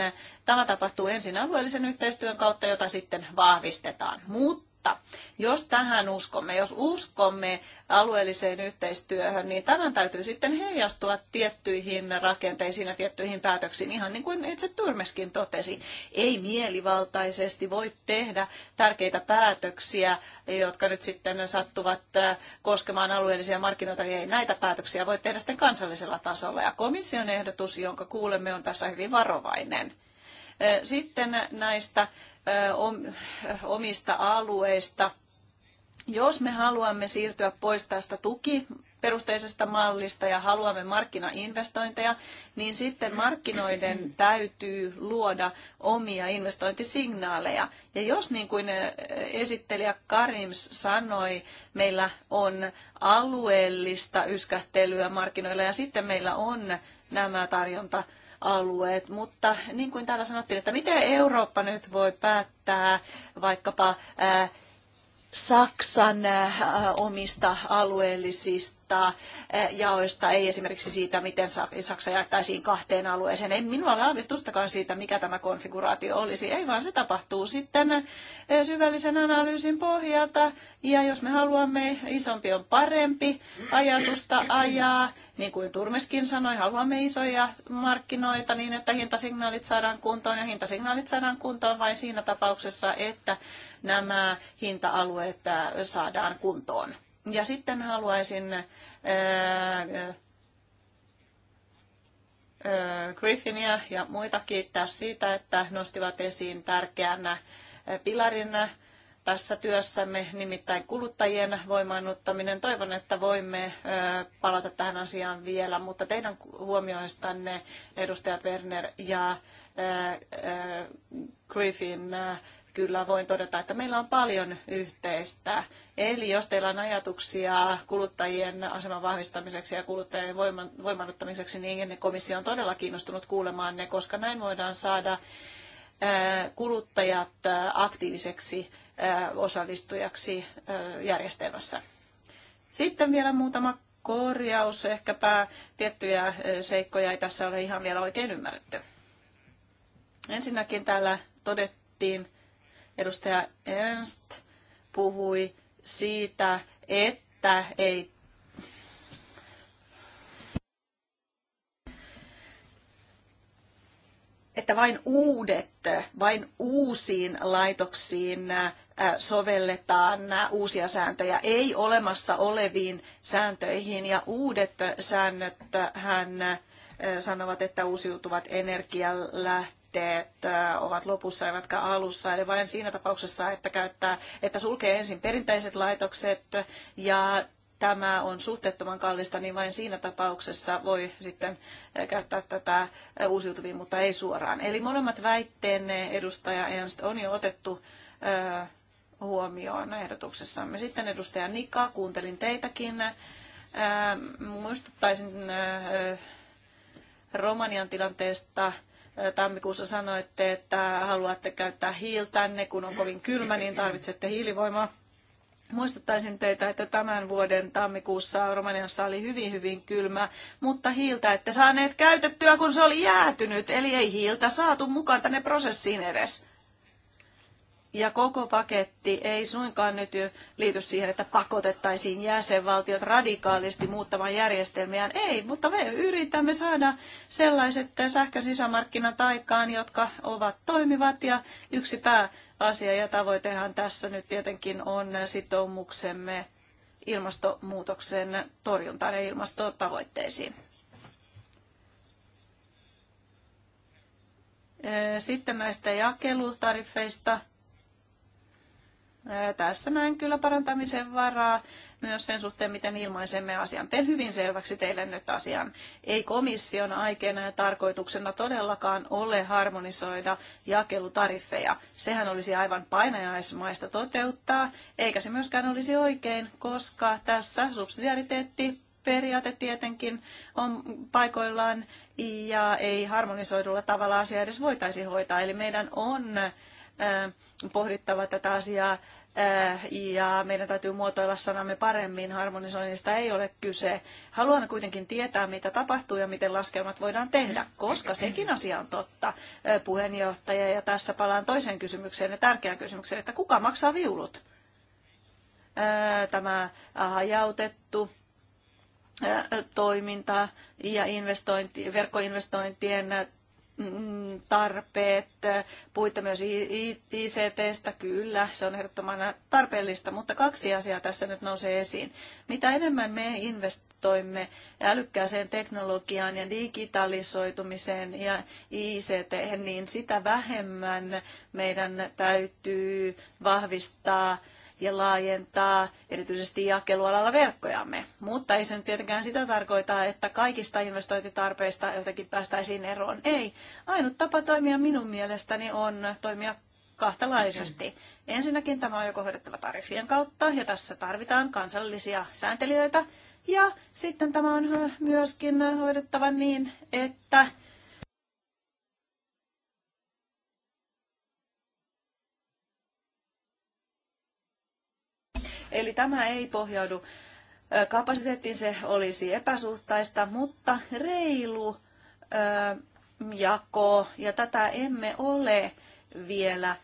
Tämä tapahtuu ensin alueellisen yhteistyön kautta, jota sitten vahvistetaan. Muut mutta jos tähän uskomme, jos uskomme alueelliseen yhteistyöhön, niin tämän täytyy sitten heijastua tiettyihin rakenteisiin ja tiettyihin päätöksiin, ihan niin kuin itse Turmeskin totesi. Ei mielivaltaisesti voi tehdä tärkeitä päätöksiä, jotka nyt sitten sattuvat äh, koskemaan alueellisia markkinoita, niin ei näitä päätöksiä voi tehdä sitten kansallisella tasolla. Ja komission ehdotus, jonka kuulemme, on tässä hyvin varovainen. Äh, sitten näistä omista alueista. Jos me haluamme siirtyä pois tästä tuki perusteisesta mallista ja haluamme markkinainvestointeja, niin sitten markkinoiden täytyy luoda omia investointisignaaleja. Ja jos niin kuin esittelijä Karims sanoi, meillä on alueellista yskähtelyä markkinoilla ja sitten meillä on nämä tarjonta alueet, mutta niin kuin täällä sanottiin, että miten Eurooppa nyt voi päättää vaikkapa Saksan omista alueellisista vastaa eh, jaoista, ei esimerkiksi siitä, miten Saksa jaettaisiin kahteen alueeseen. Ei minulla ole aavistustakaan siitä, mikä tämä konfiguraatio olisi. Ei vaan se tapahtuu sitten eh, syvällisen analyysin pohjalta. Ja jos me haluamme, isompi on parempi ajatusta ajaa, niin kuin Turmeskin sanoi, haluamme isoja markkinoita niin, että hintasignaalit saadaan kuntoon ja hintasignaalit saadaan kuntoon vain siinä tapauksessa, että nämä hinta-alueet eh, saadaan kuntoon. Ja sitten haluaisin ää, äh, äh, Griffinia ja muita kiittää siitä, että nostivat esiin tärkeänä äh, pilarina tässä työssämme, nimittäin kuluttajien voimaannuttaminen. Toivon, että voimme palata tähän asiaan vielä, mutta teidän huomioistanne edustajat Werner ja Griffin kyllä voin todeta, että meillä on paljon yhteistä. Eli jos teillä on ajatuksia kuluttajien aseman vahvistamiseksi ja kuluttajien voimannuttamiseksi, niin komissio on todella kiinnostunut kuulemaan ne, koska näin voidaan saada kuluttajat aktiiviseksi osallistujaksi järjestelmässä. Sitten vielä muutama korjaus. Ehkäpä tiettyjä seikkoja ei tässä ole ihan vielä oikein ymmärretty. Ensinnäkin täällä todettiin, Edustaja Ernst puhui siitä, että ei että vain uudet, vain uusiin laitoksiin sovelletaan uusia sääntöjä, ei olemassa oleviin sääntöihin. Ja uudet säännöt hän sanovat, että uusiutuvat energialähteet liitteet ovat lopussa eivätkä alussa, eli vain siinä tapauksessa, että, käyttää, että sulkee ensin perinteiset laitokset ja tämä on suhteettoman kallista, niin vain siinä tapauksessa voi sitten käyttää tätä uusiutuviin, mutta ei suoraan. Eli molemmat väitteenne, edustaja Ernst, on jo otettu huomioon ehdotuksessamme. Sitten edustaja Nika, kuuntelin teitäkin. Muistuttaisin Romanian tilanteesta Tammikuussa sanoitte, että haluatte käyttää hiiltänne, kun on kovin kylmä, niin tarvitsette hiilivoimaa. Muistuttaisin teitä, että tämän vuoden tammikuussa Romaniassa oli hyvin, hyvin kylmä, mutta hiiltä ette saaneet käytettyä, kun se oli jäätynyt, eli ei hiiltä saatu mukaan tänne prosessiin edes. Ja koko paketti ei suinkaan nyt liity siihen, että pakotettaisiin jäsenvaltiot radikaalisti muuttamaan järjestelmiään. Ei, mutta me yritämme saada sellaiset sähkösisämarkkinat aikaan, jotka ovat toimivat. Ja yksi pääasia ja tavoitehan tässä nyt tietenkin on sitoumuksemme ilmastonmuutoksen torjuntaan ja ilmastotavoitteisiin. Sitten näistä jakelutariffeista – tässä näen kyllä parantamisen varaa myös sen suhteen, miten ilmaisemme asian. Teen hyvin selväksi teille nyt asian. Ei komission aikeena ja tarkoituksena todellakaan ole harmonisoida jakelutariffeja. Sehän olisi aivan painajaismaista toteuttaa, eikä se myöskään olisi oikein, koska tässä subsidiariteetti periaate tietenkin on paikoillaan ja ei harmonisoidulla tavalla asia edes voitaisi hoitaa. Eli meidän on Äh, pohdittava tätä asiaa äh, ja meidän täytyy muotoilla sanamme paremmin. Harmonisoinnista ei ole kyse. Haluamme kuitenkin tietää, mitä tapahtuu ja miten laskelmat voidaan tehdä, koska sekin asia on totta, äh, puheenjohtaja. Ja tässä palaan toiseen kysymykseen ja tärkeään kysymykseen, että kuka maksaa viulut? Tämä hajautettu toiminta ja investointi, verkkoinvestointien Mm, tarpeet, Puhuitte myös ICTstä, kyllä, se on ehdottomana tarpeellista, mutta kaksi asiaa tässä nyt nousee esiin. Mitä enemmän me investoimme älykkääseen teknologiaan ja digitalisoitumiseen ja ICT, niin sitä vähemmän meidän täytyy vahvistaa – ja laajentaa erityisesti jakelualalla verkkojamme. Mutta ei se nyt tietenkään sitä tarkoita, että kaikista investointitarpeista jotenkin päästäisiin eroon. Ei. Ainut tapa toimia minun mielestäni on toimia kahtalaisesti. Ensinnäkin tämä on joko hoidettava tariffien kautta, ja tässä tarvitaan kansallisia sääntelijöitä, ja sitten tämä on myöskin hoidettava niin, että Eli tämä ei pohjaudu kapasiteettiin, se olisi epäsuhtaista, mutta reilu jako, ja tätä emme ole vielä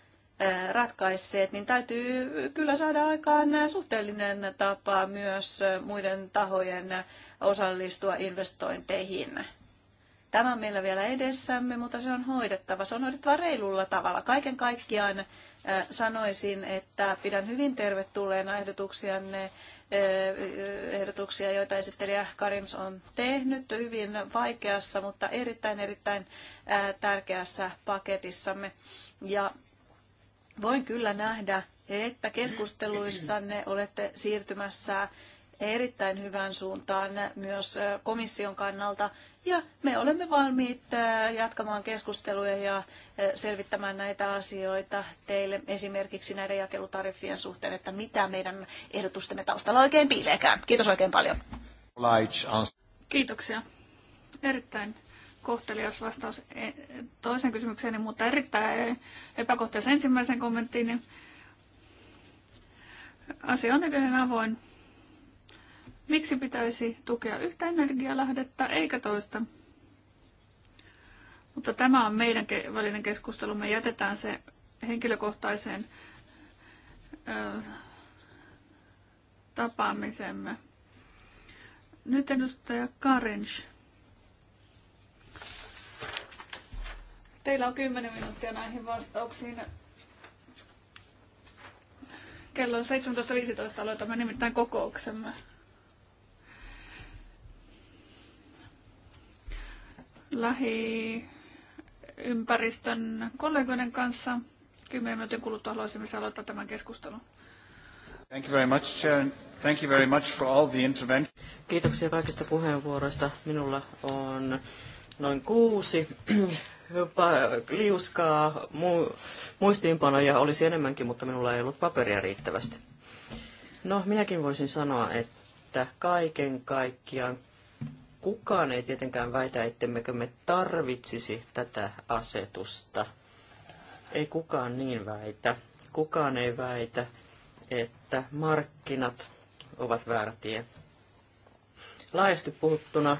ratkaisseet, niin täytyy kyllä saada aikaan suhteellinen tapa myös muiden tahojen osallistua investointeihin. Tämä on meillä vielä edessämme, mutta se on hoidettava. Se on hoidettava reilulla tavalla. Kaiken kaikkiaan äh, sanoisin, että pidän hyvin tervetulleena ehdotuksianne, äh, ehdotuksia, joita esittelijä Karims on tehnyt hyvin vaikeassa, mutta erittäin erittäin äh, tärkeässä paketissamme. Ja voin kyllä nähdä, että keskusteluissanne olette siirtymässä erittäin hyvään suuntaan myös komission kannalta ja me olemme valmiit äh, jatkamaan keskusteluja ja äh, selvittämään näitä asioita teille esimerkiksi näiden jakelutariffien suhteen, että mitä meidän ehdotustemme taustalla oikein piileekään. Kiitos oikein paljon. Kiitoksia. Erittäin kohtelias vastaus e, toisen kysymykseeni, mutta erittäin epäkohtaisen ensimmäisen kommenttiin. Asia on edelleen avoin. Miksi pitäisi tukea yhtä energialähdettä eikä toista? Mutta tämä on meidän välinen keskustelu. Me jätetään se henkilökohtaiseen ö, tapaamisemme. Nyt edustaja Karinch. Teillä on 10 minuuttia näihin vastauksiin. Kello on 17.15 aloitamme nimittäin kokouksemme. lähiympäristön kollegoiden kanssa. Kymmenen minuutin kuluttua haluaisimme aloittaa tämän keskustelun. Thank you very much, Chair. Thank you very much for all the intervention. Kiitoksia kaikista puheenvuoroista. Minulla on noin kuusi liuskaa mu- muistiinpanoja olisi enemmänkin, mutta minulla ei ollut paperia riittävästi. No, minäkin voisin sanoa, että kaiken kaikkiaan kukaan ei tietenkään väitä, ettemmekö me tarvitsisi tätä asetusta. Ei kukaan niin väitä. Kukaan ei väitä, että markkinat ovat väärä tie. Laajasti puhuttuna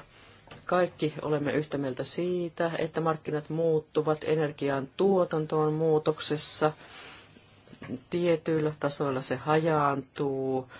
kaikki olemme yhtä mieltä siitä, että markkinat muuttuvat, energian tuotantoon muutoksessa, tietyillä tasoilla se hajaantuu,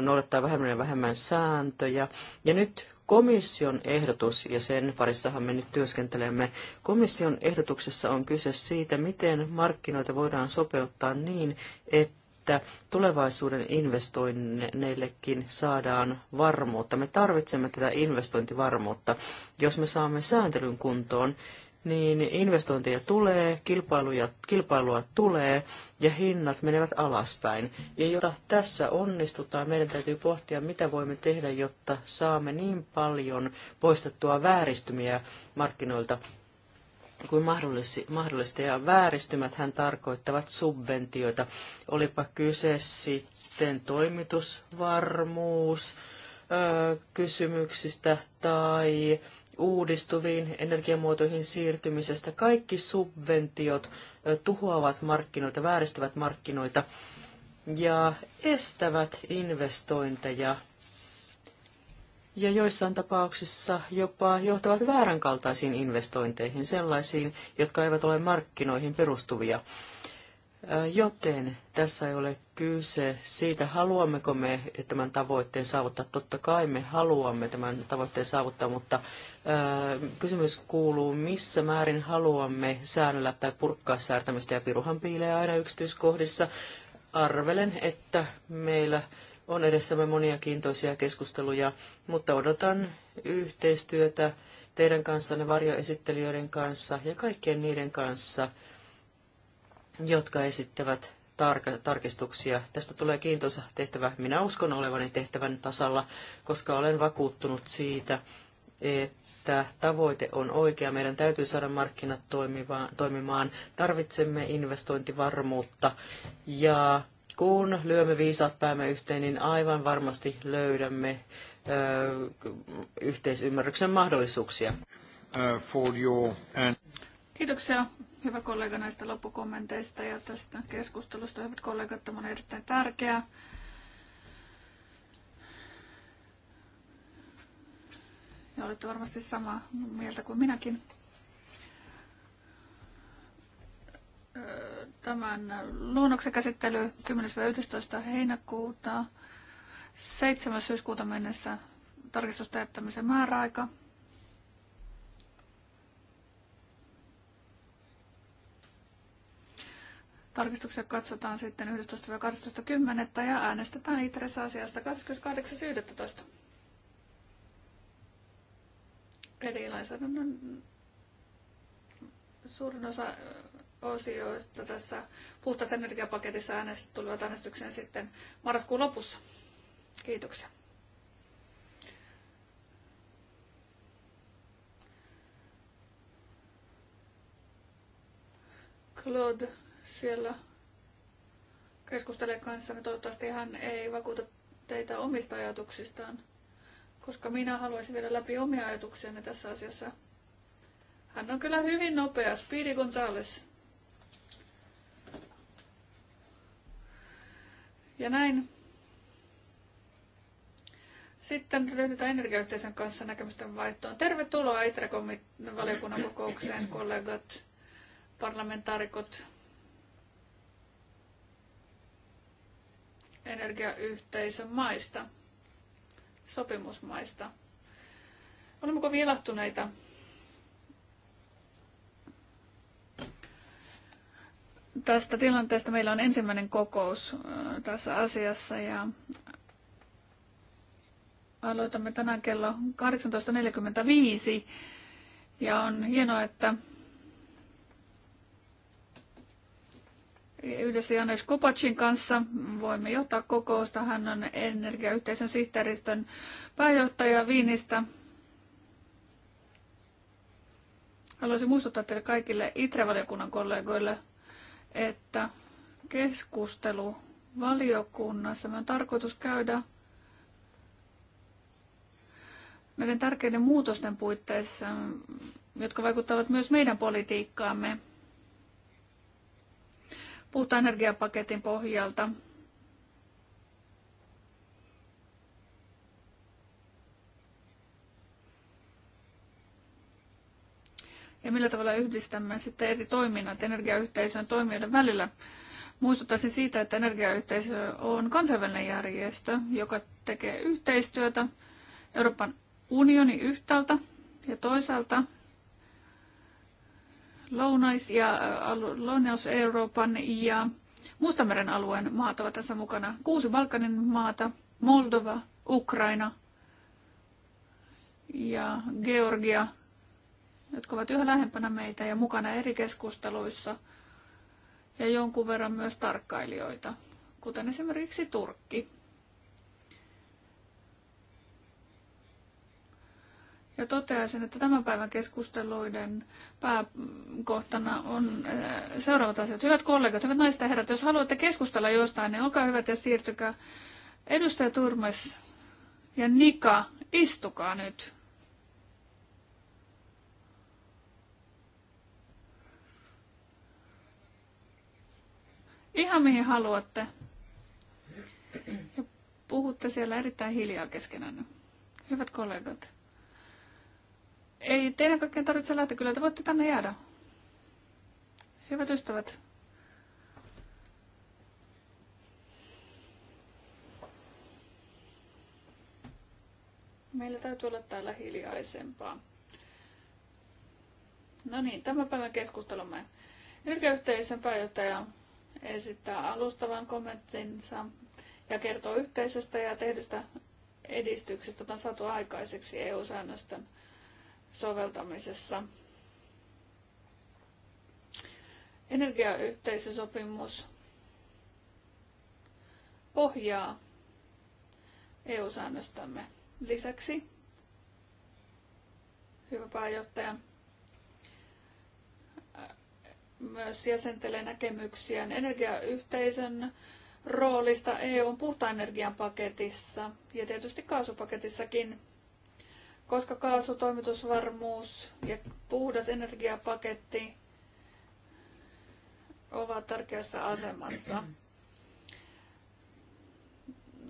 noudattaa vähemmän ja vähemmän sääntöjä. Ja nyt Komission ehdotus, ja sen parissahan me nyt työskentelemme, komission ehdotuksessa on kyse siitä, miten markkinoita voidaan sopeuttaa niin, että tulevaisuuden investoinneillekin saadaan varmuutta. Me tarvitsemme tätä investointivarmuutta. Jos me saamme sääntelyn kuntoon, niin investointeja tulee, kilpailuja, kilpailua tulee ja hinnat menevät alaspäin. Ja jotta tässä onnistutaan, meidän täytyy pohtia, mitä voimme tehdä, jotta saamme niin paljon poistettua vääristymiä markkinoilta kuin mahdollista. Ja vääristymät hän tarkoittavat subventioita. Olipa kyse sitten toimitusvarmuus, kysymyksistä tai uudistuviin energiamuotoihin siirtymisestä. Kaikki subventiot tuhoavat markkinoita, vääristävät markkinoita ja estävät investointeja ja joissain tapauksissa jopa johtavat vääränkaltaisiin investointeihin, sellaisiin, jotka eivät ole markkinoihin perustuvia. Joten tässä ei ole kyse siitä, haluammeko me tämän tavoitteen saavuttaa. Totta kai me haluamme tämän tavoitteen saavuttaa, mutta kysymys kuuluu, missä määrin haluamme säännellä tai purkkaa säätämistä ja piruhan piilee aina yksityiskohdissa. Arvelen, että meillä on edessämme monia kiintoisia keskusteluja, mutta odotan yhteistyötä teidän kanssanne, varjoesittelijöiden kanssa ja kaikkien niiden kanssa – jotka esittävät tar- tarkistuksia. Tästä tulee kiintoisa tehtävä. Minä uskon olevani tehtävän tasalla, koska olen vakuuttunut siitä, että tavoite on oikea. Meidän täytyy saada markkinat toimimaan. Tarvitsemme investointivarmuutta ja kun lyömme viisaat päämme yhteen, niin aivan varmasti löydämme ö, yhteisymmärryksen mahdollisuuksia. Uh, Kiitoksia hyvä kollega näistä loppukommenteista ja tästä keskustelusta. Hyvät kollegat, tämä on erittäin tärkeää. Ja olette varmasti samaa mieltä kuin minäkin. Tämän luonnoksen käsittely 10-11. heinäkuuta 7. syyskuuta mennessä tarkistusta jättämisen määräaika Tarkistuksia katsotaan sitten 11-12.10 ja äänestetään Itressä asiasta 28.11. Eli lainsäädännön suurin osa osioista tässä puhtaassa energiapaketissa äänest, tulevat äänestykseen sitten marraskuun lopussa. Kiitoksia. Claude siellä keskustelee kanssamme. Toivottavasti hän ei vakuuta teitä omista ajatuksistaan, koska minä haluaisin viedä läpi omia ajatuksiani tässä asiassa. Hän on kyllä hyvin nopea, Speedy Gonzales. Ja näin. Sitten ryhdytään energiayhteisön kanssa näkemysten vaihtoon. Tervetuloa Itrekomin valiokunnan kokoukseen, kollegat, parlamentaarikot. energiayhteisön maista, sopimusmaista. Olemmeko vilahtuneita? tästä tilanteesta. Meillä on ensimmäinen kokous tässä asiassa ja aloitamme tänään kello 18.45. Ja on hienoa, että yhdessä Janes Kopacin kanssa voimme johtaa kokousta. Hän on energiayhteisön sihteeristön pääjohtaja Viinistä. Haluaisin muistuttaa teille kaikille ITRE-valiokunnan kollegoille, että keskustelu valiokunnassa on tarkoitus käydä näiden tärkeiden muutosten puitteissa, jotka vaikuttavat myös meidän politiikkaamme puhtaan energiapaketin pohjalta. Ja millä tavalla yhdistämme sitten eri toiminnat energiayhteisön toimijoiden välillä. Muistuttaisin siitä, että energiayhteisö on kansainvälinen järjestö, joka tekee yhteistyötä Euroopan unionin yhtäältä ja toisaalta Lounais- ja äh, Lounais-Euroopan ja Mustameren alueen maat ovat tässä mukana. Kuusi Balkanin maata, Moldova, Ukraina ja Georgia, jotka ovat yhä lähempänä meitä ja mukana eri keskusteluissa ja jonkun verran myös tarkkailijoita, kuten esimerkiksi Turkki. Ja toteaisin, että tämän päivän keskusteluiden pääkohtana on äh, seuraavat asiat. Hyvät kollegat, hyvät naiset ja herrat, jos haluatte keskustella jostain, niin olkaa hyvät ja siirtykää. Edustaja Turmes ja Nika, istukaa nyt. Ihan mihin haluatte. Ja puhutte siellä erittäin hiljaa keskenään. Hyvät kollegat. Ei teidän kaikkien tarvitse lähteä, kyllä te voitte tänne jäädä. Hyvät ystävät. Meillä täytyy olla täällä hiljaisempaa. No niin, tämän päivän keskustelumme. Yrkäyhteisön pääjohtaja esittää alustavan kommenttinsa ja kertoo yhteisöstä ja tehdystä edistyksestä, jota on saatu aikaiseksi EU-säännösten soveltamisessa. Energiayhteisösopimus ohjaa EU-säännöstämme. Lisäksi, hyvä pääjohtaja, myös jäsentelee näkemyksiä energiayhteisön roolista EUn puhtaan energian paketissa ja tietysti kaasupaketissakin koska kaasu toimitusvarmuus ja puhdas energiapaketti ovat tärkeässä asemassa.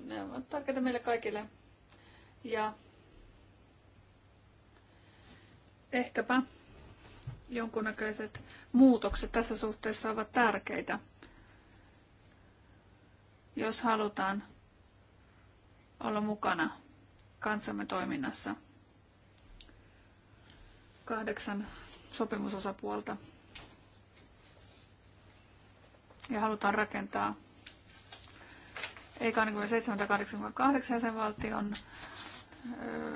Ne ovat tärkeitä meille kaikille. Ja ehkäpä jonkunnäköiset muutokset tässä suhteessa ovat tärkeitä, jos halutaan olla mukana kanssamme toiminnassa kahdeksan sopimusosapuolta. Ja halutaan rakentaa ei 27-88 jäsenvaltion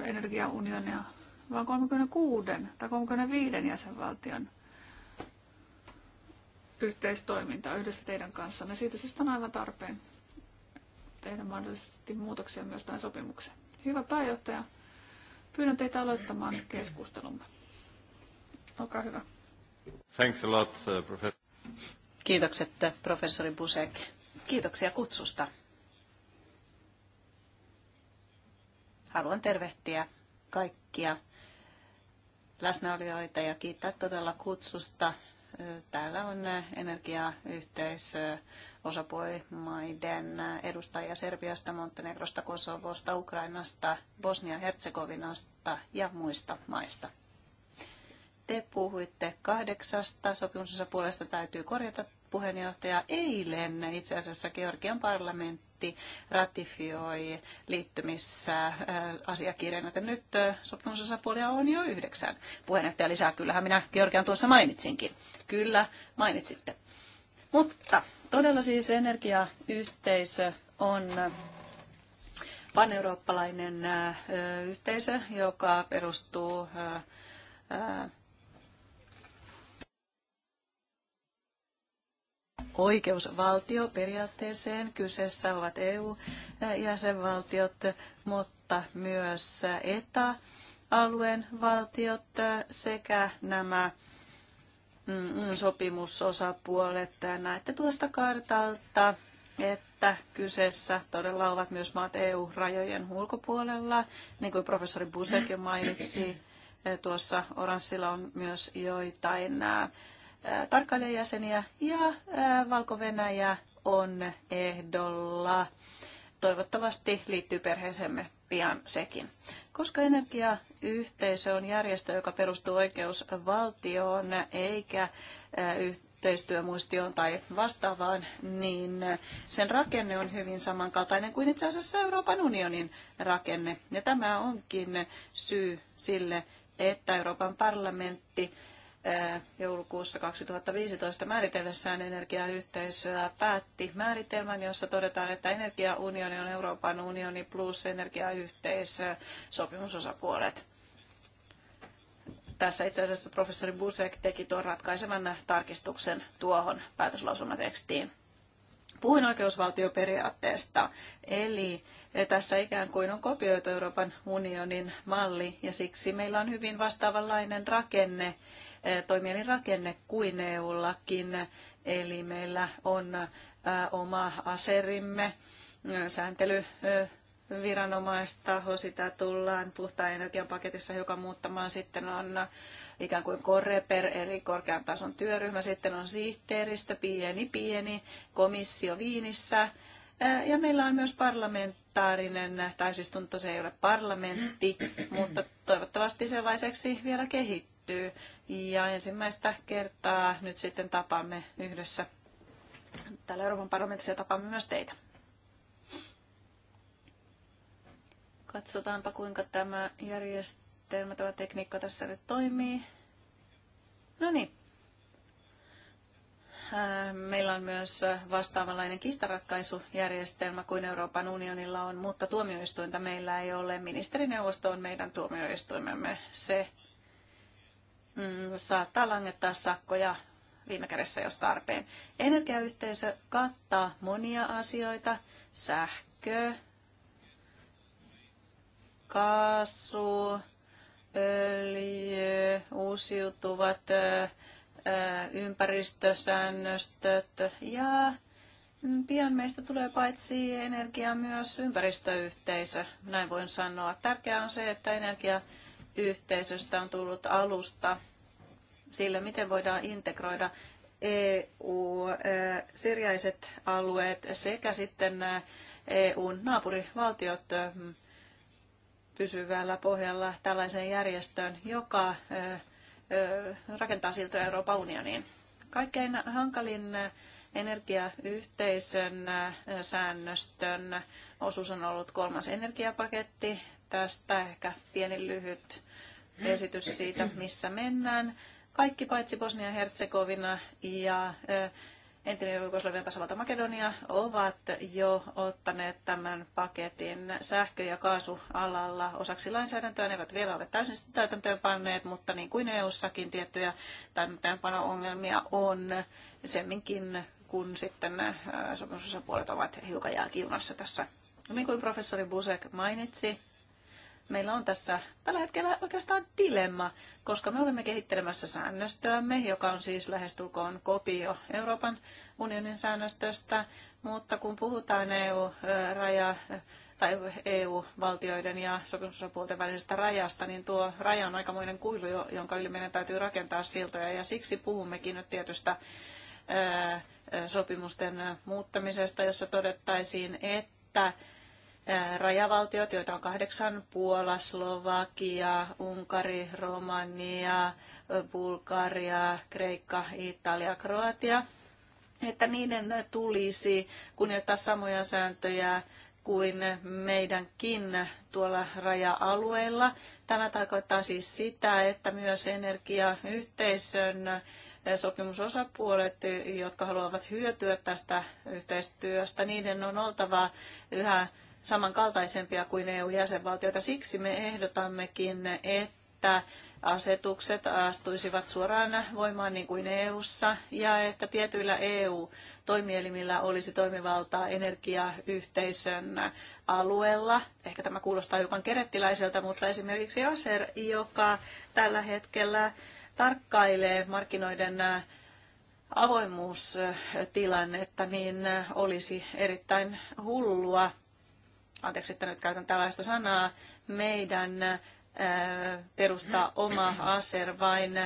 energiaunionia, vaan 36 tai 35 jäsenvaltion yhteistoimintaa yhdessä teidän kanssa, Ja Siitä syystä on aivan tarpeen tehdä mahdollisesti muutoksia myös tähän sopimukseen. Hyvä pääjohtaja, pyydän teitä aloittamaan keskustelumme. Olkaa hyvä. Thanks a lot, uh, professor. Kiitokset, uh, professori Busek. Kiitoksia kutsusta. Haluan tervehtiä kaikkia läsnäolijoita ja kiittää todella kutsusta. Uh, täällä on energiayhteisö osapuolimaiden edustajia Serbiasta, Montenegrosta, Kosovosta, Ukrainasta, Bosnia-Herzegovinasta ja muista maista. Te puhuitte kahdeksasta sopimuksessa puolesta täytyy korjata puheenjohtaja eilen itse asiassa Georgian parlamentti ratifioi liittymissä äh, asiakirjan, että nyt äh, sopimusosapuolia on jo yhdeksän. Puheenjohtaja lisää, kyllähän minä Georgian tuossa mainitsinkin. Kyllä, mainitsitte. Mutta todella siis energiayhteisö on paneurooppalainen äh, yhteisö, joka perustuu oikeusvaltioperiaatteeseen. Kyseessä ovat EU-jäsenvaltiot, mutta myös ETA-alueen valtiot sekä nämä mm, sopimusosapuolet. Näette tuosta kartalta, että kyseessä todella ovat myös maat EU-rajojen ulkopuolella. Niin kuin professori Busekin jo mainitsi, tuossa oranssilla on myös joitain tarkkailijajäseniä ja Valko-Venäjä on ehdolla. Toivottavasti liittyy perheeseemme pian sekin. Koska energiayhteisö on järjestö, joka perustuu oikeusvaltioon eikä yhteistyömuistioon tai vastaavaan, niin sen rakenne on hyvin samankaltainen kuin itse asiassa Euroopan unionin rakenne. Ja tämä onkin syy sille, että Euroopan parlamentti joulukuussa 2015 määritellessään energiayhteisöä päätti määritelmän, jossa todetaan, että energiaunioni on Euroopan unioni plus energiayhteisö sopimusosapuolet. Tässä itse asiassa professori Busek teki tuon ratkaisevan tarkistuksen tuohon päätöslausumatekstiin. Puhuin oikeusvaltioperiaatteesta, eli tässä ikään kuin on kopioitu Euroopan unionin malli, ja siksi meillä on hyvin vastaavanlainen rakenne toimielin rakenne kuin EUllakin. Eli meillä on oma aserimme, sääntely viranomaistaho, sitä tullaan puhtaan energian paketissa hiukan muuttamaan. Sitten on ikään kuin korreper, eri korkean tason työryhmä. Sitten on sihteeristö, pieni pieni, komissio Viinissä. Ja meillä on myös parlamentaarinen täysistunto, se ei ole parlamentti, mutta toivottavasti sellaiseksi vielä kehittyy päättyy ja ensimmäistä kertaa nyt sitten tapaamme yhdessä täällä Euroopan parlamentissa ja tapaamme myös teitä. Katsotaanpa kuinka tämä järjestelmä, tämä tekniikka tässä nyt toimii. No niin. Äh, meillä on myös vastaavanlainen kistaratkaisujärjestelmä kuin Euroopan unionilla on, mutta tuomioistuinta meillä ei ole. Ministerineuvosto on meidän tuomioistuimemme. Se Mm, saattaa langettaa sakkoja viime kädessä, jos tarpeen. Energiayhteisö kattaa monia asioita, sähkö, kaasu, öljy, uusiutuvat ympäristösäännöstöt ja pian meistä tulee paitsi energia myös ympäristöyhteisö, näin voin sanoa. Tärkeää on se, että energiayhteisöstä on tullut alusta sille, miten voidaan integroida EU-syrjäiset alueet sekä sitten EUn naapurivaltiot pysyvällä pohjalla tällaiseen järjestöön, joka rakentaa siltoja Euroopan unioniin. Kaikkein hankalin energiayhteisön säännöstön osuus on ollut kolmas energiapaketti. Tästä ehkä pieni lyhyt esitys siitä, missä mennään. Kaikki paitsi Bosnia-Herzegovina ja entinen Jugoslavian tasavalta Makedonia ovat jo ottaneet tämän paketin sähkö- ja kaasualalla osaksi lainsäädäntöä. Ne eivät vielä ole täysin sitä täytäntöönpanneet, mutta niin kuin EU-sakin tiettyjä täytäntöönpano-ongelmia on semminkin, kun sitten sopimusosapuolet ovat hiukan jälkijunassa tässä. Niin kuin professori Busek mainitsi, meillä on tässä tällä hetkellä oikeastaan dilemma, koska me olemme kehittelemässä säännöstöämme, joka on siis lähestulkoon kopio Euroopan unionin säännöstöstä, mutta kun puhutaan EU-raja tai EU-valtioiden ja sopimusosapuolten välisestä rajasta, niin tuo raja on aikamoinen kuilu, jonka yli meidän täytyy rakentaa siltoja. Ja siksi puhummekin nyt tietystä sopimusten muuttamisesta, jossa todettaisiin, että rajavaltiot, joita on kahdeksan, Puola, Slovakia, Unkari, Romania, Bulgaria, Kreikka, Italia, Kroatia, että niiden tulisi kunnioittaa samoja sääntöjä kuin meidänkin tuolla raja-alueilla. Tämä tarkoittaa siis sitä, että myös energiayhteisön sopimusosapuolet, jotka haluavat hyötyä tästä yhteistyöstä, niiden on oltava yhä samankaltaisempia kuin EU-jäsenvaltioita. Siksi me ehdotammekin, että asetukset astuisivat suoraan voimaan niin kuin EU:ssa ja että tietyillä EU-toimielimillä olisi toimivaltaa energiayhteisön alueella. Ehkä tämä kuulostaa hiukan kerettiläiseltä, mutta esimerkiksi ASER, joka tällä hetkellä tarkkailee markkinoiden avoimuustilannetta, niin olisi erittäin hullua anteeksi, että nyt käytän tällaista sanaa, meidän äh, perustaa oma ASER vain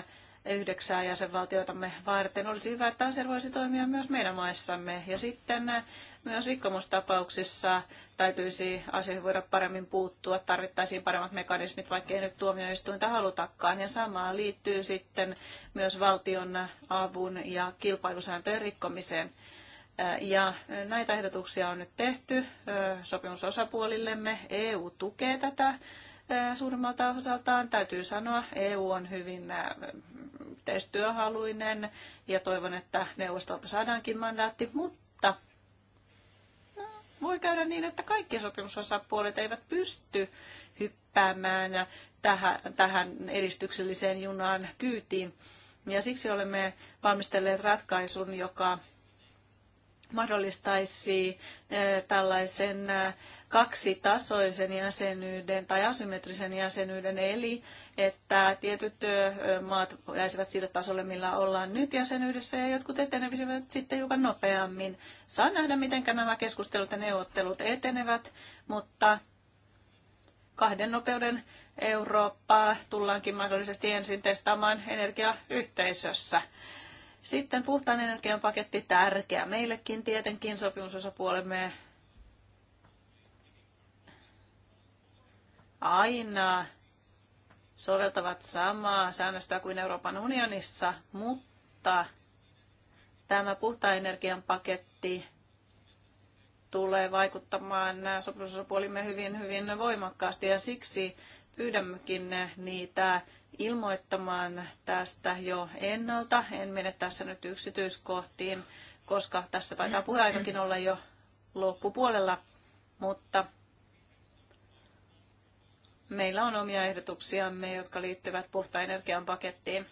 yhdeksää jäsenvaltioitamme varten. Olisi hyvä, että ASER voisi toimia myös meidän maissamme. Ja sitten äh, myös rikkomustapauksissa täytyisi asioihin voida paremmin puuttua, tarvittaisiin paremmat mekanismit, vaikkei nyt tuomioistuinta halutakaan. Ja samaa liittyy sitten myös valtion avun ja kilpailusääntöjen rikkomiseen. Ja näitä ehdotuksia on nyt tehty sopimusosapuolillemme. EU tukee tätä suurimmalta osaltaan. Täytyy sanoa, EU on hyvin yhteistyöhaluinen ja toivon, että neuvostolta saadaankin mandaatti, mutta no, voi käydä niin, että kaikki sopimusosapuolet eivät pysty hyppäämään tähän, tähän edistykselliseen junaan kyytiin. Ja siksi olemme valmistelleet ratkaisun, joka mahdollistaisi tällaisen kaksitasoisen jäsenyyden tai asymmetrisen jäsenyyden, eli että tietyt maat jäisivät sille tasolle, millä ollaan nyt jäsenyydessä, ja jotkut etenevisivät sitten hiukan nopeammin. Saa nähdä, miten nämä keskustelut ja neuvottelut etenevät, mutta kahden nopeuden Eurooppaa tullaankin mahdollisesti ensin testaamaan energiayhteisössä. Sitten puhtaan energian paketti tärkeä. Meillekin tietenkin sopimusosapuolemme aina soveltavat samaa säännöstä kuin Euroopan unionissa, mutta tämä puhtaan energian paketti tulee vaikuttamaan sopimusosapuolimme hyvin, hyvin voimakkaasti ja siksi pyydämmekin niitä ilmoittamaan tästä jo ennalta. En mene tässä nyt yksityiskohtiin, koska tässä taitaa puheaikakin olla jo loppupuolella, mutta meillä on omia ehdotuksiamme, jotka liittyvät puhtaan energian pakettiin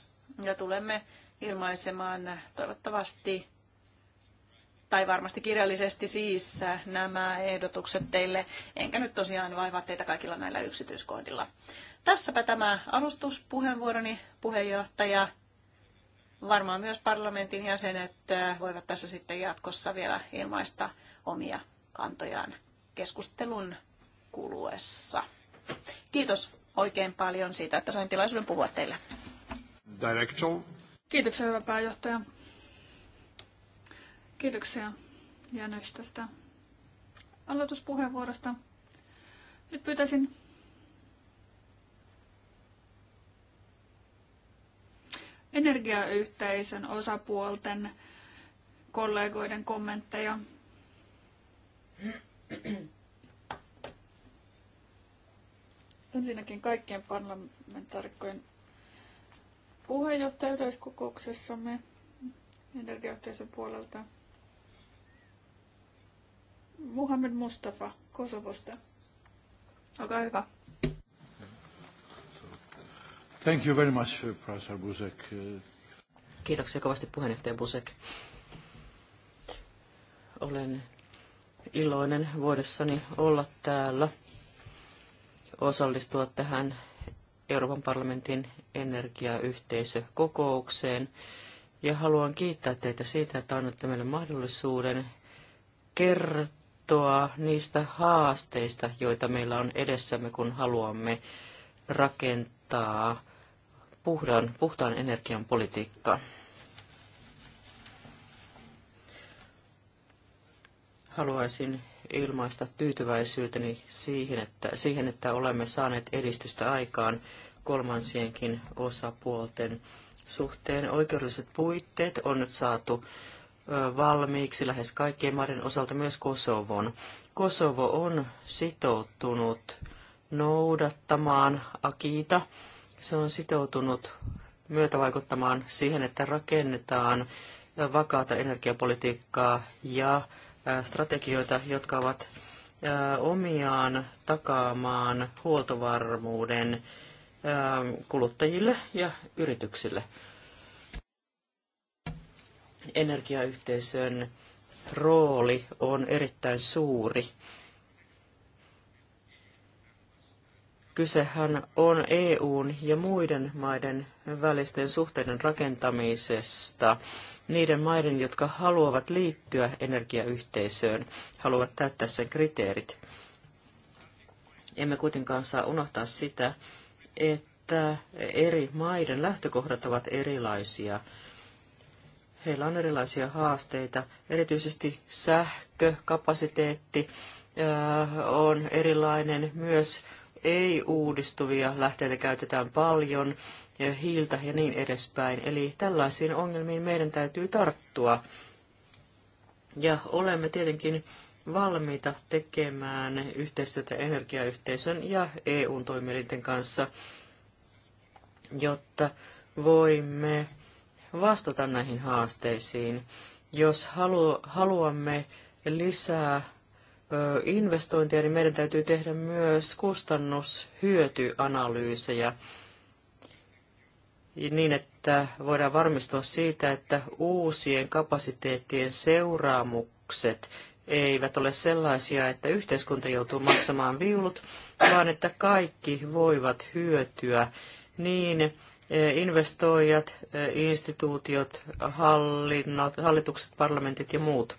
ja tulemme ilmaisemaan toivottavasti tai varmasti kirjallisesti siis nämä ehdotukset teille, enkä nyt tosiaan vaivaa teitä kaikilla näillä yksityiskohdilla. Tässäpä tämä alustuspuheenvuoroni puheenjohtaja. Varmaan myös parlamentin jäsenet äh, voivat tässä sitten jatkossa vielä ilmaista omia kantojaan keskustelun kuluessa. Kiitos oikein paljon siitä, että sain tilaisuuden puhua teille. Director. Kiitoksia, hyvä pääjohtaja. Kiitoksia Janys tästä aloituspuheenvuorosta. Nyt pyytäisin energiayhteisön osapuolten kollegoiden kommentteja. Ensinnäkin kaikkien parlamentaarikkojen puheenjohtaja yleiskokouksessamme energiayhteisön puolelta. Muhammed Mustafa Kosovosta. Olkaa hyvä. Thank you very much, uh, Professor uh, Kiitoksia kovasti puheenjohtaja Busek. Olen iloinen voidessani olla täällä, osallistua tähän Euroopan parlamentin energiayhteisökokoukseen. Ja haluan kiittää teitä siitä, että annatte meille mahdollisuuden kertoa niistä haasteista, joita meillä on edessämme, kun haluamme rakentaa puhdan, puhtaan energian politiikkaa. Haluaisin ilmaista tyytyväisyyteni siihen että, siihen, että olemme saaneet edistystä aikaan kolmansienkin osapuolten suhteen. Oikeudelliset puitteet on nyt saatu valmiiksi lähes kaikkien maiden osalta myös Kosovon. Kosovo on sitoutunut noudattamaan Akita se on sitoutunut myötävaikuttamaan siihen, että rakennetaan vakaata energiapolitiikkaa ja strategioita, jotka ovat omiaan takaamaan huoltovarmuuden kuluttajille ja yrityksille. Energiayhteisön rooli on erittäin suuri Kysehän on EUn ja muiden maiden välisten suhteiden rakentamisesta. Niiden maiden, jotka haluavat liittyä energiayhteisöön, haluavat täyttää sen kriteerit. Emme kuitenkaan saa unohtaa sitä, että eri maiden lähtökohdat ovat erilaisia. Heillä on erilaisia haasteita, erityisesti sähkökapasiteetti on erilainen, myös ei-uudistuvia lähteitä käytetään paljon, hiiltä ja niin edespäin. Eli tällaisiin ongelmiin meidän täytyy tarttua. Ja olemme tietenkin valmiita tekemään yhteistyötä energiayhteisön ja eu toimielinten kanssa, jotta voimme vastata näihin haasteisiin. Jos haluamme lisää investointeja, niin meidän täytyy tehdä myös kustannushyötyanalyysejä niin, että voidaan varmistua siitä, että uusien kapasiteettien seuraamukset eivät ole sellaisia, että yhteiskunta joutuu maksamaan viulut, vaan että kaikki voivat hyötyä niin investoijat, instituutiot, hallinnot, hallitukset, parlamentit ja muut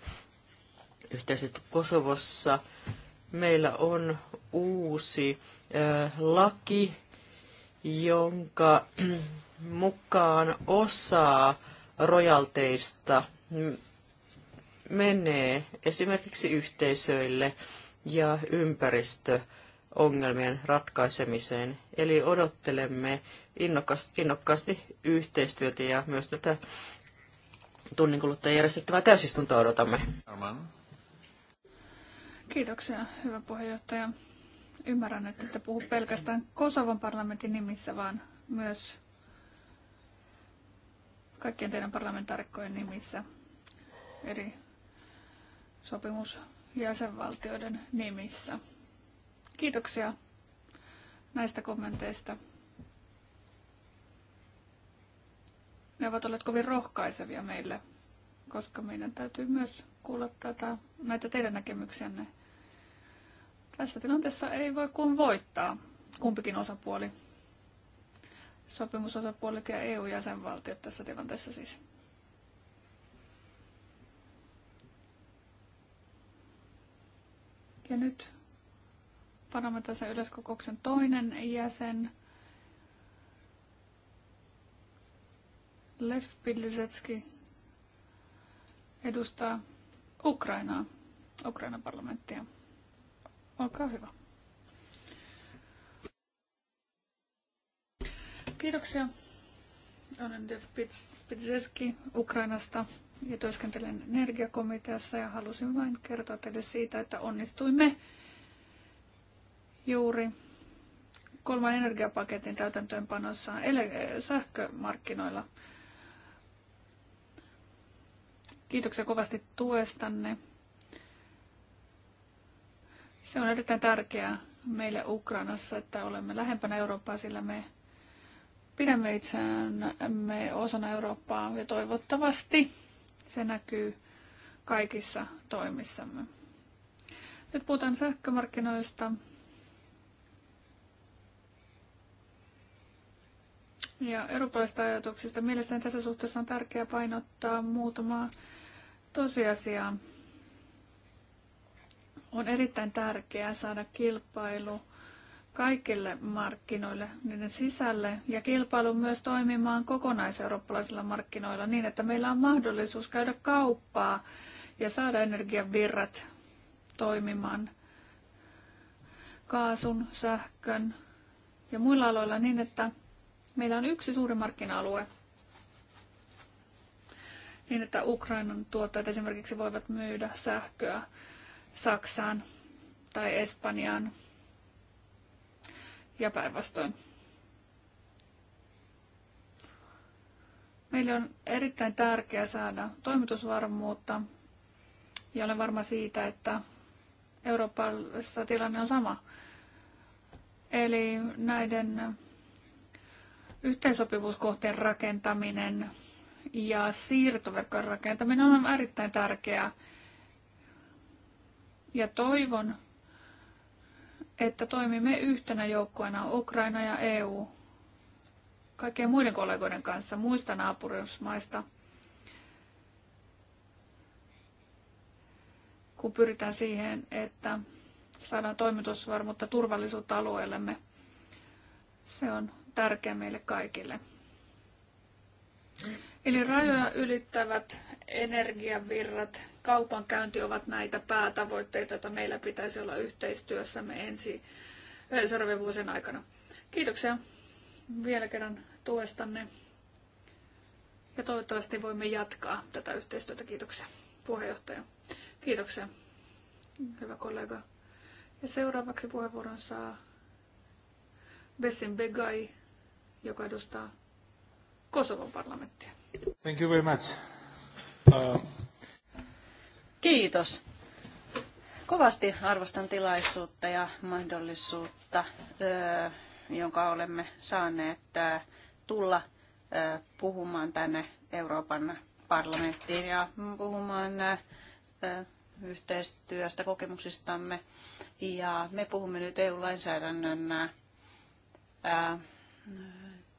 yhteiset Kosovossa. Meillä on uusi laki, jonka mukaan osaa rojalteista menee esimerkiksi yhteisöille ja ympäristöongelmien ratkaisemiseen. Eli odottelemme innokkaasti yhteistyötä ja myös tätä tunnin kuluttua järjestettävää täysistuntoa odotamme. Arman. Kiitoksia, hyvä puheenjohtaja. Ymmärrän, että te puhu pelkästään Kosovan parlamentin nimissä, vaan myös kaikkien teidän parlamentaarikkojen nimissä eri sopimusjäsenvaltioiden nimissä. Kiitoksia näistä kommenteista. Ne ovat olleet kovin rohkaisevia meille, koska meidän täytyy myös kuulla tätä, näitä teidän näkemyksenne tässä tilanteessa ei voi kuin voittaa kumpikin osapuoli. Sopimusosapuolet ja EU-jäsenvaltiot tässä tilanteessa siis. Ja nyt parlamentaarisen yleiskokouksen toinen jäsen, Lev Pidlisetski, edustaa Ukrainaa, Ukrainan parlamenttia. Olkaa hyvä. Kiitoksia. Olen Dev Pitseski Ukrainasta ja työskentelen energiakomiteassa ja halusin vain kertoa teille siitä, että onnistuimme juuri kolman energiapaketin täytäntöönpanossa sähkömarkkinoilla. Kiitoksia kovasti tuestanne. Se on erittäin tärkeää meille Ukrainassa, että olemme lähempänä Eurooppaa, sillä me pidämme itseämme osana Eurooppaa ja toivottavasti se näkyy kaikissa toimissamme. Nyt puhutaan sähkömarkkinoista. Ja eurooppalaisista ajatuksista. Mielestäni tässä suhteessa on tärkeää painottaa muutamaa tosiasiaa on erittäin tärkeää saada kilpailu kaikille markkinoille, niiden sisälle ja kilpailu myös toimimaan kokonaiseurooppalaisilla markkinoilla niin, että meillä on mahdollisuus käydä kauppaa ja saada energiavirrat toimimaan kaasun, sähkön ja muilla aloilla niin, että meillä on yksi suuri markkina-alue niin, että Ukrainan tuottajat esimerkiksi voivat myydä sähköä Saksaan tai Espanjaan ja päinvastoin. Meille on erittäin tärkeää saada toimitusvarmuutta ja olen varma siitä, että Euroopassa tilanne on sama. Eli näiden yhteensopivuuskohteen rakentaminen ja siirtoverkon rakentaminen on erittäin tärkeää ja toivon, että toimimme yhtenä joukkueena Ukraina ja EU kaikkien muiden kollegoiden kanssa muista naapurusmaista, kun pyritään siihen, että saadaan toimitusvarmuutta turvallisuutta alueellemme. Se on tärkeä meille kaikille. Eli rajoja ylittävät energiavirrat, kaupankäynti ovat näitä päätavoitteita, joita meillä pitäisi olla yhteistyössämme ensi seuraavien vuosien aikana. Kiitoksia vielä kerran tuestanne ja toivottavasti voimme jatkaa tätä yhteistyötä. Kiitoksia puheenjohtaja. Kiitoksia, hyvä kollega. Ja seuraavaksi puheenvuoron saa Bessin Begai, joka edustaa Kosovon parlamenttia. Thank you very much. Kiitos. Kovasti arvostan tilaisuutta ja mahdollisuutta, jonka olemme saaneet tulla puhumaan tänne Euroopan parlamenttiin ja puhumaan yhteistyöstä, kokemuksistamme. Ja me puhumme nyt EU-lainsäädännön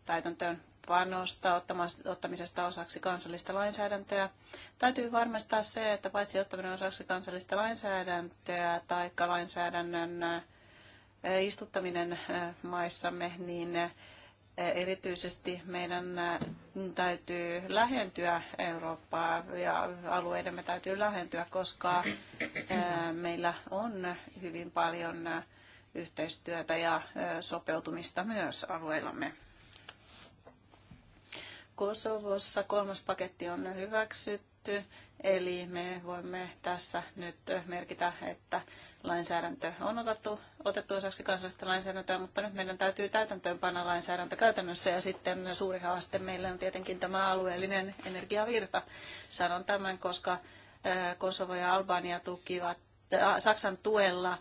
täytäntöön panosta ottamisesta osaksi kansallista lainsäädäntöä. Täytyy varmistaa se, että paitsi ottaminen osaksi kansallista lainsäädäntöä tai lainsäädännön eh, istuttaminen eh, maissamme, niin eh, erityisesti meidän täytyy lähentyä Eurooppaa ja alueidemme täytyy lähentyä, koska meillä on hyvin paljon yhteistyötä ja sopeutumista myös alueillamme. Kosovossa kolmas paketti on hyväksytty, eli me voimme tässä nyt merkitä, että lainsäädäntö on otettu, otettu osaksi kansallista lainsäädäntöä, mutta nyt meidän täytyy täytäntöönpanna lainsäädäntö käytännössä ja sitten suuri haaste meillä on tietenkin tämä alueellinen energiavirta. Sanon tämän, koska Kosovo ja Albania tukivat Saksan tuella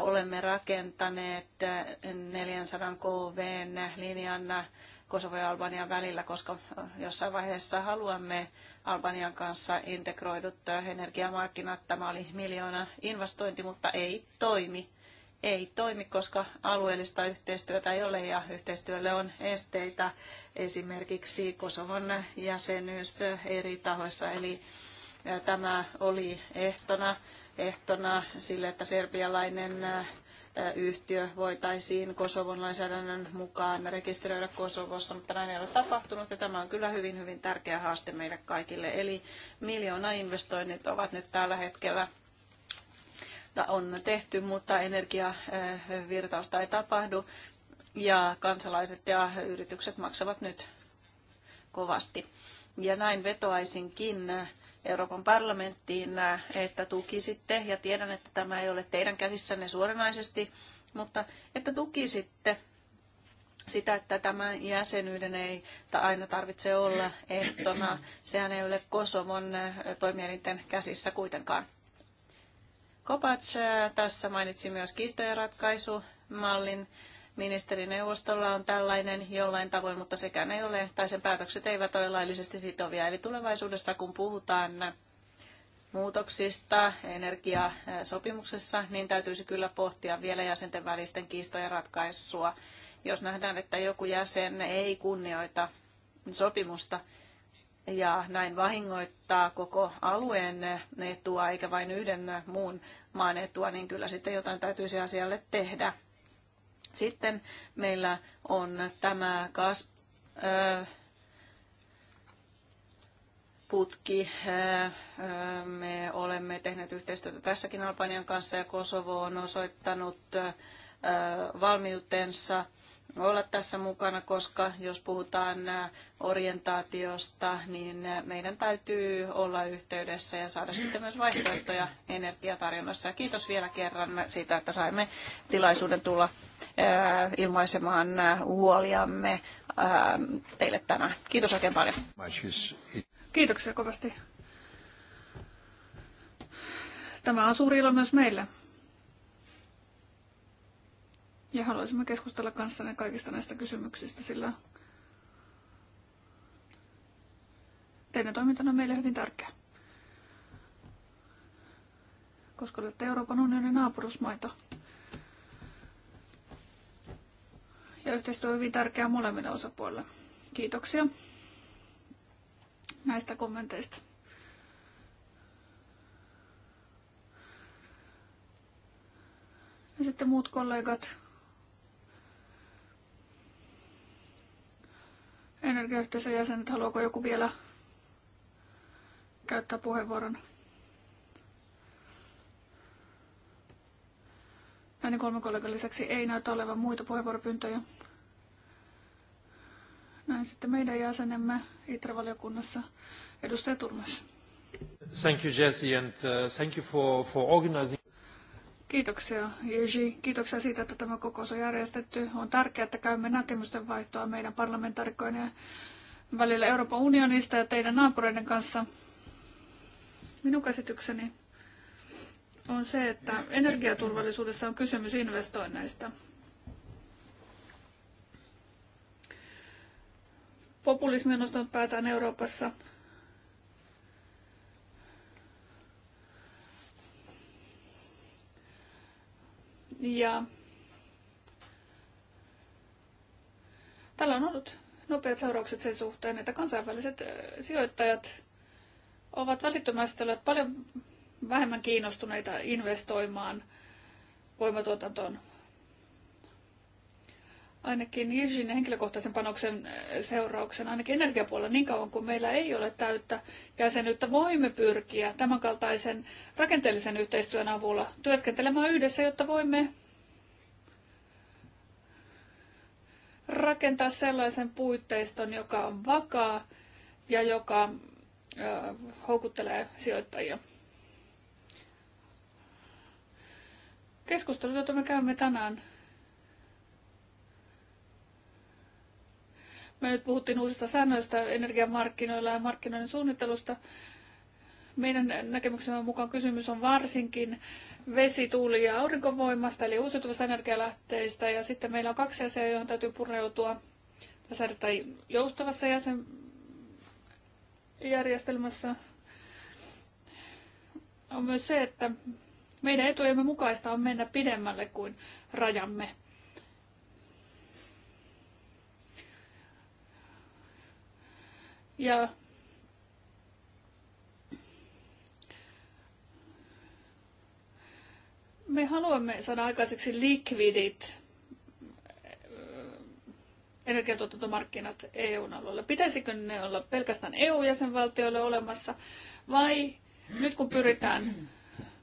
olemme rakentaneet 400 KVn linjan Kosovo ja Albanian välillä, koska jossain vaiheessa haluamme Albanian kanssa integroidut energiamarkkinat. Tämä oli miljoona investointi, mutta ei toimi. Ei toimi, koska alueellista yhteistyötä ei ole ja yhteistyölle on esteitä. Esimerkiksi Kosovon jäsenyys eri tahoissa, eli tämä oli ehtona, ehtona sille, että serbialainen yhtiö voitaisiin Kosovon lainsäädännön mukaan rekisteröidä Kosovossa, mutta näin ei ole tapahtunut ja tämä on kyllä hyvin, hyvin tärkeä haaste meille kaikille. Eli miljoona investoinnit ovat nyt tällä hetkellä on tehty, mutta energiavirtausta ei tapahdu ja kansalaiset ja yritykset maksavat nyt kovasti. Ja näin vetoaisinkin Euroopan parlamenttiin, että tukisitte, ja tiedän, että tämä ei ole teidän käsissänne suoranaisesti, mutta että tukisitte sitä, että tämä jäsenyyden ei aina tarvitse olla ehtona. Sehän ei ole Kosovon toimielinten käsissä kuitenkaan. Kopats tässä mainitsi myös kiistojenratkaisumallin. ratkaisumallin Ministerineuvostolla on tällainen jollain tavoin, mutta sekään ei ole, tai sen päätökset eivät ole laillisesti sitovia. Eli tulevaisuudessa, kun puhutaan muutoksista energiasopimuksessa, niin täytyisi kyllä pohtia vielä jäsenten välisten kiistojen ratkaisua. Jos nähdään, että joku jäsen ei kunnioita sopimusta ja näin vahingoittaa koko alueen etua eikä vain yhden muun maan etua, niin kyllä sitten jotain täytyisi asialle tehdä. Sitten meillä on tämä kas, ö, putki. Me olemme tehneet yhteistyötä tässäkin Albanian kanssa ja Kosovo on osoittanut valmiutensa – olla tässä mukana, koska jos puhutaan orientaatiosta, niin meidän täytyy olla yhteydessä ja saada sitten myös vaihtoehtoja energiatarjonnassa. Ja kiitos vielä kerran siitä, että saimme tilaisuuden tulla ilmaisemaan huoliamme teille tänään. Kiitos oikein paljon. Kiitoksia kovasti. Tämä on suuri ilo myös meille. Ja haluaisimme keskustella kanssanne kaikista näistä kysymyksistä, sillä teidän toiminta on meille hyvin tärkeä. Koska olette Euroopan unionin naapurusmaita. Ja yhteistyö on hyvin tärkeää molemmille osapuolille. Kiitoksia näistä kommenteista. Ja sitten muut kollegat energiayhteisön jäsenet, haluaako joku vielä käyttää puheenvuoron? Näin niin kolmen kollegan lisäksi ei näytä olevan muita puheenvuoropyyntöjä. Näin sitten meidän jäsenemme ITRA-valiokunnassa, edustaja Turmes. Thank you, Jesse, and uh, thank you for, for organizing. Kiitoksia Jerzy. Kiitoksia siitä, että tämä kokous on järjestetty. On tärkeää, että käymme näkemysten vaihtoa meidän ja välillä Euroopan unionista ja teidän naapureiden kanssa. Minun käsitykseni on se, että energiaturvallisuudessa on kysymys investoinneista. Populismi on nostanut päätään Euroopassa Ja tällä on ollut nopeat seuraukset sen suhteen, että kansainväliset sijoittajat ovat välittömästi olleet paljon vähemmän kiinnostuneita investoimaan voimatuotantoon ainakin Jirsin henkilökohtaisen panoksen äh, seurauksena, ainakin energiapuolella, niin kauan kuin meillä ei ole täyttä jäsenyyttä, voimme pyrkiä tämänkaltaisen rakenteellisen yhteistyön avulla työskentelemään yhdessä, jotta voimme rakentaa sellaisen puitteiston, joka on vakaa ja joka äh, houkuttelee sijoittajia. Keskustelu, jota me käymme tänään, Me nyt puhuttiin uusista säännöistä energiamarkkinoilla ja markkinoiden suunnittelusta. Meidän näkemyksemme mukaan kysymys on varsinkin vesi, tuuli ja aurinkovoimasta, eli uusiutuvista energialähteistä. Ja sitten meillä on kaksi asiaa, joihin täytyy pureutua tässä erittäin joustavassa jäsenjärjestelmässä. On myös se, että meidän etujemme mukaista on mennä pidemmälle kuin rajamme. Ja me haluamme saada aikaiseksi likvidit eh, energiatuotantomarkkinat EUn alueella. Pitäisikö ne olla pelkästään EU-jäsenvaltioille olemassa vai nyt kun pyritään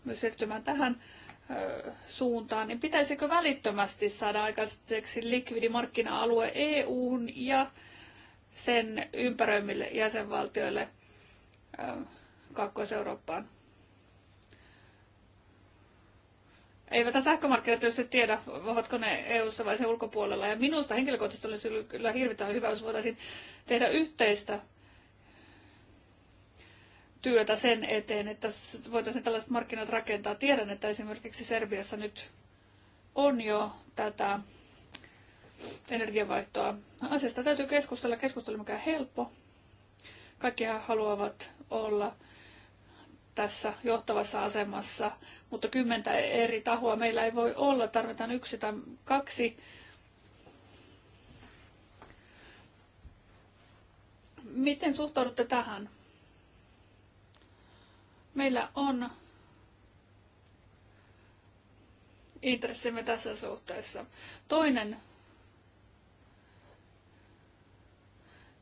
myös siirtymään tähän eh, suuntaan, niin pitäisikö välittömästi saada aikaiseksi likvidimarkkina-alue EUn ja sen ympäröimille jäsenvaltioille ähm, Kaakkois-Eurooppaan. Eivät sähkömarkkinat tietysti tiedä, ovatko ne EU-ssa vai sen ulkopuolella. Ja minusta henkilökohtaisesti olisi kyllä hirvittävän hyvä, jos voitaisiin tehdä yhteistä työtä sen eteen, että voitaisiin tällaiset markkinat rakentaa. Tiedän, että esimerkiksi Serbiassa nyt on jo tätä energiavaihtoa. Asiasta täytyy keskustella. Keskustelu mikä on helppo. Kaikki haluavat olla tässä johtavassa asemassa, mutta kymmentä eri tahoa meillä ei voi olla. Tarvitaan yksi tai kaksi. Miten suhtaudutte tähän? Meillä on intressimme tässä suhteessa. Toinen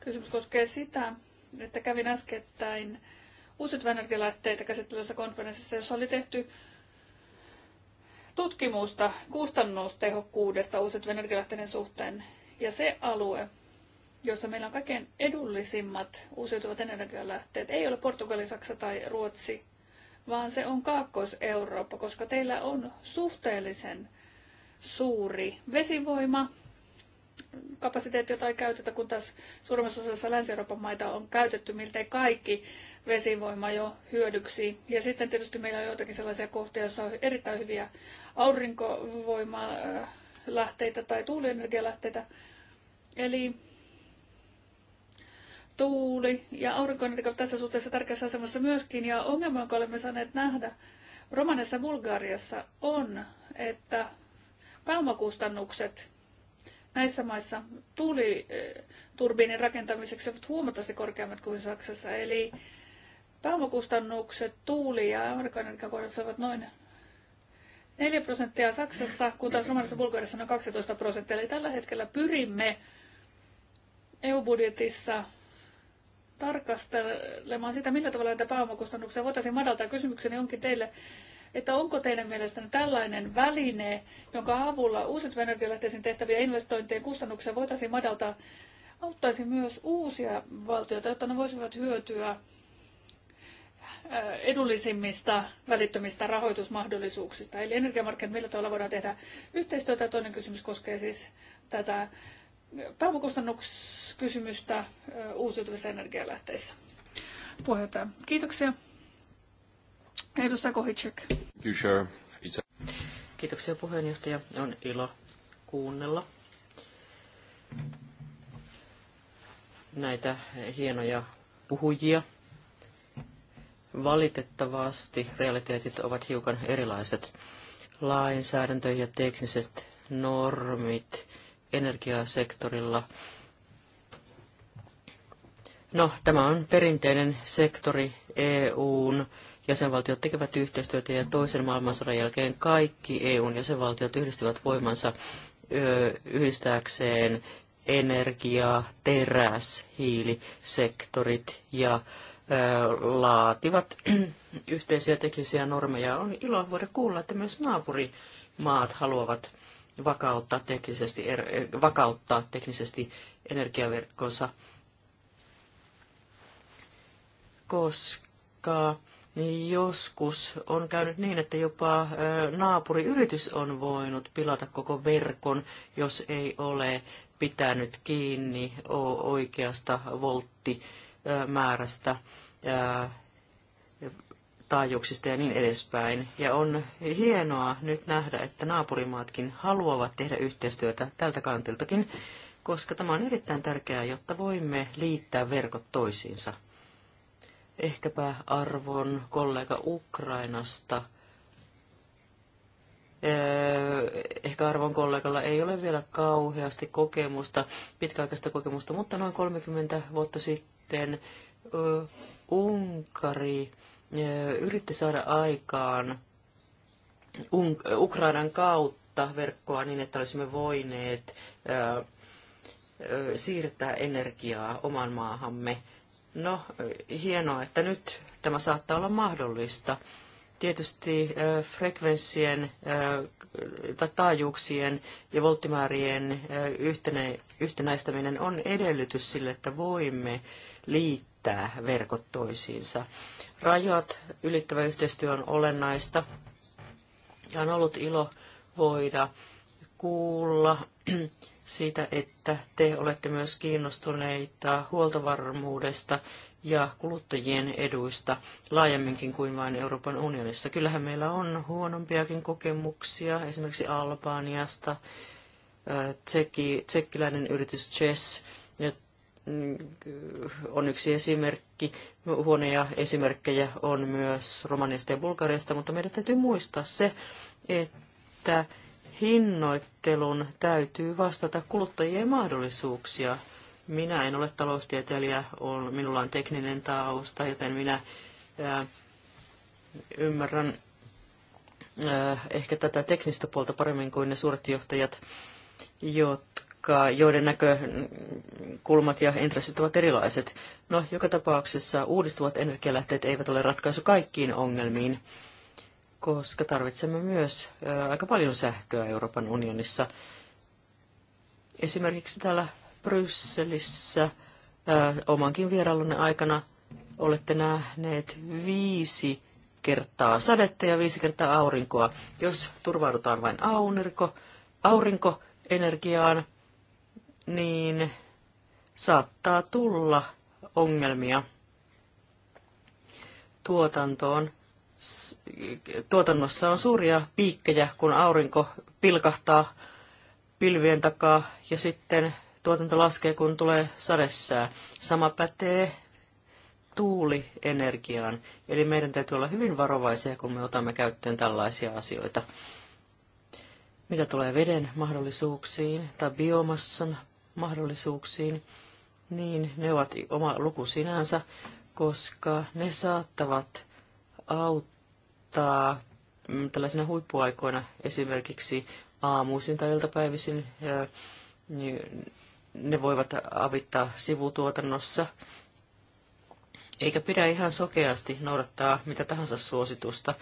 Kysymys koskee sitä, että kävin äskettäin uusiutuvan energialaitteita käsittelyssä konferenssissa, jossa oli tehty tutkimusta kustannustehokkuudesta uusiutuvan energialaitteiden suhteen. Ja se alue, jossa meillä on kaikkein edullisimmat uusiutuvat energialähteet, ei ole Portugali, Saksa tai Ruotsi, vaan se on Kaakkois-Eurooppa, koska teillä on suhteellisen suuri vesivoima, kapasiteetti, tai ei käytetä, kun taas suurimmassa osassa Länsi-Euroopan maita on käytetty miltei kaikki vesivoima jo hyödyksi. Ja sitten tietysti meillä on joitakin sellaisia kohtia, joissa on erittäin hyviä aurinkovoimalähteitä tai tuulienergialähteitä. Eli tuuli ja aurinkoenergia on tässä suhteessa tärkeässä asemassa myöskin. Ja ongelma, jonka olemme saaneet nähdä Romaniassa ja Bulgariassa, on, että pääomakustannukset näissä maissa tuuliturbiinin eh, rakentamiseksi ovat huomattavasti korkeammat kuin Saksassa. Eli pääomakustannukset tuuli- ja aurinkoenergian kohdassa ovat noin 4 prosenttia Saksassa, kun taas Romanissa Bulgariassa noin 12 prosenttia. Eli tällä hetkellä pyrimme EU-budjetissa tarkastelemaan sitä, millä tavalla näitä pääomakustannuksia voitaisiin madaltaa. Kysymykseni onkin teille, että onko teidän mielestänne tällainen väline, jonka avulla uusit energialähteisiin tehtäviä investointien kustannuksia voitaisiin madaltaa, auttaisi myös uusia valtioita, jotta ne voisivat hyötyä äh, edullisimmista välittömistä rahoitusmahdollisuuksista. Eli energiamarkkinat, millä tavalla voidaan tehdä yhteistyötä. Toinen kysymys koskee siis tätä pääomakustannuskysymystä äh, uusiutuvissa energialähteissä. Puheenjohtaja, kiitoksia. Edustaja Kohicek. Kiitoksia puheenjohtaja. On ilo kuunnella näitä hienoja puhujia. Valitettavasti realiteetit ovat hiukan erilaiset. Lainsäädäntö ja tekniset normit energiasektorilla. No, tämä on perinteinen sektori EUn jäsenvaltiot tekevät yhteistyötä ja toisen maailmansodan jälkeen kaikki EUn jäsenvaltiot yhdistivät voimansa yhdistääkseen energia, teräs, hiilisektorit ja laativat yhteisiä teknisiä normeja. On ilo voida kuulla, että myös naapurimaat haluavat vakauttaa teknisesti, er, vakauttaa teknisesti energiaverkkonsa, koska niin Joskus on käynyt niin, että jopa naapuriyritys on voinut pilata koko verkon, jos ei ole pitänyt kiinni oikeasta volttimäärästä, taajuuksista ja niin edespäin. Ja on hienoa nyt nähdä, että naapurimaatkin haluavat tehdä yhteistyötä tältä kantiltakin, koska tämä on erittäin tärkeää, jotta voimme liittää verkot toisiinsa ehkäpä arvon kollega Ukrainasta. Öö, ehkä arvon kollegalla ei ole vielä kauheasti kokemusta, pitkäaikaista kokemusta, mutta noin 30 vuotta sitten Unkari yritti saada aikaan Ukrainan kautta verkkoa niin, että olisimme voineet siirtää energiaa oman maahamme No, hienoa, että nyt tämä saattaa olla mahdollista. Tietysti frekvenssien tai taajuuksien ja volttimäärien yhtenäistäminen on edellytys sille, että voimme liittää verkot toisiinsa. Rajat ylittävä yhteistyö on olennaista ja on ollut ilo voida kuulla siitä, että te olette myös kiinnostuneita huoltovarmuudesta ja kuluttajien eduista laajemminkin kuin vain Euroopan unionissa. Kyllähän meillä on huonompiakin kokemuksia, esimerkiksi Albaniasta, äh, tsekki, tsekkiläinen yritys Chess mm, on yksi esimerkki. Huoneja esimerkkejä on myös Romaniasta ja Bulgariasta, mutta meidän täytyy muistaa se, että hinnoittelun täytyy vastata kuluttajien mahdollisuuksia. Minä en ole taloustieteilijä, minulla on tekninen tausta, joten minä ymmärrän ehkä tätä teknistä puolta paremmin kuin ne suuret johtajat, jotka, joiden näkökulmat ja intressit ovat erilaiset. No, joka tapauksessa uudistuvat energialähteet eivät ole ratkaisu kaikkiin ongelmiin koska tarvitsemme myös aika paljon sähköä Euroopan unionissa. Esimerkiksi täällä Brysselissä omankin vierailunne aikana olette nähneet viisi kertaa sadetta ja viisi kertaa aurinkoa. Jos turvaudutaan vain aurinko, aurinkoenergiaan, niin saattaa tulla ongelmia tuotantoon tuotannossa on suuria piikkejä, kun aurinko pilkahtaa pilvien takaa ja sitten tuotanto laskee, kun tulee sadessää. Sama pätee tuulienergiaan. Eli meidän täytyy olla hyvin varovaisia, kun me otamme käyttöön tällaisia asioita. Mitä tulee veden mahdollisuuksiin tai biomassan mahdollisuuksiin, niin ne ovat oma luku sinänsä, koska ne saattavat auttaa mm, tällaisina huippuaikoina esimerkiksi aamuisin tai iltapäivisin. Niin ne voivat avittaa sivutuotannossa. Eikä pidä ihan sokeasti noudattaa mitä tahansa suositusta.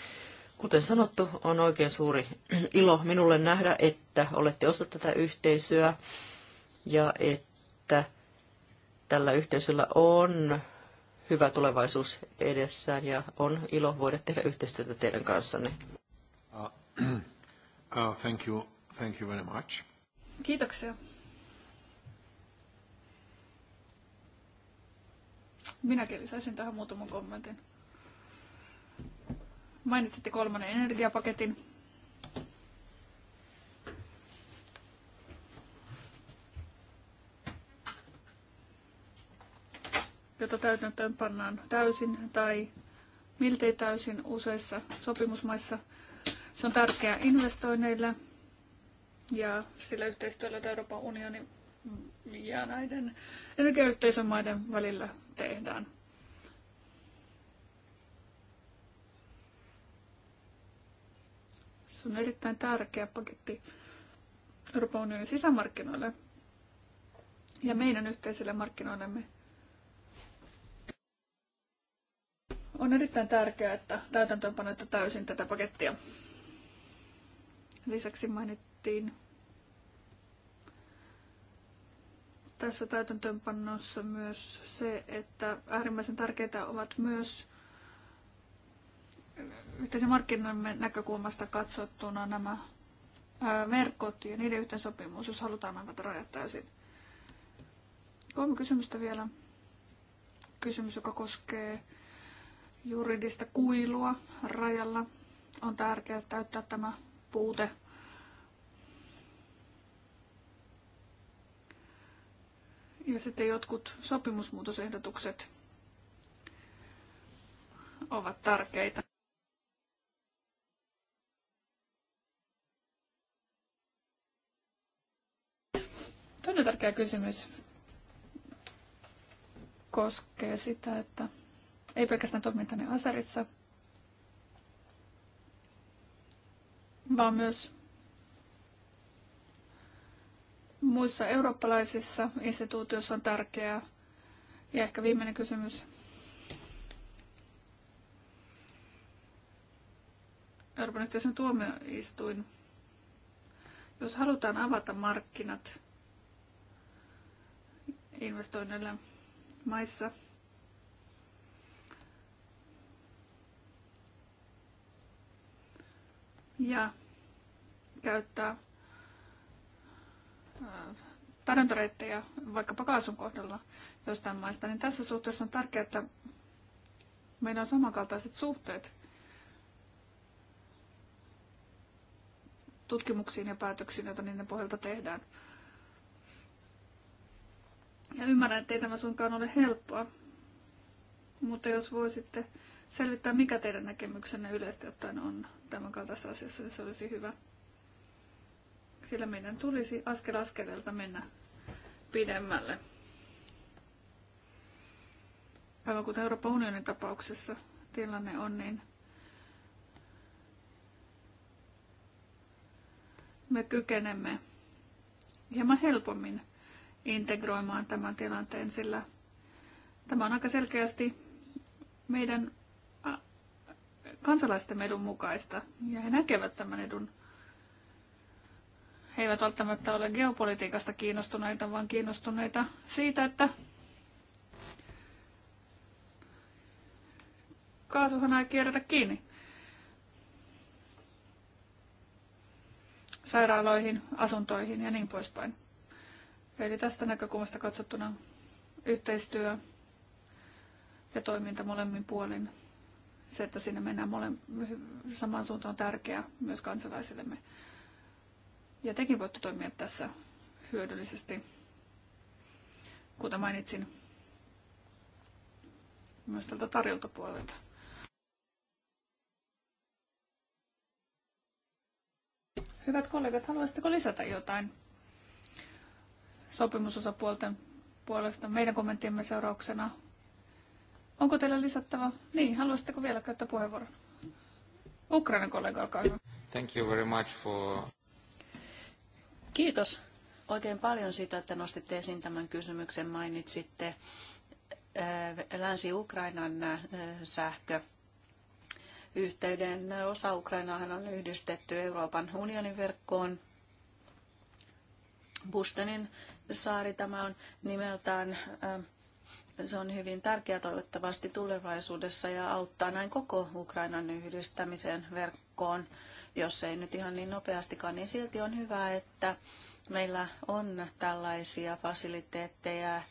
Kuten sanottu, on oikein suuri ilo minulle nähdä, että olette osa tätä yhteisöä ja että tällä yhteisöllä on hyvä tulevaisuus edessään ja on ilo voida tehdä yhteistyötä teidän kanssanne. Uh, uh, thank you. Thank you very much. Kiitoksia. Minäkin lisäisin tähän muutaman kommentin. Mainitsitte kolmannen energiapaketin. jota täytäntöön pannaan täysin tai miltei täysin useissa sopimusmaissa. Se on tärkeää investoinneille ja sillä yhteistyöllä, jota Euroopan unioni ja näiden energiayhteisön maiden välillä tehdään. Se on erittäin tärkeä paketti Euroopan unionin sisämarkkinoille ja meidän yhteisille markkinoillemme – On erittäin tärkeää, että täytäntöönpanoitte täysin tätä pakettia. Lisäksi mainittiin tässä täytäntöönpannossa myös se, että äärimmäisen tärkeitä ovat myös yhteisen markkinamme näkökulmasta katsottuna nämä verkot ja niiden yhteensopimus, jos halutaan aivan rajat täysin. Kolme kysymystä vielä. Kysymys, joka koskee juridista kuilua rajalla. On tärkeää täyttää tämä puute. Ja sitten jotkut sopimusmuutosehdotukset ovat tärkeitä. Toinen tärkeä kysymys koskee sitä, että ei pelkästään toimintani Asarissa, vaan myös muissa eurooppalaisissa instituutioissa on tärkeää. Ja ehkä viimeinen kysymys. Euroopan yhteisön tuomioistuin. Jos halutaan avata markkinat investoinneille maissa – ja käyttää tarjontareittejä vaikkapa kaasun kohdalla jostain maista, niin tässä suhteessa on tärkeää, että meillä on samankaltaiset suhteet tutkimuksiin ja päätöksiin, joita niiden pohjalta tehdään. Ja ymmärrän, että ei tämä suinkaan ole helppoa, mutta jos voisitte selvittää, mikä teidän näkemyksenne yleisesti ottaen on tämän kaltaisessa asiassa, niin se olisi hyvä. Sillä meidän tulisi askel askeleelta mennä pidemmälle. Aivan kuten Euroopan unionin tapauksessa tilanne on, niin me kykenemme hieman helpommin integroimaan tämän tilanteen, sillä tämä on aika selkeästi meidän kansalaisten edun mukaista ja he näkevät tämän edun. He eivät välttämättä ole geopolitiikasta kiinnostuneita, vaan kiinnostuneita siitä, että kaasuhana ei kierretä kiinni. sairaaloihin, asuntoihin ja niin poispäin. Eli tästä näkökulmasta katsottuna yhteistyö ja toiminta molemmin puolin se, että siinä mennään mole, samaan suuntaan on tärkeää myös kansalaisillemme. Ja tekin voitte toimia tässä hyödyllisesti, kuten mainitsin, myös tältä tarjontapuolelta. Hyvät kollegat, haluaisitteko lisätä jotain sopimusosapuolten puolesta meidän kommenttiemme seurauksena Onko teillä lisättävä? Niin, haluaisitteko vielä käyttää puheenvuoron? Ukrainan kollega, olkaa hyvä. Thank you very much for... Kiitos oikein paljon sitä, että nostitte esiin tämän kysymyksen. Mainitsitte eh, Länsi-Ukrainan eh, sähkö yhteyden. Osa Ukrainaahan on yhdistetty Euroopan unionin verkkoon. Bustenin saari tämä on nimeltään eh, se on hyvin tärkeä toivottavasti tulevaisuudessa ja auttaa näin koko Ukrainan yhdistämisen verkkoon, jos ei nyt ihan niin nopeastikaan, niin silti on hyvä, että meillä on tällaisia fasiliteetteja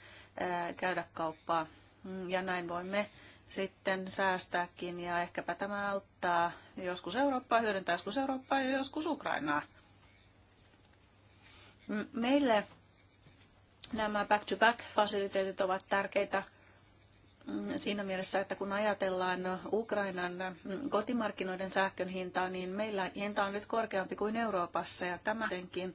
käydä kauppaa mm, ja näin voimme sitten säästääkin ja ehkäpä tämä auttaa joskus Eurooppaa, hyödyntää joskus Eurooppaa ja joskus Ukrainaa. Meille Nämä back-to-back-fasiliteetit ovat tärkeitä mm, siinä mielessä, että kun ajatellaan Ukrainan mm, kotimarkkinoiden sähkön hintaa, niin meillä hinta on nyt korkeampi kuin Euroopassa ja tämä tietenkin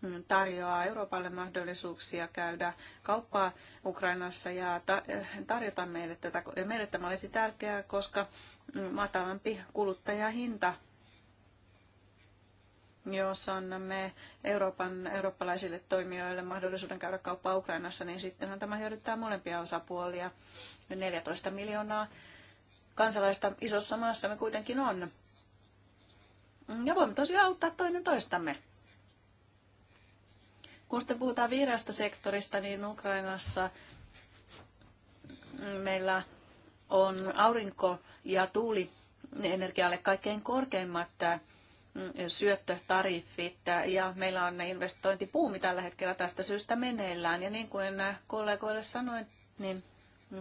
mm, tarjoaa Euroopalle mahdollisuuksia käydä kauppaa Ukrainassa ja tarjota meille tätä. Meille tämä olisi tärkeää, koska matalampi kuluttajahinta jos annamme Euroopan, eurooppalaisille toimijoille mahdollisuuden käydä kauppaa Ukrainassa, niin sittenhän tämä hyödyttää molempia osapuolia. 14 miljoonaa kansalaista isossa maassa me kuitenkin on. Ja voimme tosiaan auttaa toinen toistamme. Kun sitten puhutaan vihreästä sektorista, niin Ukrainassa meillä on aurinko- ja tuulienergialle kaikkein korkeimmat syöttötariffit ja meillä on investointipuumi tällä hetkellä tästä syystä meneillään. Ja niin kuin kollegoille sanoin, niin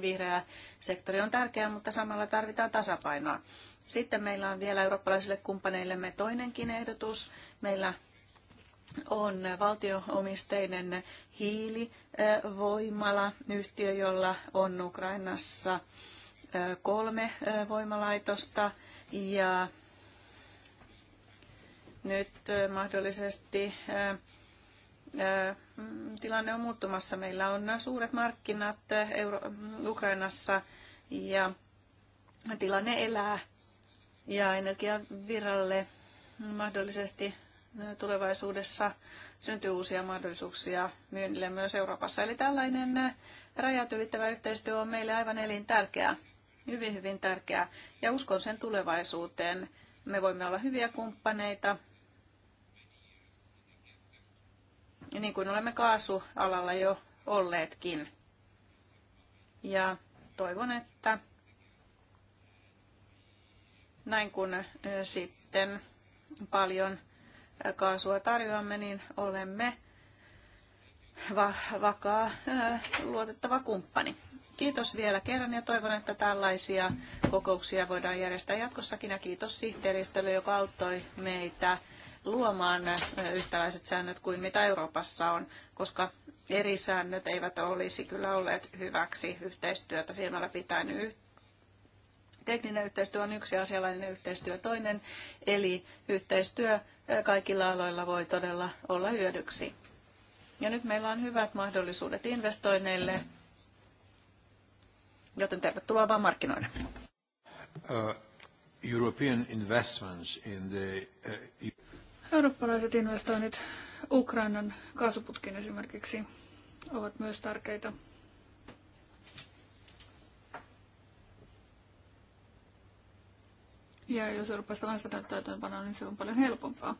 vihreä sektori on tärkeä, mutta samalla tarvitaan tasapainoa. Sitten meillä on vielä eurooppalaisille kumppaneillemme toinenkin ehdotus. Meillä on valtioomisteinen hiilivoimala, yhtiö, jolla on Ukrainassa kolme voimalaitosta ja nyt mahdollisesti tilanne on muuttumassa. Meillä on suuret markkinat Euro- Ukrainassa ja tilanne elää ja energiaviralle mahdollisesti tulevaisuudessa syntyy uusia mahdollisuuksia myynnille myös Euroopassa. Eli tällainen rajat ylittävä yhteistyö on meille aivan elintärkeää, hyvin hyvin tärkeä ja uskon sen tulevaisuuteen. Me voimme olla hyviä kumppaneita niin kuin olemme kaasualalla jo olleetkin. Ja toivon, että näin kun sitten paljon kaasua tarjoamme, niin olemme va- vakaa, luotettava kumppani. Kiitos vielä kerran ja toivon, että tällaisia kokouksia voidaan järjestää jatkossakin ja kiitos sihteeristölle, joka auttoi meitä luomaan yhtäläiset säännöt kuin mitä Euroopassa on, koska eri säännöt eivät olisi kyllä olleet hyväksi yhteistyötä silmällä pitäen. Tekninen yhteistyö on yksi asialainen yhteistyö toinen, eli yhteistyö kaikilla aloilla voi todella olla hyödyksi. Ja nyt meillä on hyvät mahdollisuudet investoinneille, joten tervetuloa vaan markkinoille. Uh, European investments in the, uh, Eurooppalaiset investoinnit Ukrainan kaasuputkin esimerkiksi ovat myös tärkeitä. Ja jos Euroopasta lainsäädäntöä täytäntöönpanoa, niin se on paljon helpompaa.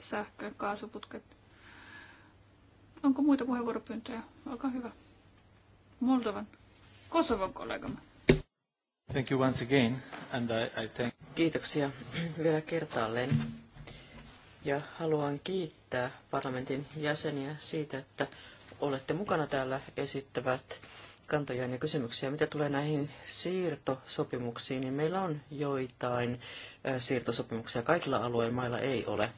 Sähkö, kaasuputket. Onko muita puheenvuoropyyntöjä? Olkaa hyvä. Moldovan, Kosovan kollegamme. Thank you once again, and I, I thank... Kiitoksia vielä kertaalleen ja haluan kiittää parlamentin jäseniä siitä, että olette mukana täällä esittävät kantoja ja kysymyksiä. Mitä tulee näihin siirtosopimuksiin, niin meillä on joitain siirtosopimuksia. Kaikilla alueilla mailla ei ole.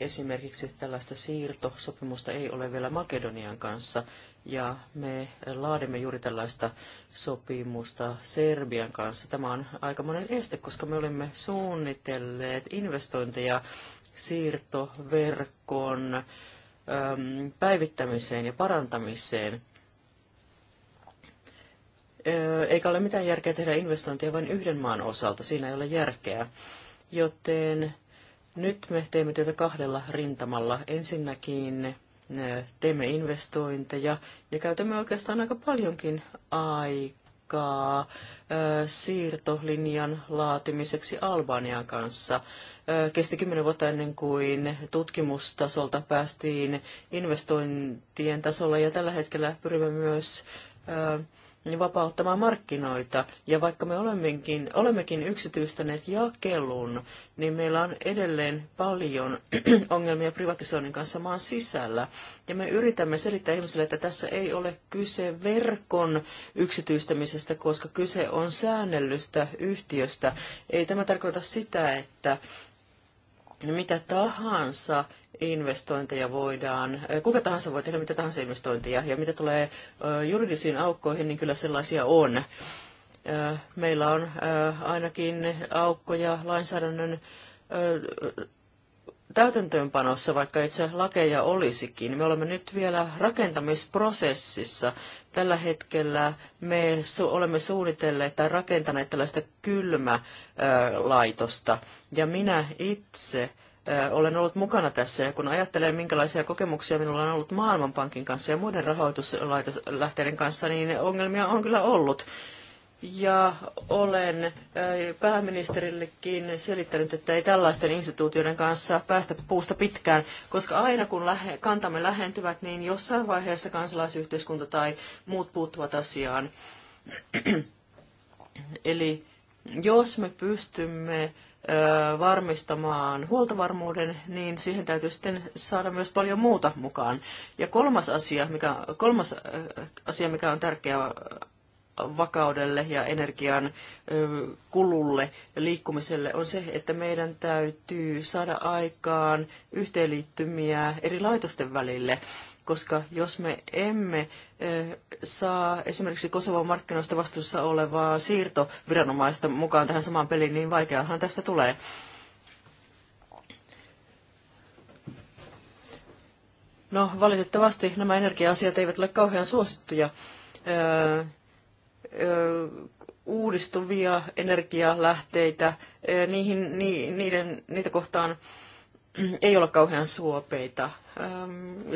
Esimerkiksi tällaista siirtosopimusta ei ole vielä Makedonian kanssa, ja me laadimme juuri tällaista sopimusta Serbian kanssa. Tämä on aikamoinen este, koska me olemme suunnitelleet investointeja siirtoverkon päivittämiseen ja parantamiseen. Eikä ole mitään järkeä tehdä investointia vain yhden maan osalta, siinä ei ole järkeä. Joten nyt me teemme työtä kahdella rintamalla. Ensinnäkin teemme investointeja ja käytämme oikeastaan aika paljonkin aikaa siirtolinjan laatimiseksi Albanian kanssa. Kesti kymmenen vuotta ennen kuin tutkimustasolta päästiin investointien tasolla ja tällä hetkellä pyrimme myös vapauttamaan markkinoita. Ja vaikka me olemmekin, olemmekin yksityistäneet jakelun, niin meillä on edelleen paljon ongelmia privatisoinnin kanssa maan sisällä. Ja me yritämme selittää ihmisille, että tässä ei ole kyse verkon yksityistämisestä, koska kyse on säännellystä yhtiöstä. Ei tämä tarkoita sitä, että niin mitä tahansa investointeja voidaan, kuka tahansa voi tehdä mitä tahansa investointeja, ja mitä tulee juridisiin aukkoihin, niin kyllä sellaisia on. Meillä on ainakin aukkoja lainsäädännön täytäntöönpanossa, vaikka itse lakeja olisikin. Me olemme nyt vielä rakentamisprosessissa. Tällä hetkellä me olemme suunnitelleet tai rakentaneet tällaista kylmälaitosta. Ja minä itse olen ollut mukana tässä ja kun ajattelen, minkälaisia kokemuksia minulla on ollut Maailmanpankin kanssa ja muiden rahoituslähteiden kanssa, niin ongelmia on kyllä ollut ja olen pääministerillekin selittänyt, että ei tällaisten instituutioiden kanssa päästä puusta pitkään, koska aina kun kantamme lähentyvät, niin jossain vaiheessa kansalaisyhteiskunta tai muut puuttuvat asiaan. Eli jos me pystymme varmistamaan huoltovarmuuden, niin siihen täytyy sitten saada myös paljon muuta mukaan. Ja kolmas asia, mikä, kolmas asia, mikä on tärkeä vakaudelle ja energian kululle ja liikkumiselle on se, että meidän täytyy saada aikaan yhteenliittymiä eri laitosten välille, koska jos me emme saa esimerkiksi Kosovan markkinoista vastuussa olevaa siirtoviranomaista mukaan tähän samaan peliin, niin vaikeahan tästä tulee. No, valitettavasti nämä energia-asiat eivät ole kauhean suosittuja uudistuvia energialähteitä, niihin, ni, niiden, niitä kohtaan ei ole kauhean suopeita.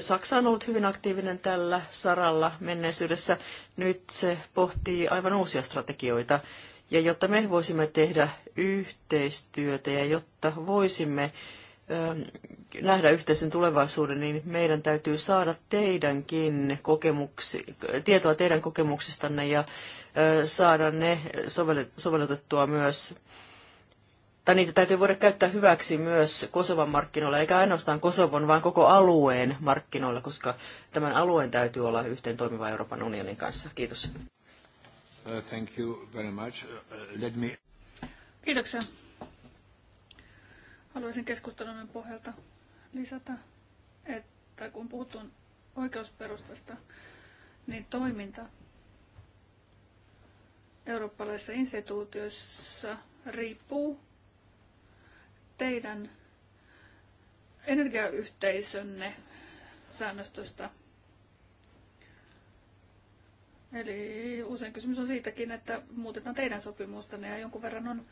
Saksa on ollut hyvin aktiivinen tällä saralla menneisyydessä. Nyt se pohtii aivan uusia strategioita. Ja jotta me voisimme tehdä yhteistyötä ja jotta voisimme nähdä yhteisen tulevaisuuden, niin meidän täytyy saada teidänkin kokemuksi, tietoa teidän kokemuksistanne ja saada ne sovellutettua myös, tai niitä täytyy voida käyttää hyväksi myös Kosovan markkinoilla, eikä ainoastaan Kosovon, vaan koko alueen markkinoilla, koska tämän alueen täytyy olla yhteen toimiva Euroopan unionin kanssa. Kiitos. Uh, thank you very much. Uh, uh, let me... Kiitoksia. Haluaisin keskustelun pohjalta lisätä, että kun puhutun oikeusperustasta, niin toiminta eurooppalaisissa instituutioissa riippuu teidän energiayhteisönne säännöstöstä. Eli usein kysymys on siitäkin, että muutetaan teidän sopimustanne ja jonkun verran on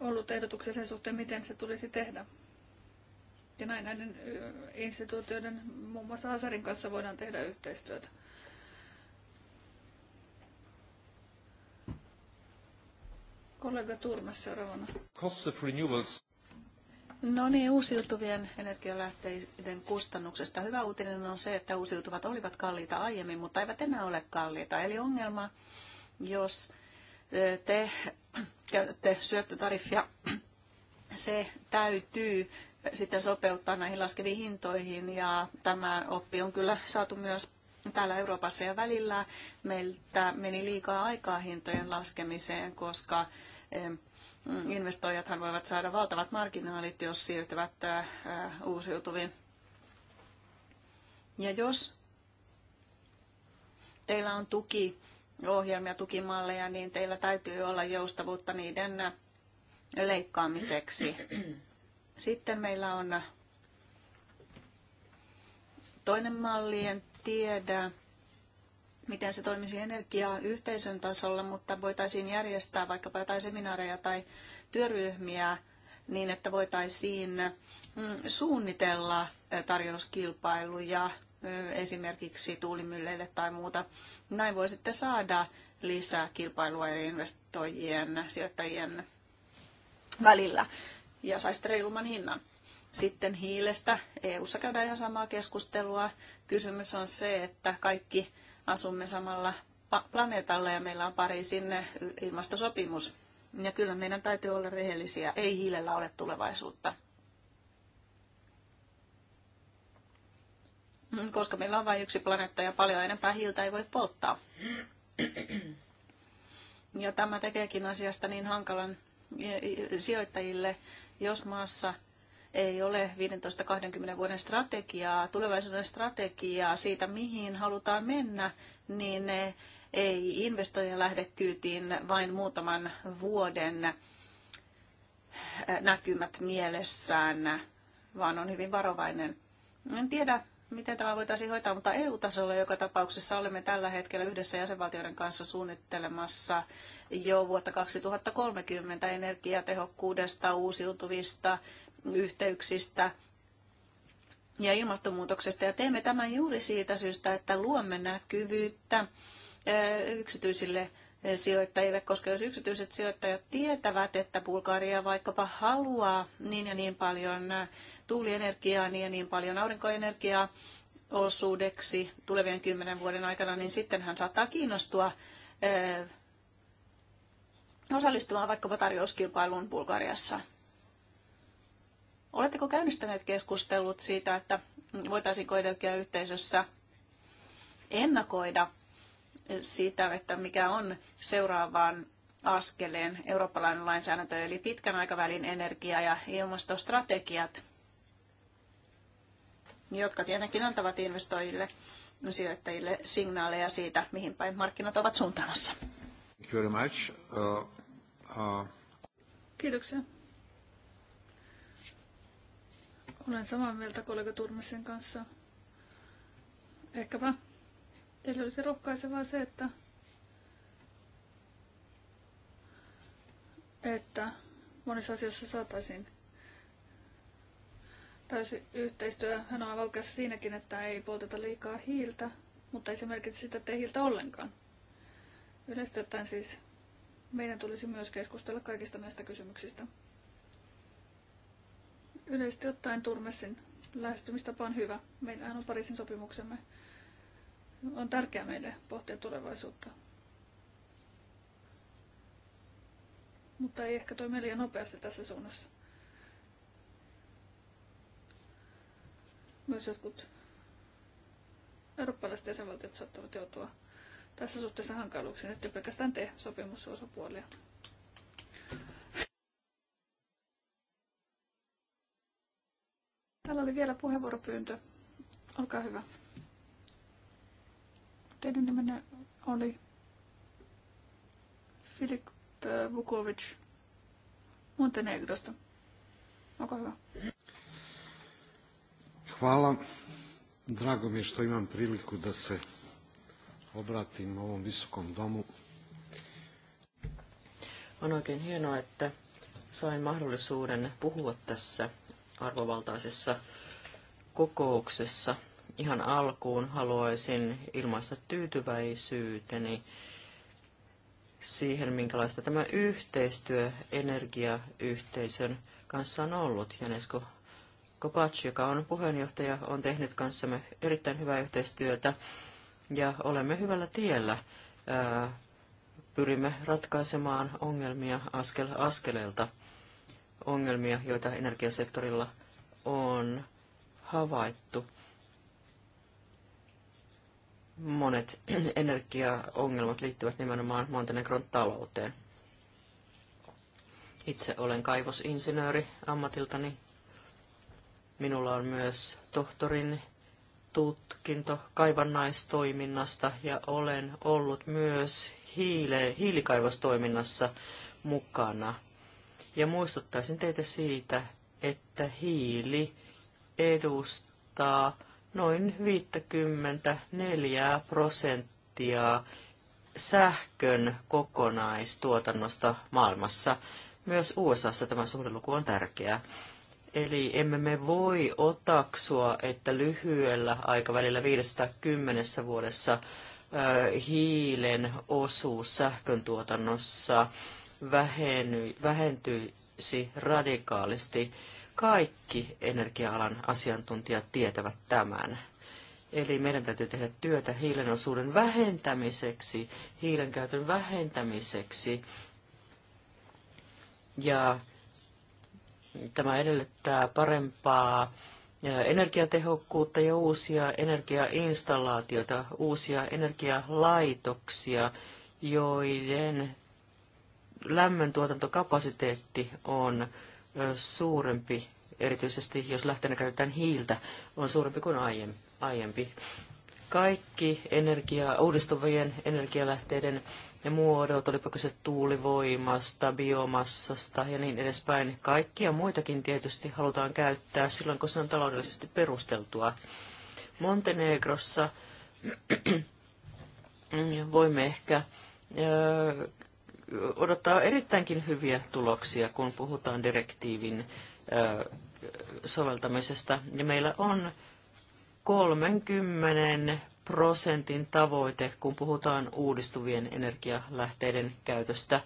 ollut ehdotuksia sen suhteen, miten se tulisi tehdä. Ja näin näiden instituutioiden, muun muassa Asarin kanssa, voidaan tehdä yhteistyötä. Kollega Turmas seuraavana. Cost of renewables. No niin, uusiutuvien energialähteiden kustannuksesta. Hyvä uutinen on se, että uusiutuvat olivat kalliita aiemmin, mutta eivät enää ole kalliita. Eli ongelma, jos te käytätte syöttötariffia, se täytyy sitten sopeuttaa näihin laskeviin hintoihin ja tämä oppi on kyllä saatu myös täällä Euroopassa ja välillä meiltä meni liikaa aikaa hintojen laskemiseen, koska investoijathan voivat saada valtavat marginaalit, jos siirtyvät uusiutuviin. Ja jos teillä on tuki, ohjelmia, tukimalleja, niin teillä täytyy olla joustavuutta niiden leikkaamiseksi. Sitten meillä on toinen mallien tiedä, miten se toimisi energiaa yhteisön tasolla, mutta voitaisiin järjestää vaikkapa jotain seminaareja tai työryhmiä niin, että voitaisiin mm, suunnitella tarjouskilpailuja esimerkiksi tuulimylleille tai muuta. Näin voi sitten saada lisää kilpailua eri investoijien, sijoittajien välillä ja saisi reilumman hinnan. Sitten hiilestä. EU-ssa käydään ihan samaa keskustelua. Kysymys on se, että kaikki asumme samalla planeetalla ja meillä on pari sinne ilmastosopimus. Ja kyllä meidän täytyy olla rehellisiä. Ei hiilellä ole tulevaisuutta. Mm, koska meillä on vain yksi planeetta ja paljon enempää hiiltä ei voi polttaa. Ja tämä tekeekin asiasta niin hankalan e, sijoittajille, jos maassa – ei ole 15-20 vuoden strategiaa, tulevaisuuden strategiaa siitä, mihin halutaan mennä, niin ei investoija lähde kyytiin vain muutaman vuoden äh, näkymät mielessään, vaan on hyvin varovainen. En tiedä, miten tämä voitaisiin hoitaa, mutta EU-tasolla joka tapauksessa olemme tällä hetkellä yhdessä jäsenvaltioiden kanssa suunnittelemassa jo vuotta 2030 energiatehokkuudesta, uusiutuvista yhteyksistä ja ilmastonmuutoksesta. Ja teemme tämän juuri siitä syystä, että luomme näkyvyyttä yksityisille sijoittajille, koska jos yksityiset sijoittajat tietävät, että Bulgaria vaikkapa haluaa niin ja niin paljon tuulienergiaa, niin ja niin paljon aurinkoenergiaa osuudeksi tulevien kymmenen vuoden aikana, niin sitten hän saattaa kiinnostua osallistumaan vaikkapa tarjouskilpailuun Bulgariassa. Oletteko käynnistäneet keskustelut siitä, että voitaisiinko energiayhteisössä ennakoida sitä, että mikä on seuraavaan askeleen eurooppalainen lainsäädäntö, eli pitkän aikavälin energia- ja ilmastostrategiat, jotka tietenkin antavat investoijille sijoittajille signaaleja siitä, mihin päin markkinat ovat suuntaamassa. Uh, uh, Kiitoksia. Olen samaa mieltä kollega Turmisen kanssa. Ehkäpä teille olisi rohkaisevaa se, että, että monissa asioissa saataisiin täysi yhteistyö. Hän on oikeassa siinäkin, että ei polteta liikaa hiiltä, mutta ei se merkitse sitä, että ei hiiltä ollenkaan. Yleisesti ottaen siis meidän tulisi myös keskustella kaikista näistä kysymyksistä. Yleisesti ottaen Turmesin lähestymistapa on hyvä. Meillä on Pariisin sopimuksemme. On tärkeää meille pohtia tulevaisuutta. Mutta ei ehkä toimi liian nopeasti tässä suunnassa. Myös jotkut eurooppalaiset jäsenvaltiot saattavat joutua tässä suhteessa hankaluuksiin, ettei pelkästään te sopimusosapuolia. Täällä oli vielä puheenvuoropyyntö. Olkaa hyvä. Teidän nimenne oli Filip äh, Vukovic Montenegrosta. Olkaa hyvä. Hvala. Drago mi je što imam priliku da se obratim ovom visokom domu. On oikein hienoa, että sain mahdollisuuden puhua tässä arvovaltaisessa kokouksessa. Ihan alkuun haluaisin ilmaista tyytyväisyyteni siihen, minkälaista tämä yhteistyö energiayhteisön kanssa on ollut. Janesko Kopacz, joka on puheenjohtaja, on tehnyt kanssamme erittäin hyvää yhteistyötä ja olemme hyvällä tiellä. Pyrimme ratkaisemaan ongelmia askel askeleelta ongelmia, joita energiasektorilla on havaittu. Monet energiaongelmat liittyvät nimenomaan Montenegron talouteen. Itse olen kaivosinsinööri ammatiltani. Minulla on myös tohtorin tutkinto kaivannaistoiminnasta ja olen ollut myös hiile, hiilikaivostoiminnassa mukana – ja muistuttaisin teitä siitä, että hiili edustaa noin 54 prosenttia sähkön kokonaistuotannosta maailmassa. Myös USAssa tämä suhdeluku on tärkeä. Eli emme me voi otaksua, että lyhyellä aikavälillä 510 vuodessa hiilen osuus sähkön tuotannossa väheny, vähentyisi radikaalisti. Kaikki energia-alan asiantuntijat tietävät tämän. Eli meidän täytyy tehdä työtä hiilen osuuden vähentämiseksi, hiilen käytön vähentämiseksi. Ja tämä edellyttää parempaa energiatehokkuutta ja uusia energiainstallaatioita, uusia energialaitoksia, joiden lämmöntuotantokapasiteetti on suurempi, erityisesti jos lähteenä käytetään hiiltä, on suurempi kuin aiempi. Kaikki energia, uudistuvien energialähteiden ja muodot, olipa kyse tuulivoimasta, biomassasta ja niin edespäin. Kaikkia muitakin tietysti halutaan käyttää silloin, kun se on taloudellisesti perusteltua. Montenegrossa voimme ehkä odottaa erittäinkin hyviä tuloksia, kun puhutaan direktiivin soveltamisesta. Ja meillä on 30 prosentin tavoite, kun puhutaan uudistuvien energialähteiden käytöstä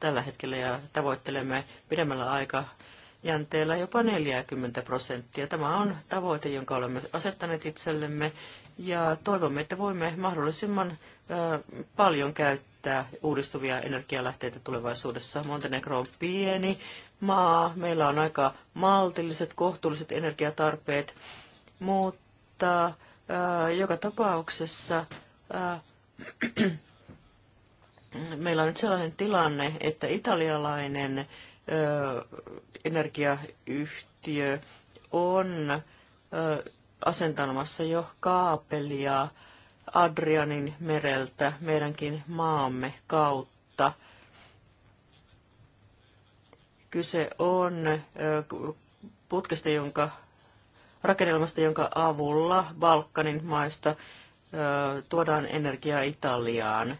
tällä hetkellä ja tavoittelemme pidemmällä aikajänteellä jopa 40 prosenttia. Tämä on tavoite, jonka olemme asettaneet itsellemme ja toivomme, että voimme mahdollisimman paljon käyttää käyttää uudistuvia energialähteitä tulevaisuudessa. Montenegro on pieni maa, meillä on aika maltilliset, kohtuulliset energiatarpeet, mutta ää, äh, joka tapauksessa ää, äh, meillä on nyt sellainen tilanne, että italialainen ää, äh, energiayhtiö on ää, asentamassa jo kaapelia Adrianin mereltä meidänkin maamme kautta. Kyse on putkesta, jonka rakennelmasta, jonka avulla Balkanin maista tuodaan energiaa Italiaan.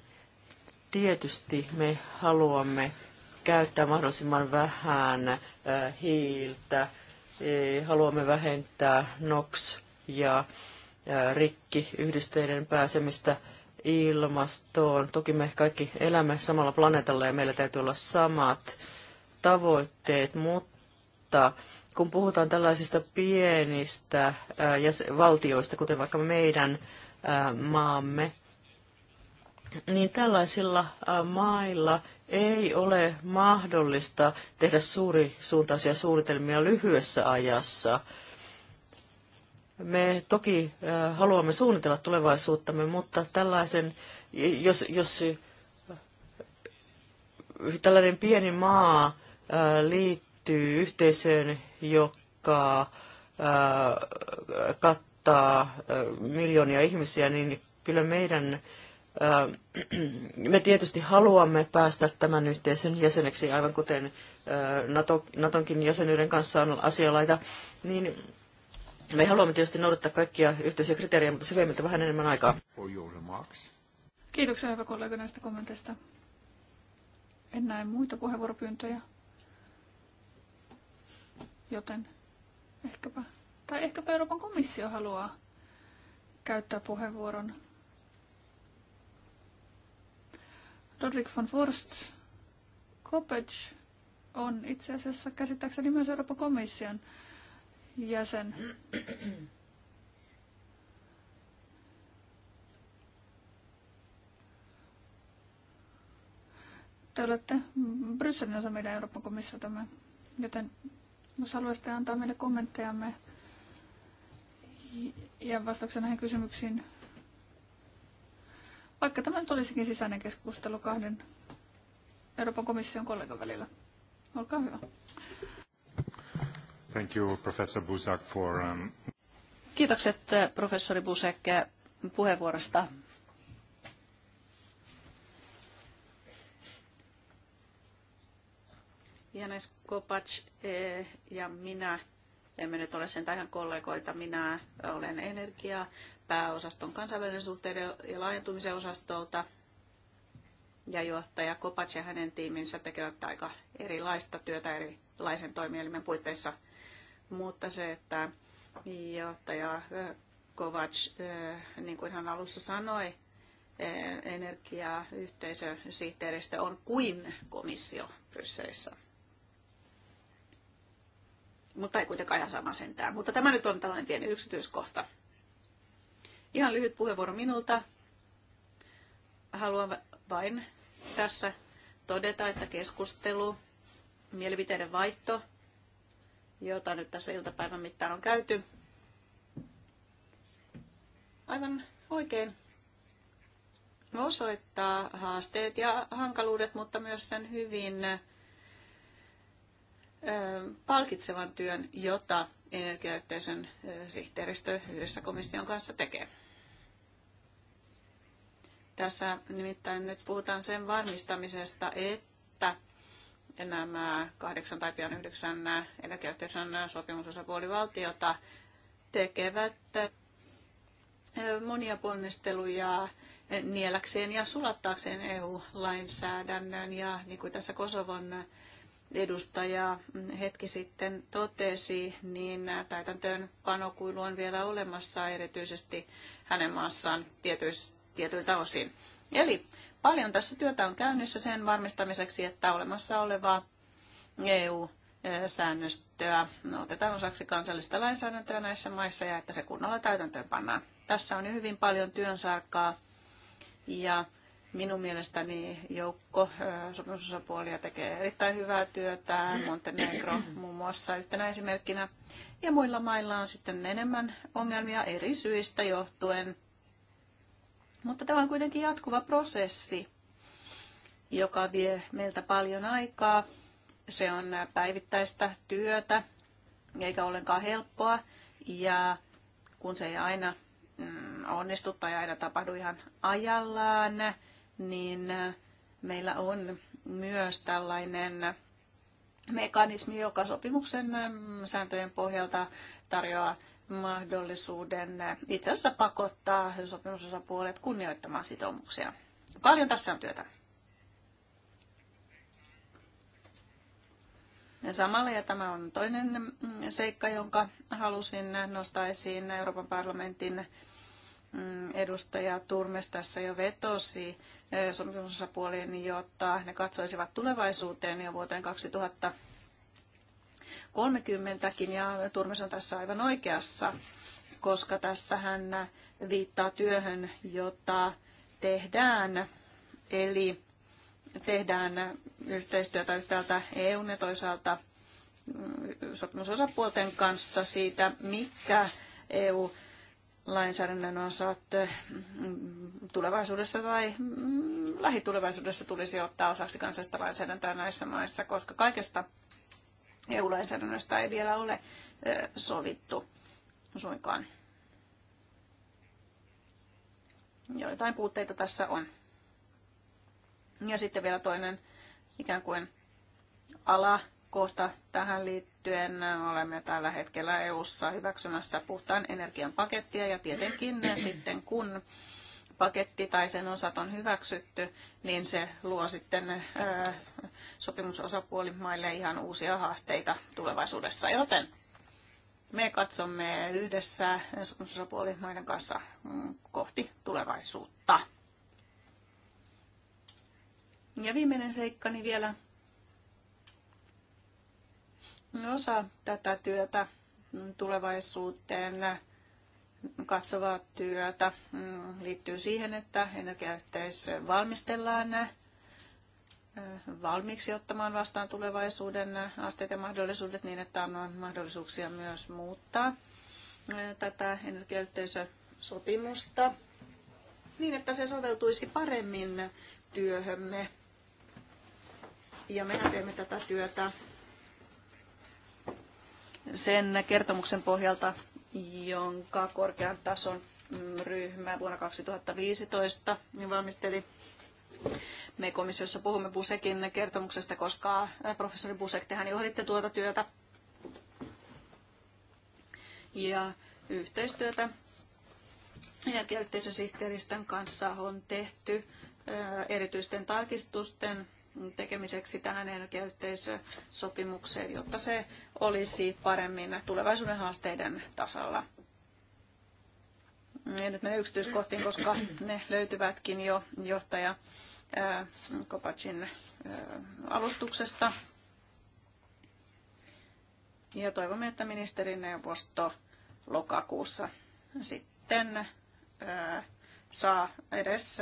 Tietysti me haluamme käyttää mahdollisimman vähän hiiltä, e, haluamme vähentää NOx ja rikki yhdisteiden pääsemistä ilmastoon. Toki me kaikki elämme samalla planeetalla ja meillä täytyy olla samat tavoitteet, mutta kun puhutaan tällaisista pienistä äh, valtioista, kuten vaikka meidän äh, maamme, niin tällaisilla äh, mailla ei ole mahdollista tehdä suurisuuntaisia suunnitelmia lyhyessä ajassa – me toki haluamme suunnitella tulevaisuuttamme, mutta tällaisen, jos, jos tällainen pieni maa liittyy yhteisöön, joka kattaa miljoonia ihmisiä, niin kyllä meidän, me tietysti haluamme päästä tämän yhteisön jäseneksi, aivan kuten Natonkin jäsenyyden kanssa on asialaita, niin me haluamme tietysti noudattaa kaikkia yhteisiä kriteerejä, mutta se vie meiltä vähän enemmän aikaa. Kiitoksia hyvä kollega näistä kommenteista. En näe muita puheenvuoropyyntöjä, joten ehkäpä, tai ehkäpä Euroopan komissio haluaa käyttää puheenvuoron. Rodrik von Forst, Kopec on itse asiassa käsittääkseni myös Euroopan komission jäsen. Te olette Brysselin osa meidän Euroopan komissiotamme, joten jos haluaisitte antaa meille kommenttejamme ja vastauksia näihin kysymyksiin, vaikka tämä nyt olisikin sisäinen keskustelu kahden Euroopan komission kollegan välillä. Olkaa hyvä. Thank you, Professor Busak, for, um... Kiitokset eh, professori Busek eh, puheenvuorosta. Janes Kopac eh, ja minä, emme nyt ole sentään ihan kollegoita, minä olen energia pääosaston kansainvälisen suhteiden ja laajentumisen osastolta. Ja johtaja Kopac ja hänen tiiminsä tekevät aika erilaista työtä erilaisen toimielimen puitteissa – mutta se, että johtaja Kovac, niin kuin hän alussa sanoi, energiayhteisösihteeristä on kuin komissio Brysselissä. Mutta ei kuitenkaan ihan sama sentään. Mutta tämä nyt on tällainen pieni yksityiskohta. Ihan lyhyt puheenvuoro minulta. Haluan vain tässä todeta, että keskustelu, mielipiteiden vaihto jota nyt tässä iltapäivän mittaan on käyty. Aivan oikein osoittaa haasteet ja hankaluudet, mutta myös sen hyvin palkitsevan työn, jota energiayhteisön sihteeristö yhdessä komission kanssa tekee. Tässä nimittäin nyt puhutaan sen varmistamisesta, että nämä kahdeksan tai pian yhdeksän energiayhteisön sopimusosapuolivaltiota tekevät monia ponnisteluja nieläkseen ja sulattaakseen EU-lainsäädännön. Ja niin kuin tässä Kosovon edustaja hetki sitten totesi, niin täytäntöön panokuilu on vielä olemassa erityisesti hänen maassaan tietyiltä osin. Eli Paljon tässä työtä on käynnissä sen varmistamiseksi, että olemassa olevaa EU-säännöstöä otetaan osaksi kansallista lainsäädäntöä näissä maissa ja että se kunnolla täytäntöön pannaan. Tässä on jo hyvin paljon työnsarkaa ja minun mielestäni joukko sopimusosapuolia tekee erittäin hyvää työtä, Montenegro muun muassa yhtenä esimerkkinä. Ja muilla mailla on sitten enemmän ongelmia eri syistä johtuen mutta tämä on kuitenkin jatkuva prosessi, joka vie meiltä paljon aikaa. Se on päivittäistä työtä, eikä ollenkaan helppoa. Ja kun se ei aina mm, onnistu tai aina tapahdu ihan ajallaan, niin äh, meillä on myös tällainen mekanismi, joka sopimuksen ähm, sääntöjen pohjalta tarjoaa mahdollisuuden itse asiassa pakottaa sopimusosapuolet kunnioittamaan sitoumuksia. Paljon tässä on työtä. Samalla, ja tämä on toinen mm, seikka, jonka halusin nostaa esiin Euroopan parlamentin mm, edustaja Turmes tässä jo vetosi eh, sopimusosapuoliin, jotta ne katsoisivat tulevaisuuteen jo vuoteen 2000 30kin ja Turmes on tässä aivan oikeassa, koska tässä hän viittaa työhön, jota tehdään. Eli tehdään yhteistyötä yhtäältä EUn ja toisaalta mm, sopimusosapuolten kanssa siitä, mikä EU lainsäädännön osat mm, tulevaisuudessa tai mm, lähitulevaisuudessa tulisi ottaa osaksi kansallista lainsäädäntöä näissä maissa, koska kaikesta EU-lainsäädännöstä ei vielä ole sovittu suinkaan. Joitain puutteita tässä on. Ja sitten vielä toinen ikään kuin alakohta tähän liittyen. Olemme tällä hetkellä EU:ssa hyväksymässä puhtaan energian pakettia ja tietenkin sitten kun paketti tai sen osat on hyväksytty, niin se luo sitten sopimusosapuolimaille ihan uusia haasteita tulevaisuudessa. Joten me katsomme yhdessä sopimusosapuolimaiden kanssa mm, kohti tulevaisuutta. Ja viimeinen seikkani vielä. Osa tätä työtä tulevaisuuteen katsovaa työtä mm, liittyy siihen, että energiayhteisö valmistellaan äh, valmiiksi ottamaan vastaan tulevaisuuden asteet ja mahdollisuudet niin, että on mahdollisuuksia myös muuttaa äh, tätä energiayhteisösopimusta niin, että se soveltuisi paremmin työhömme. Ja me teemme tätä työtä sen kertomuksen pohjalta, jonka korkean tason ryhmä vuonna 2015 valmisteli. Me komissiossa puhumme Busekin kertomuksesta, koska professori Busek, tehän johditte tuota työtä. Ja yhteistyötä energiayhteisösihteeristön kanssa on tehty erityisten tarkistusten tekemiseksi tähän energiayhteisösopimukseen, jotta se olisi paremmin tulevaisuuden haasteiden tasalla. Ja nyt menen yksityiskohtiin, koska ne löytyvätkin jo johtaja Kopacin alustuksesta. Ja toivomme, että ministerineuvosto lokakuussa sitten saa edes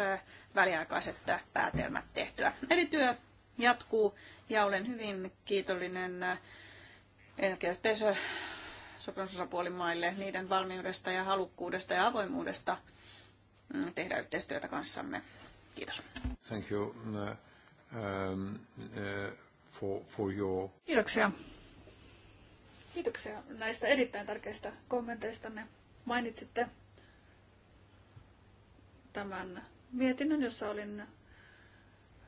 väliaikaiset päätelmät tehtyä. Eli työ jatkuu ja olen hyvin kiitollinen energiayhteisö sopimusosapuolimaille niiden valmiudesta ja halukkuudesta ja avoimuudesta mm, tehdä yhteistyötä kanssamme. Kiitos. Thank you. Mm, um, uh, for, for your... Kiitoksia. Kiitoksia näistä erittäin tärkeistä kommenteistanne. Mainitsitte tämän mietinnön, jossa olin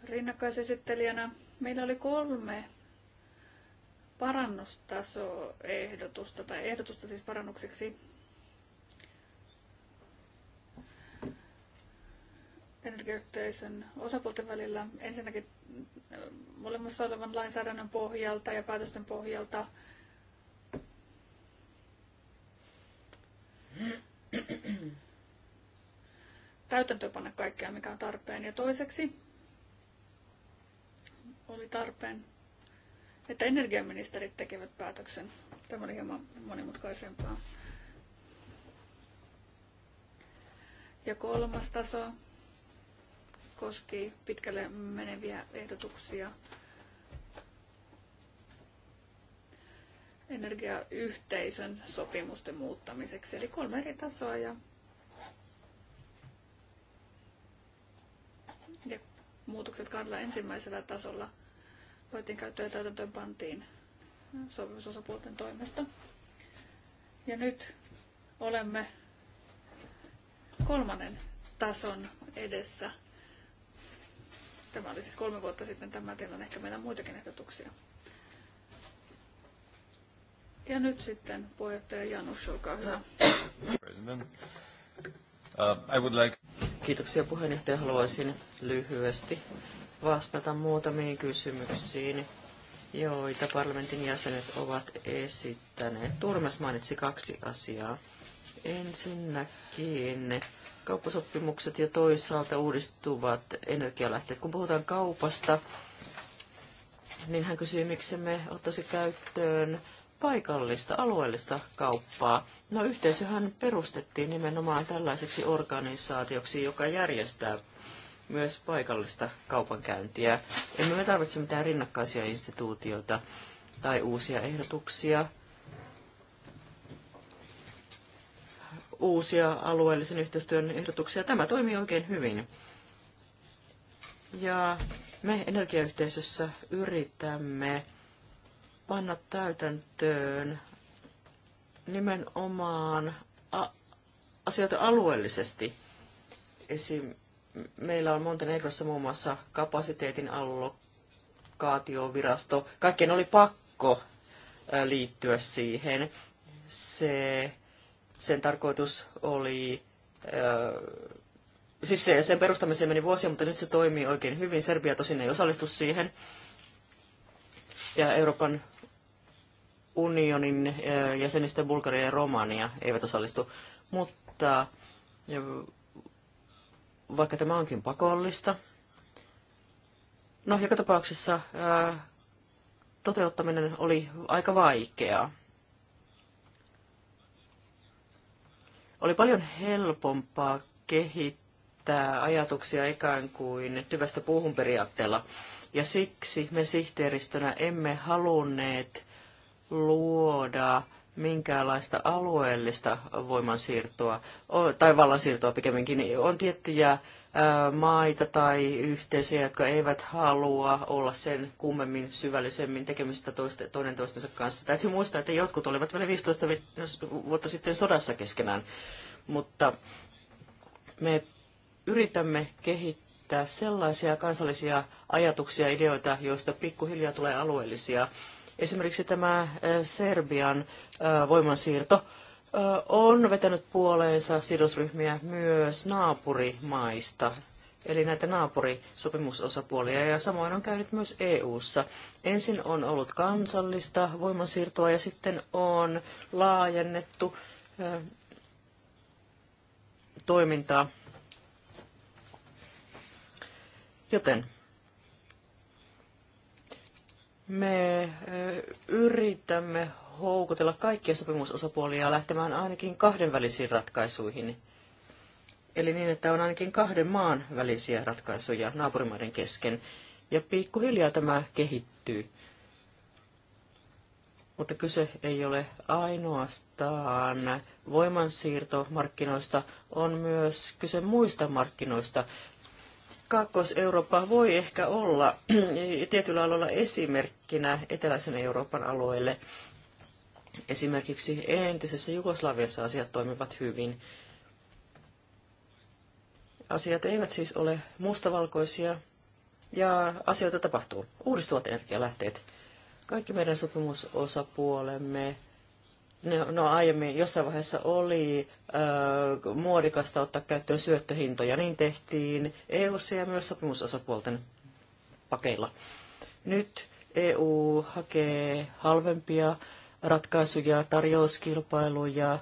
rinnakkaisesittelijänä. Meillä oli kolme parannustasoehdotusta, tai ehdotusta siis parannukseksi energiayhteisön osapuolten välillä ensinnäkin molemmissa äh, olevan lainsäädännön pohjalta ja päätösten pohjalta täytäntöönpanna kaikkea, mikä on tarpeen. Ja toiseksi oli tarpeen, että energiaministerit tekevät päätöksen. Tämä oli hieman monimutkaisempaa. Ja kolmas taso koski pitkälle meneviä ehdotuksia energiayhteisön sopimusten muuttamiseksi. Eli kolme eri tasoa ja muutokset kahdella ensimmäisellä tasolla voitiin käyttöön ja täytäntöön pantiin sopimusosapuolten toimesta. Ja nyt olemme kolmannen tason edessä. Tämä oli siis kolme vuotta sitten tämä tilanne, ehkä meillä on muitakin ehdotuksia. Ja nyt sitten puheenjohtaja Janus, olkaa hyvä. President. Uh, I would like... Kiitoksia puheenjohtaja. Haluaisin lyhyesti vastata muutamiin kysymyksiin, joita parlamentin jäsenet ovat esittäneet. Turmes mainitsi kaksi asiaa. Ensinnäkin kauppasopimukset ja toisaalta uudistuvat energialähteet. Kun puhutaan kaupasta, niin hän kysyi, miksi me ottaisi käyttöön paikallista, alueellista kauppaa. No yhteisöhän perustettiin nimenomaan tällaiseksi organisaatioksi, joka järjestää myös paikallista kaupankäyntiä. Emme me tarvitse mitään rinnakkaisia instituutioita tai uusia ehdotuksia. uusia alueellisen yhteistyön ehdotuksia. Tämä toimii oikein hyvin. Ja me energiayhteisössä yritämme panna täytäntöön nimenomaan asioita alueellisesti. Esim. meillä on Montenegrossa muun muassa kapasiteetin allokaatiovirasto. Kaikkien oli pakko liittyä siihen. Se, sen tarkoitus oli, äh, siis se, sen perustamiseen meni vuosia, mutta nyt se toimii oikein hyvin. Serbia tosin ei osallistu siihen. Ja Euroopan unionin jäsenistä Bulgaria ja Romania eivät osallistu, mutta vaikka tämä onkin pakollista, no joka tapauksessa toteuttaminen oli aika vaikeaa. Oli paljon helpompaa kehittää ajatuksia ikään kuin tyvästä puuhun periaatteella. Ja siksi me sihteeristönä emme halunneet luoda minkäänlaista alueellista voimansiirtoa, tai vallansiirtoa pikemminkin. On tiettyjä maita tai yhteisöjä, jotka eivät halua olla sen kummemmin syvällisemmin tekemistä toiste, toinen toistensa kanssa. Täytyy muistaa, että jotkut olivat vielä 15 vuotta sitten sodassa keskenään, mutta me yritämme kehittää sellaisia kansallisia ajatuksia, ideoita, joista pikkuhiljaa tulee alueellisia Esimerkiksi tämä äh, Serbian äh, voimansiirto äh, on vetänyt puoleensa sidosryhmiä myös naapurimaista, eli näitä naapurisopimusosapuolia, ja samoin on käynyt myös EU:ssa. Ensin on ollut kansallista voimansiirtoa ja sitten on laajennettu toimintaa. Joten me yritämme houkutella kaikkia sopimusosapuolia lähtemään ainakin kahdenvälisiin ratkaisuihin. Eli niin, että on ainakin kahden maan välisiä ratkaisuja naapurimaiden kesken. Ja pikkuhiljaa tämä kehittyy. Mutta kyse ei ole ainoastaan voimansiirtomarkkinoista, on myös kyse muista markkinoista. Kaakkois-Eurooppa voi ehkä olla tietyllä alueella esimerkkinä eteläisen Euroopan alueelle. Esimerkiksi entisessä Jugoslaviassa asiat toimivat hyvin. Asiat eivät siis ole mustavalkoisia ja asioita tapahtuu. Uudistuvat energialähteet. Kaikki meidän sopimusosapuolemme no aiemmin jossain vaiheessa oli äh, muodikasta ottaa käyttöön syöttöhintoja. Niin tehtiin EU: ja myös sopimusosapuolten pakeilla. Nyt EU hakee halvempia ratkaisuja, tarjouskilpailuja,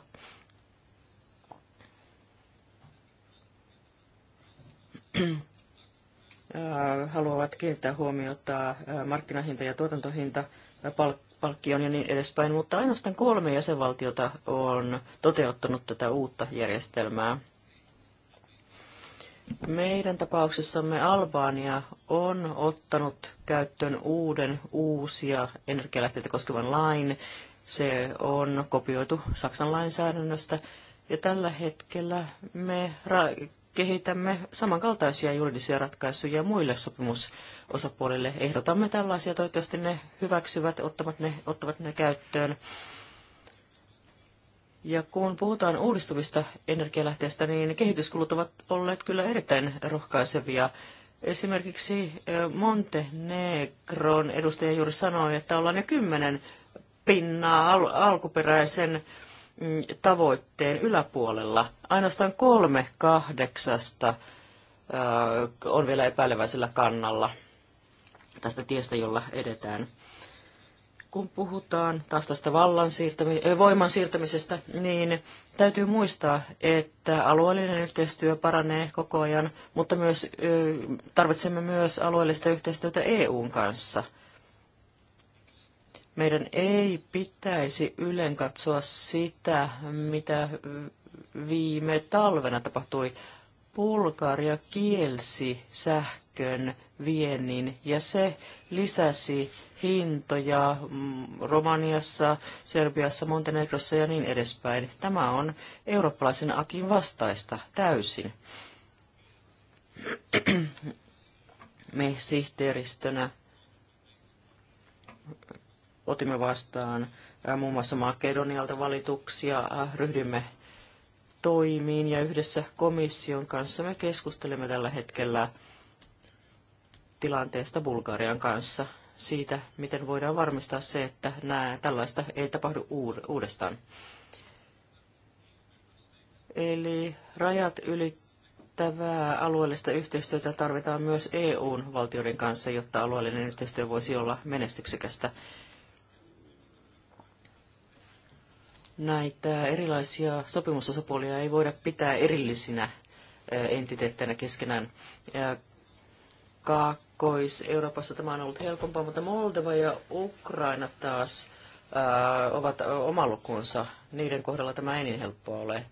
haluavat kiinnittää huomiota markkinahinta- ja tuotantohinta palkkion ja niin edespäin, mutta ainoastaan kolme jäsenvaltiota on toteuttanut tätä uutta järjestelmää. Meidän tapauksessamme Albania on ottanut käyttöön uuden uusia energialähteitä koskevan lain. Se on kopioitu Saksan lainsäädännöstä ja tällä hetkellä me ra- kehitämme samankaltaisia juridisia ratkaisuja muille sopimusosapuolille. Ehdotamme tällaisia, toivottavasti ne hyväksyvät, ottavat ne, ottavat ne käyttöön. Ja kun puhutaan uudistuvista energialähteistä, niin kehityskulut ovat olleet kyllä erittäin rohkaisevia. Esimerkiksi eh, Montenegron edustaja juuri sanoi, että ollaan jo kymmenen pinnaa al- alkuperäisen Mm, tavoitteen yläpuolella. Ainoastaan kolme kahdeksasta äh, on vielä epäileväisellä kannalla tästä tiestä, jolla edetään. Kun puhutaan taas tästä vallan siirtämi- voiman siirtämisestä, niin täytyy muistaa, että alueellinen yhteistyö paranee koko ajan, mutta myös, tarvitsemme myös alueellista yhteistyötä EUn kanssa. Meidän ei pitäisi ylen katsoa sitä, mitä viime talvena tapahtui. Bulgaria kielsi sähkön viennin ja se lisäsi hintoja mm, Romaniassa, Serbiassa, Montenegrossa ja niin edespäin. Tämä on eurooppalaisen akin vastaista täysin. Me sihteeristönä otimme vastaan äh, muun muassa Makedonialta valituksia, äh, ryhdymme toimiin ja yhdessä komission kanssa me keskustelemme tällä hetkellä tilanteesta Bulgarian kanssa siitä, miten voidaan varmistaa se, että nämä, tällaista ei tapahdu uudestaan. Eli rajat ylittävää alueellista yhteistyötä tarvitaan myös EUn valtioiden kanssa, jotta alueellinen yhteistyö voisi olla menestyksekästä. näitä erilaisia sopimusosapuolia ei voida pitää erillisinä eh, entiteetteinä keskenään. Kaakkois-Euroopassa tämä on ollut helpompaa, mutta Moldova ja Ukraina taas eh, ovat oma lukunsa. Niiden kohdalla tämä ei niin helppoa ole.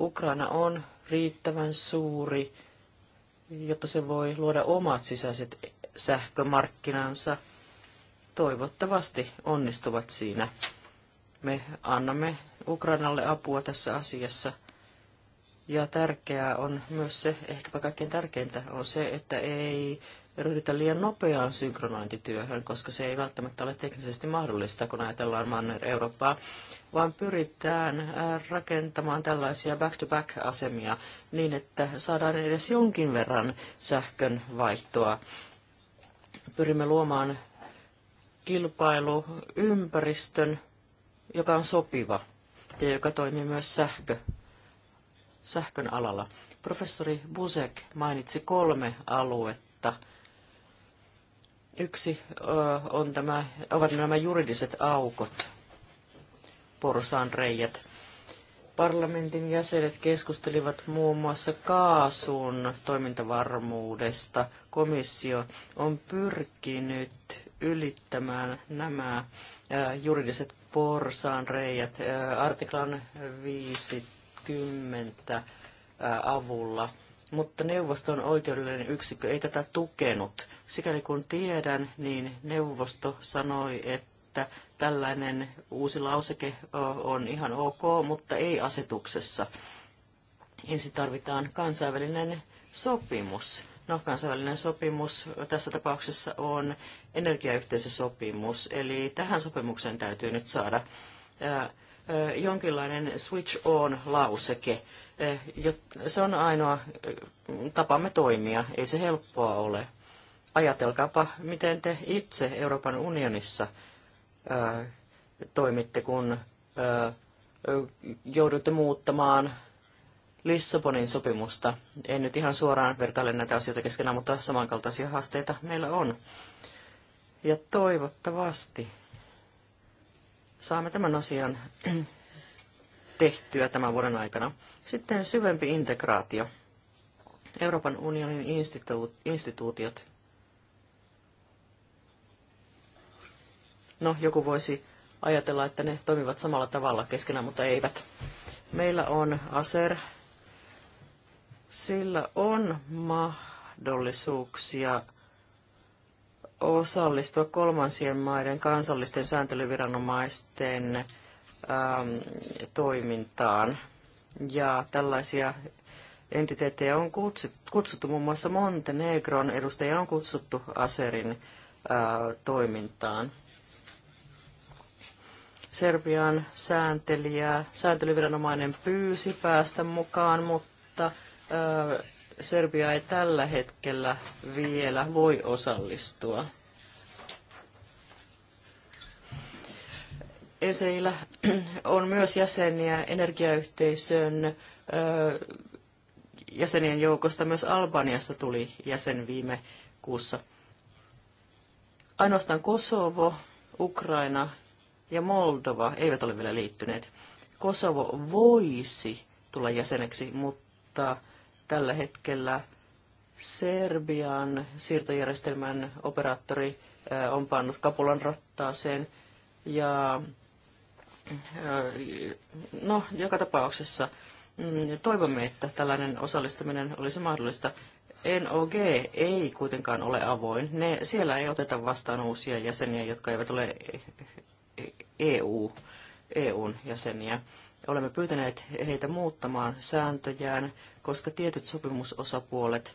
Ukraina on riittävän suuri, jotta se voi luoda omat sisäiset sähkömarkkinansa. Toivottavasti onnistuvat siinä. Me annamme Ukrainalle apua tässä asiassa. Ja tärkeää on myös se, ehkäpä kaikkein tärkeintä on se, että ei ryhdytä liian nopeaan synkronointityöhön, koska se ei välttämättä ole teknisesti mahdollista, kun ajatellaan Manner Eurooppaa, vaan pyritään äh, rakentamaan tällaisia back-to-back-asemia niin, että saadaan edes jonkin verran sähkön vaihtoa. Pyrimme luomaan kilpailuympäristön, joka on sopiva ja joka toimii myös sähkö, sähkön alalla. Professori Busek mainitsi kolme aluetta. Yksi on tämä, ovat nämä juridiset aukot, porsaan reijät. Parlamentin jäsenet keskustelivat muun muassa kaasun toimintavarmuudesta. Komissio on pyrkinyt ylittämään nämä juridiset porsaan reijät artiklan 50 avulla, mutta neuvoston oikeudellinen yksikkö ei tätä tukenut. Sikäli kun tiedän, niin neuvosto sanoi, että tällainen uusi lauseke on ihan ok, mutta ei asetuksessa. Ensin tarvitaan kansainvälinen sopimus No, kansainvälinen sopimus tässä tapauksessa on energiayhteisösopimus, eli tähän sopimukseen täytyy nyt saada jonkinlainen switch on-lauseke. Se on ainoa tapamme toimia, ei se helppoa ole. Ajatelkaapa, miten te itse Euroopan unionissa toimitte, kun joudutte muuttamaan Lissabonin sopimusta. En nyt ihan suoraan vertaile näitä asioita keskenään, mutta samankaltaisia haasteita meillä on. Ja toivottavasti saamme tämän asian tehtyä tämän vuoden aikana. Sitten syvempi integraatio. Euroopan unionin instituutiot. No, joku voisi ajatella, että ne toimivat samalla tavalla keskenään, mutta eivät. Meillä on ASER, sillä on mahdollisuuksia osallistua kolmansien maiden kansallisten sääntelyviranomaisten äm, toimintaan. Ja tällaisia entiteettejä on kutsuttu, kutsuttu muun muassa Montenegron edustajia on kutsuttu Aserin ää, äh, toimintaan. Serbian sääntelijä, sääntelyviranomainen pyysi päästä mukaan, mutta Serbia ei tällä hetkellä vielä voi osallistua. Eseillä on myös jäseniä energiayhteisön jäsenien joukosta. Myös Albaniasta tuli jäsen viime kuussa. Ainoastaan Kosovo, Ukraina ja Moldova eivät ole vielä liittyneet. Kosovo voisi tulla jäseneksi, mutta tällä hetkellä Serbian siirtojärjestelmän operaattori on pannut kapulan rattaaseen. Ja, no, joka tapauksessa mm, toivomme, että tällainen osallistuminen olisi mahdollista. NOG ei kuitenkaan ole avoin. Ne, siellä ei oteta vastaan uusia jäseniä, jotka eivät ole EU, e-, e-, e EUn jäseniä. Olemme pyytäneet heitä muuttamaan sääntöjään, koska tietyt sopimusosapuolet,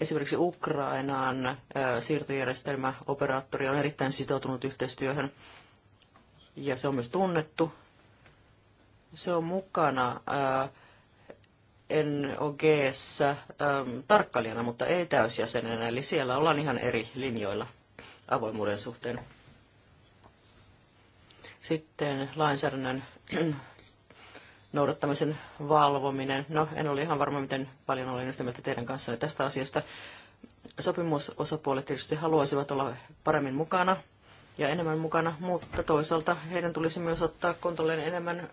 esimerkiksi Ukrainaan siirtojärjestelmäoperaattori on erittäin sitoutunut yhteistyöhön ja se on myös tunnettu. Se on mukana NOGssä tarkkailijana, mutta ei täysjäsenenä, eli siellä ollaan ihan eri linjoilla avoimuuden suhteen. Sitten lainsäädännön noudattamisen valvominen. No, en ole ihan varma, miten paljon olen yhtä mieltä teidän kanssanne tästä asiasta. Sopimusosapuolet tietysti haluaisivat olla paremmin mukana ja enemmän mukana, mutta toisaalta heidän tulisi myös ottaa kontolleen enemmän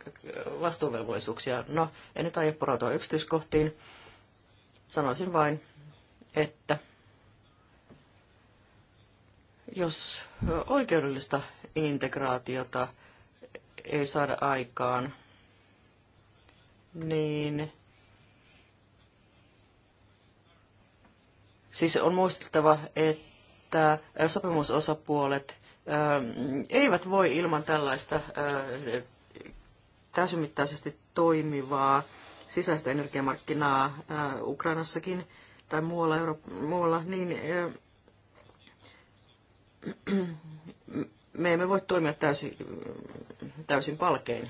vastuuvelvollisuuksia. No, en nyt aio porautua yksityiskohtiin. Sanoisin vain, että jos oikeudellista integraatiota ei saada aikaan, niin siis on muistettava, että äh, sopimusosapuolet ähm, eivät voi ilman tällaista äh, täysimittaisesti toimivaa sisäistä energiamarkkinaa äh, Ukrainassakin tai muualla, Euro- muualla niin me emme voi toimia täysin, täysin palkein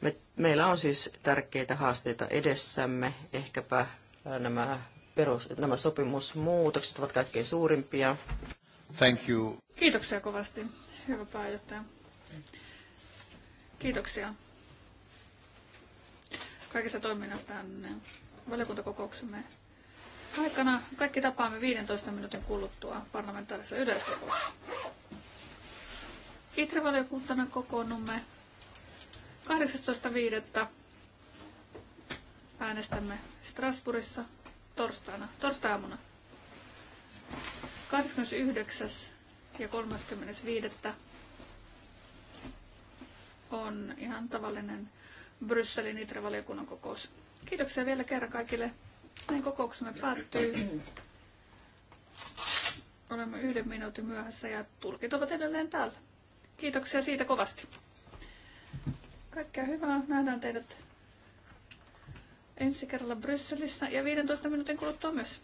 me, meillä on siis tärkeitä haasteita edessämme. Ehkäpä nämä, perus, nämä sopimusmuutokset ovat kaikkein suurimpia. Thank you. Kiitoksia kovasti, hyvä pääjohtaja. Kiitoksia kaikessa tänne valiokuntakokouksemme aikana. Kaikki tapaamme 15 minuutin kuluttua parlamentaarisessa yleiskokouksessa. Itrevaliokuntana kokoonnumme 18.5. äänestämme Strasbourgissa torstaina, torstaaamuna. 29. ja 35. on ihan tavallinen Brysselin itrevaliokunnan kokous. Kiitoksia vielä kerran kaikille. Näin kokouksemme päättyy. Olemme yhden minuutin myöhässä ja tulkit ovat edelleen täällä. Kiitoksia siitä kovasti. Kaikkea hyvää. Nähdään teidät ensi kerralla Brysselissä ja 15 minuutin kuluttua myös.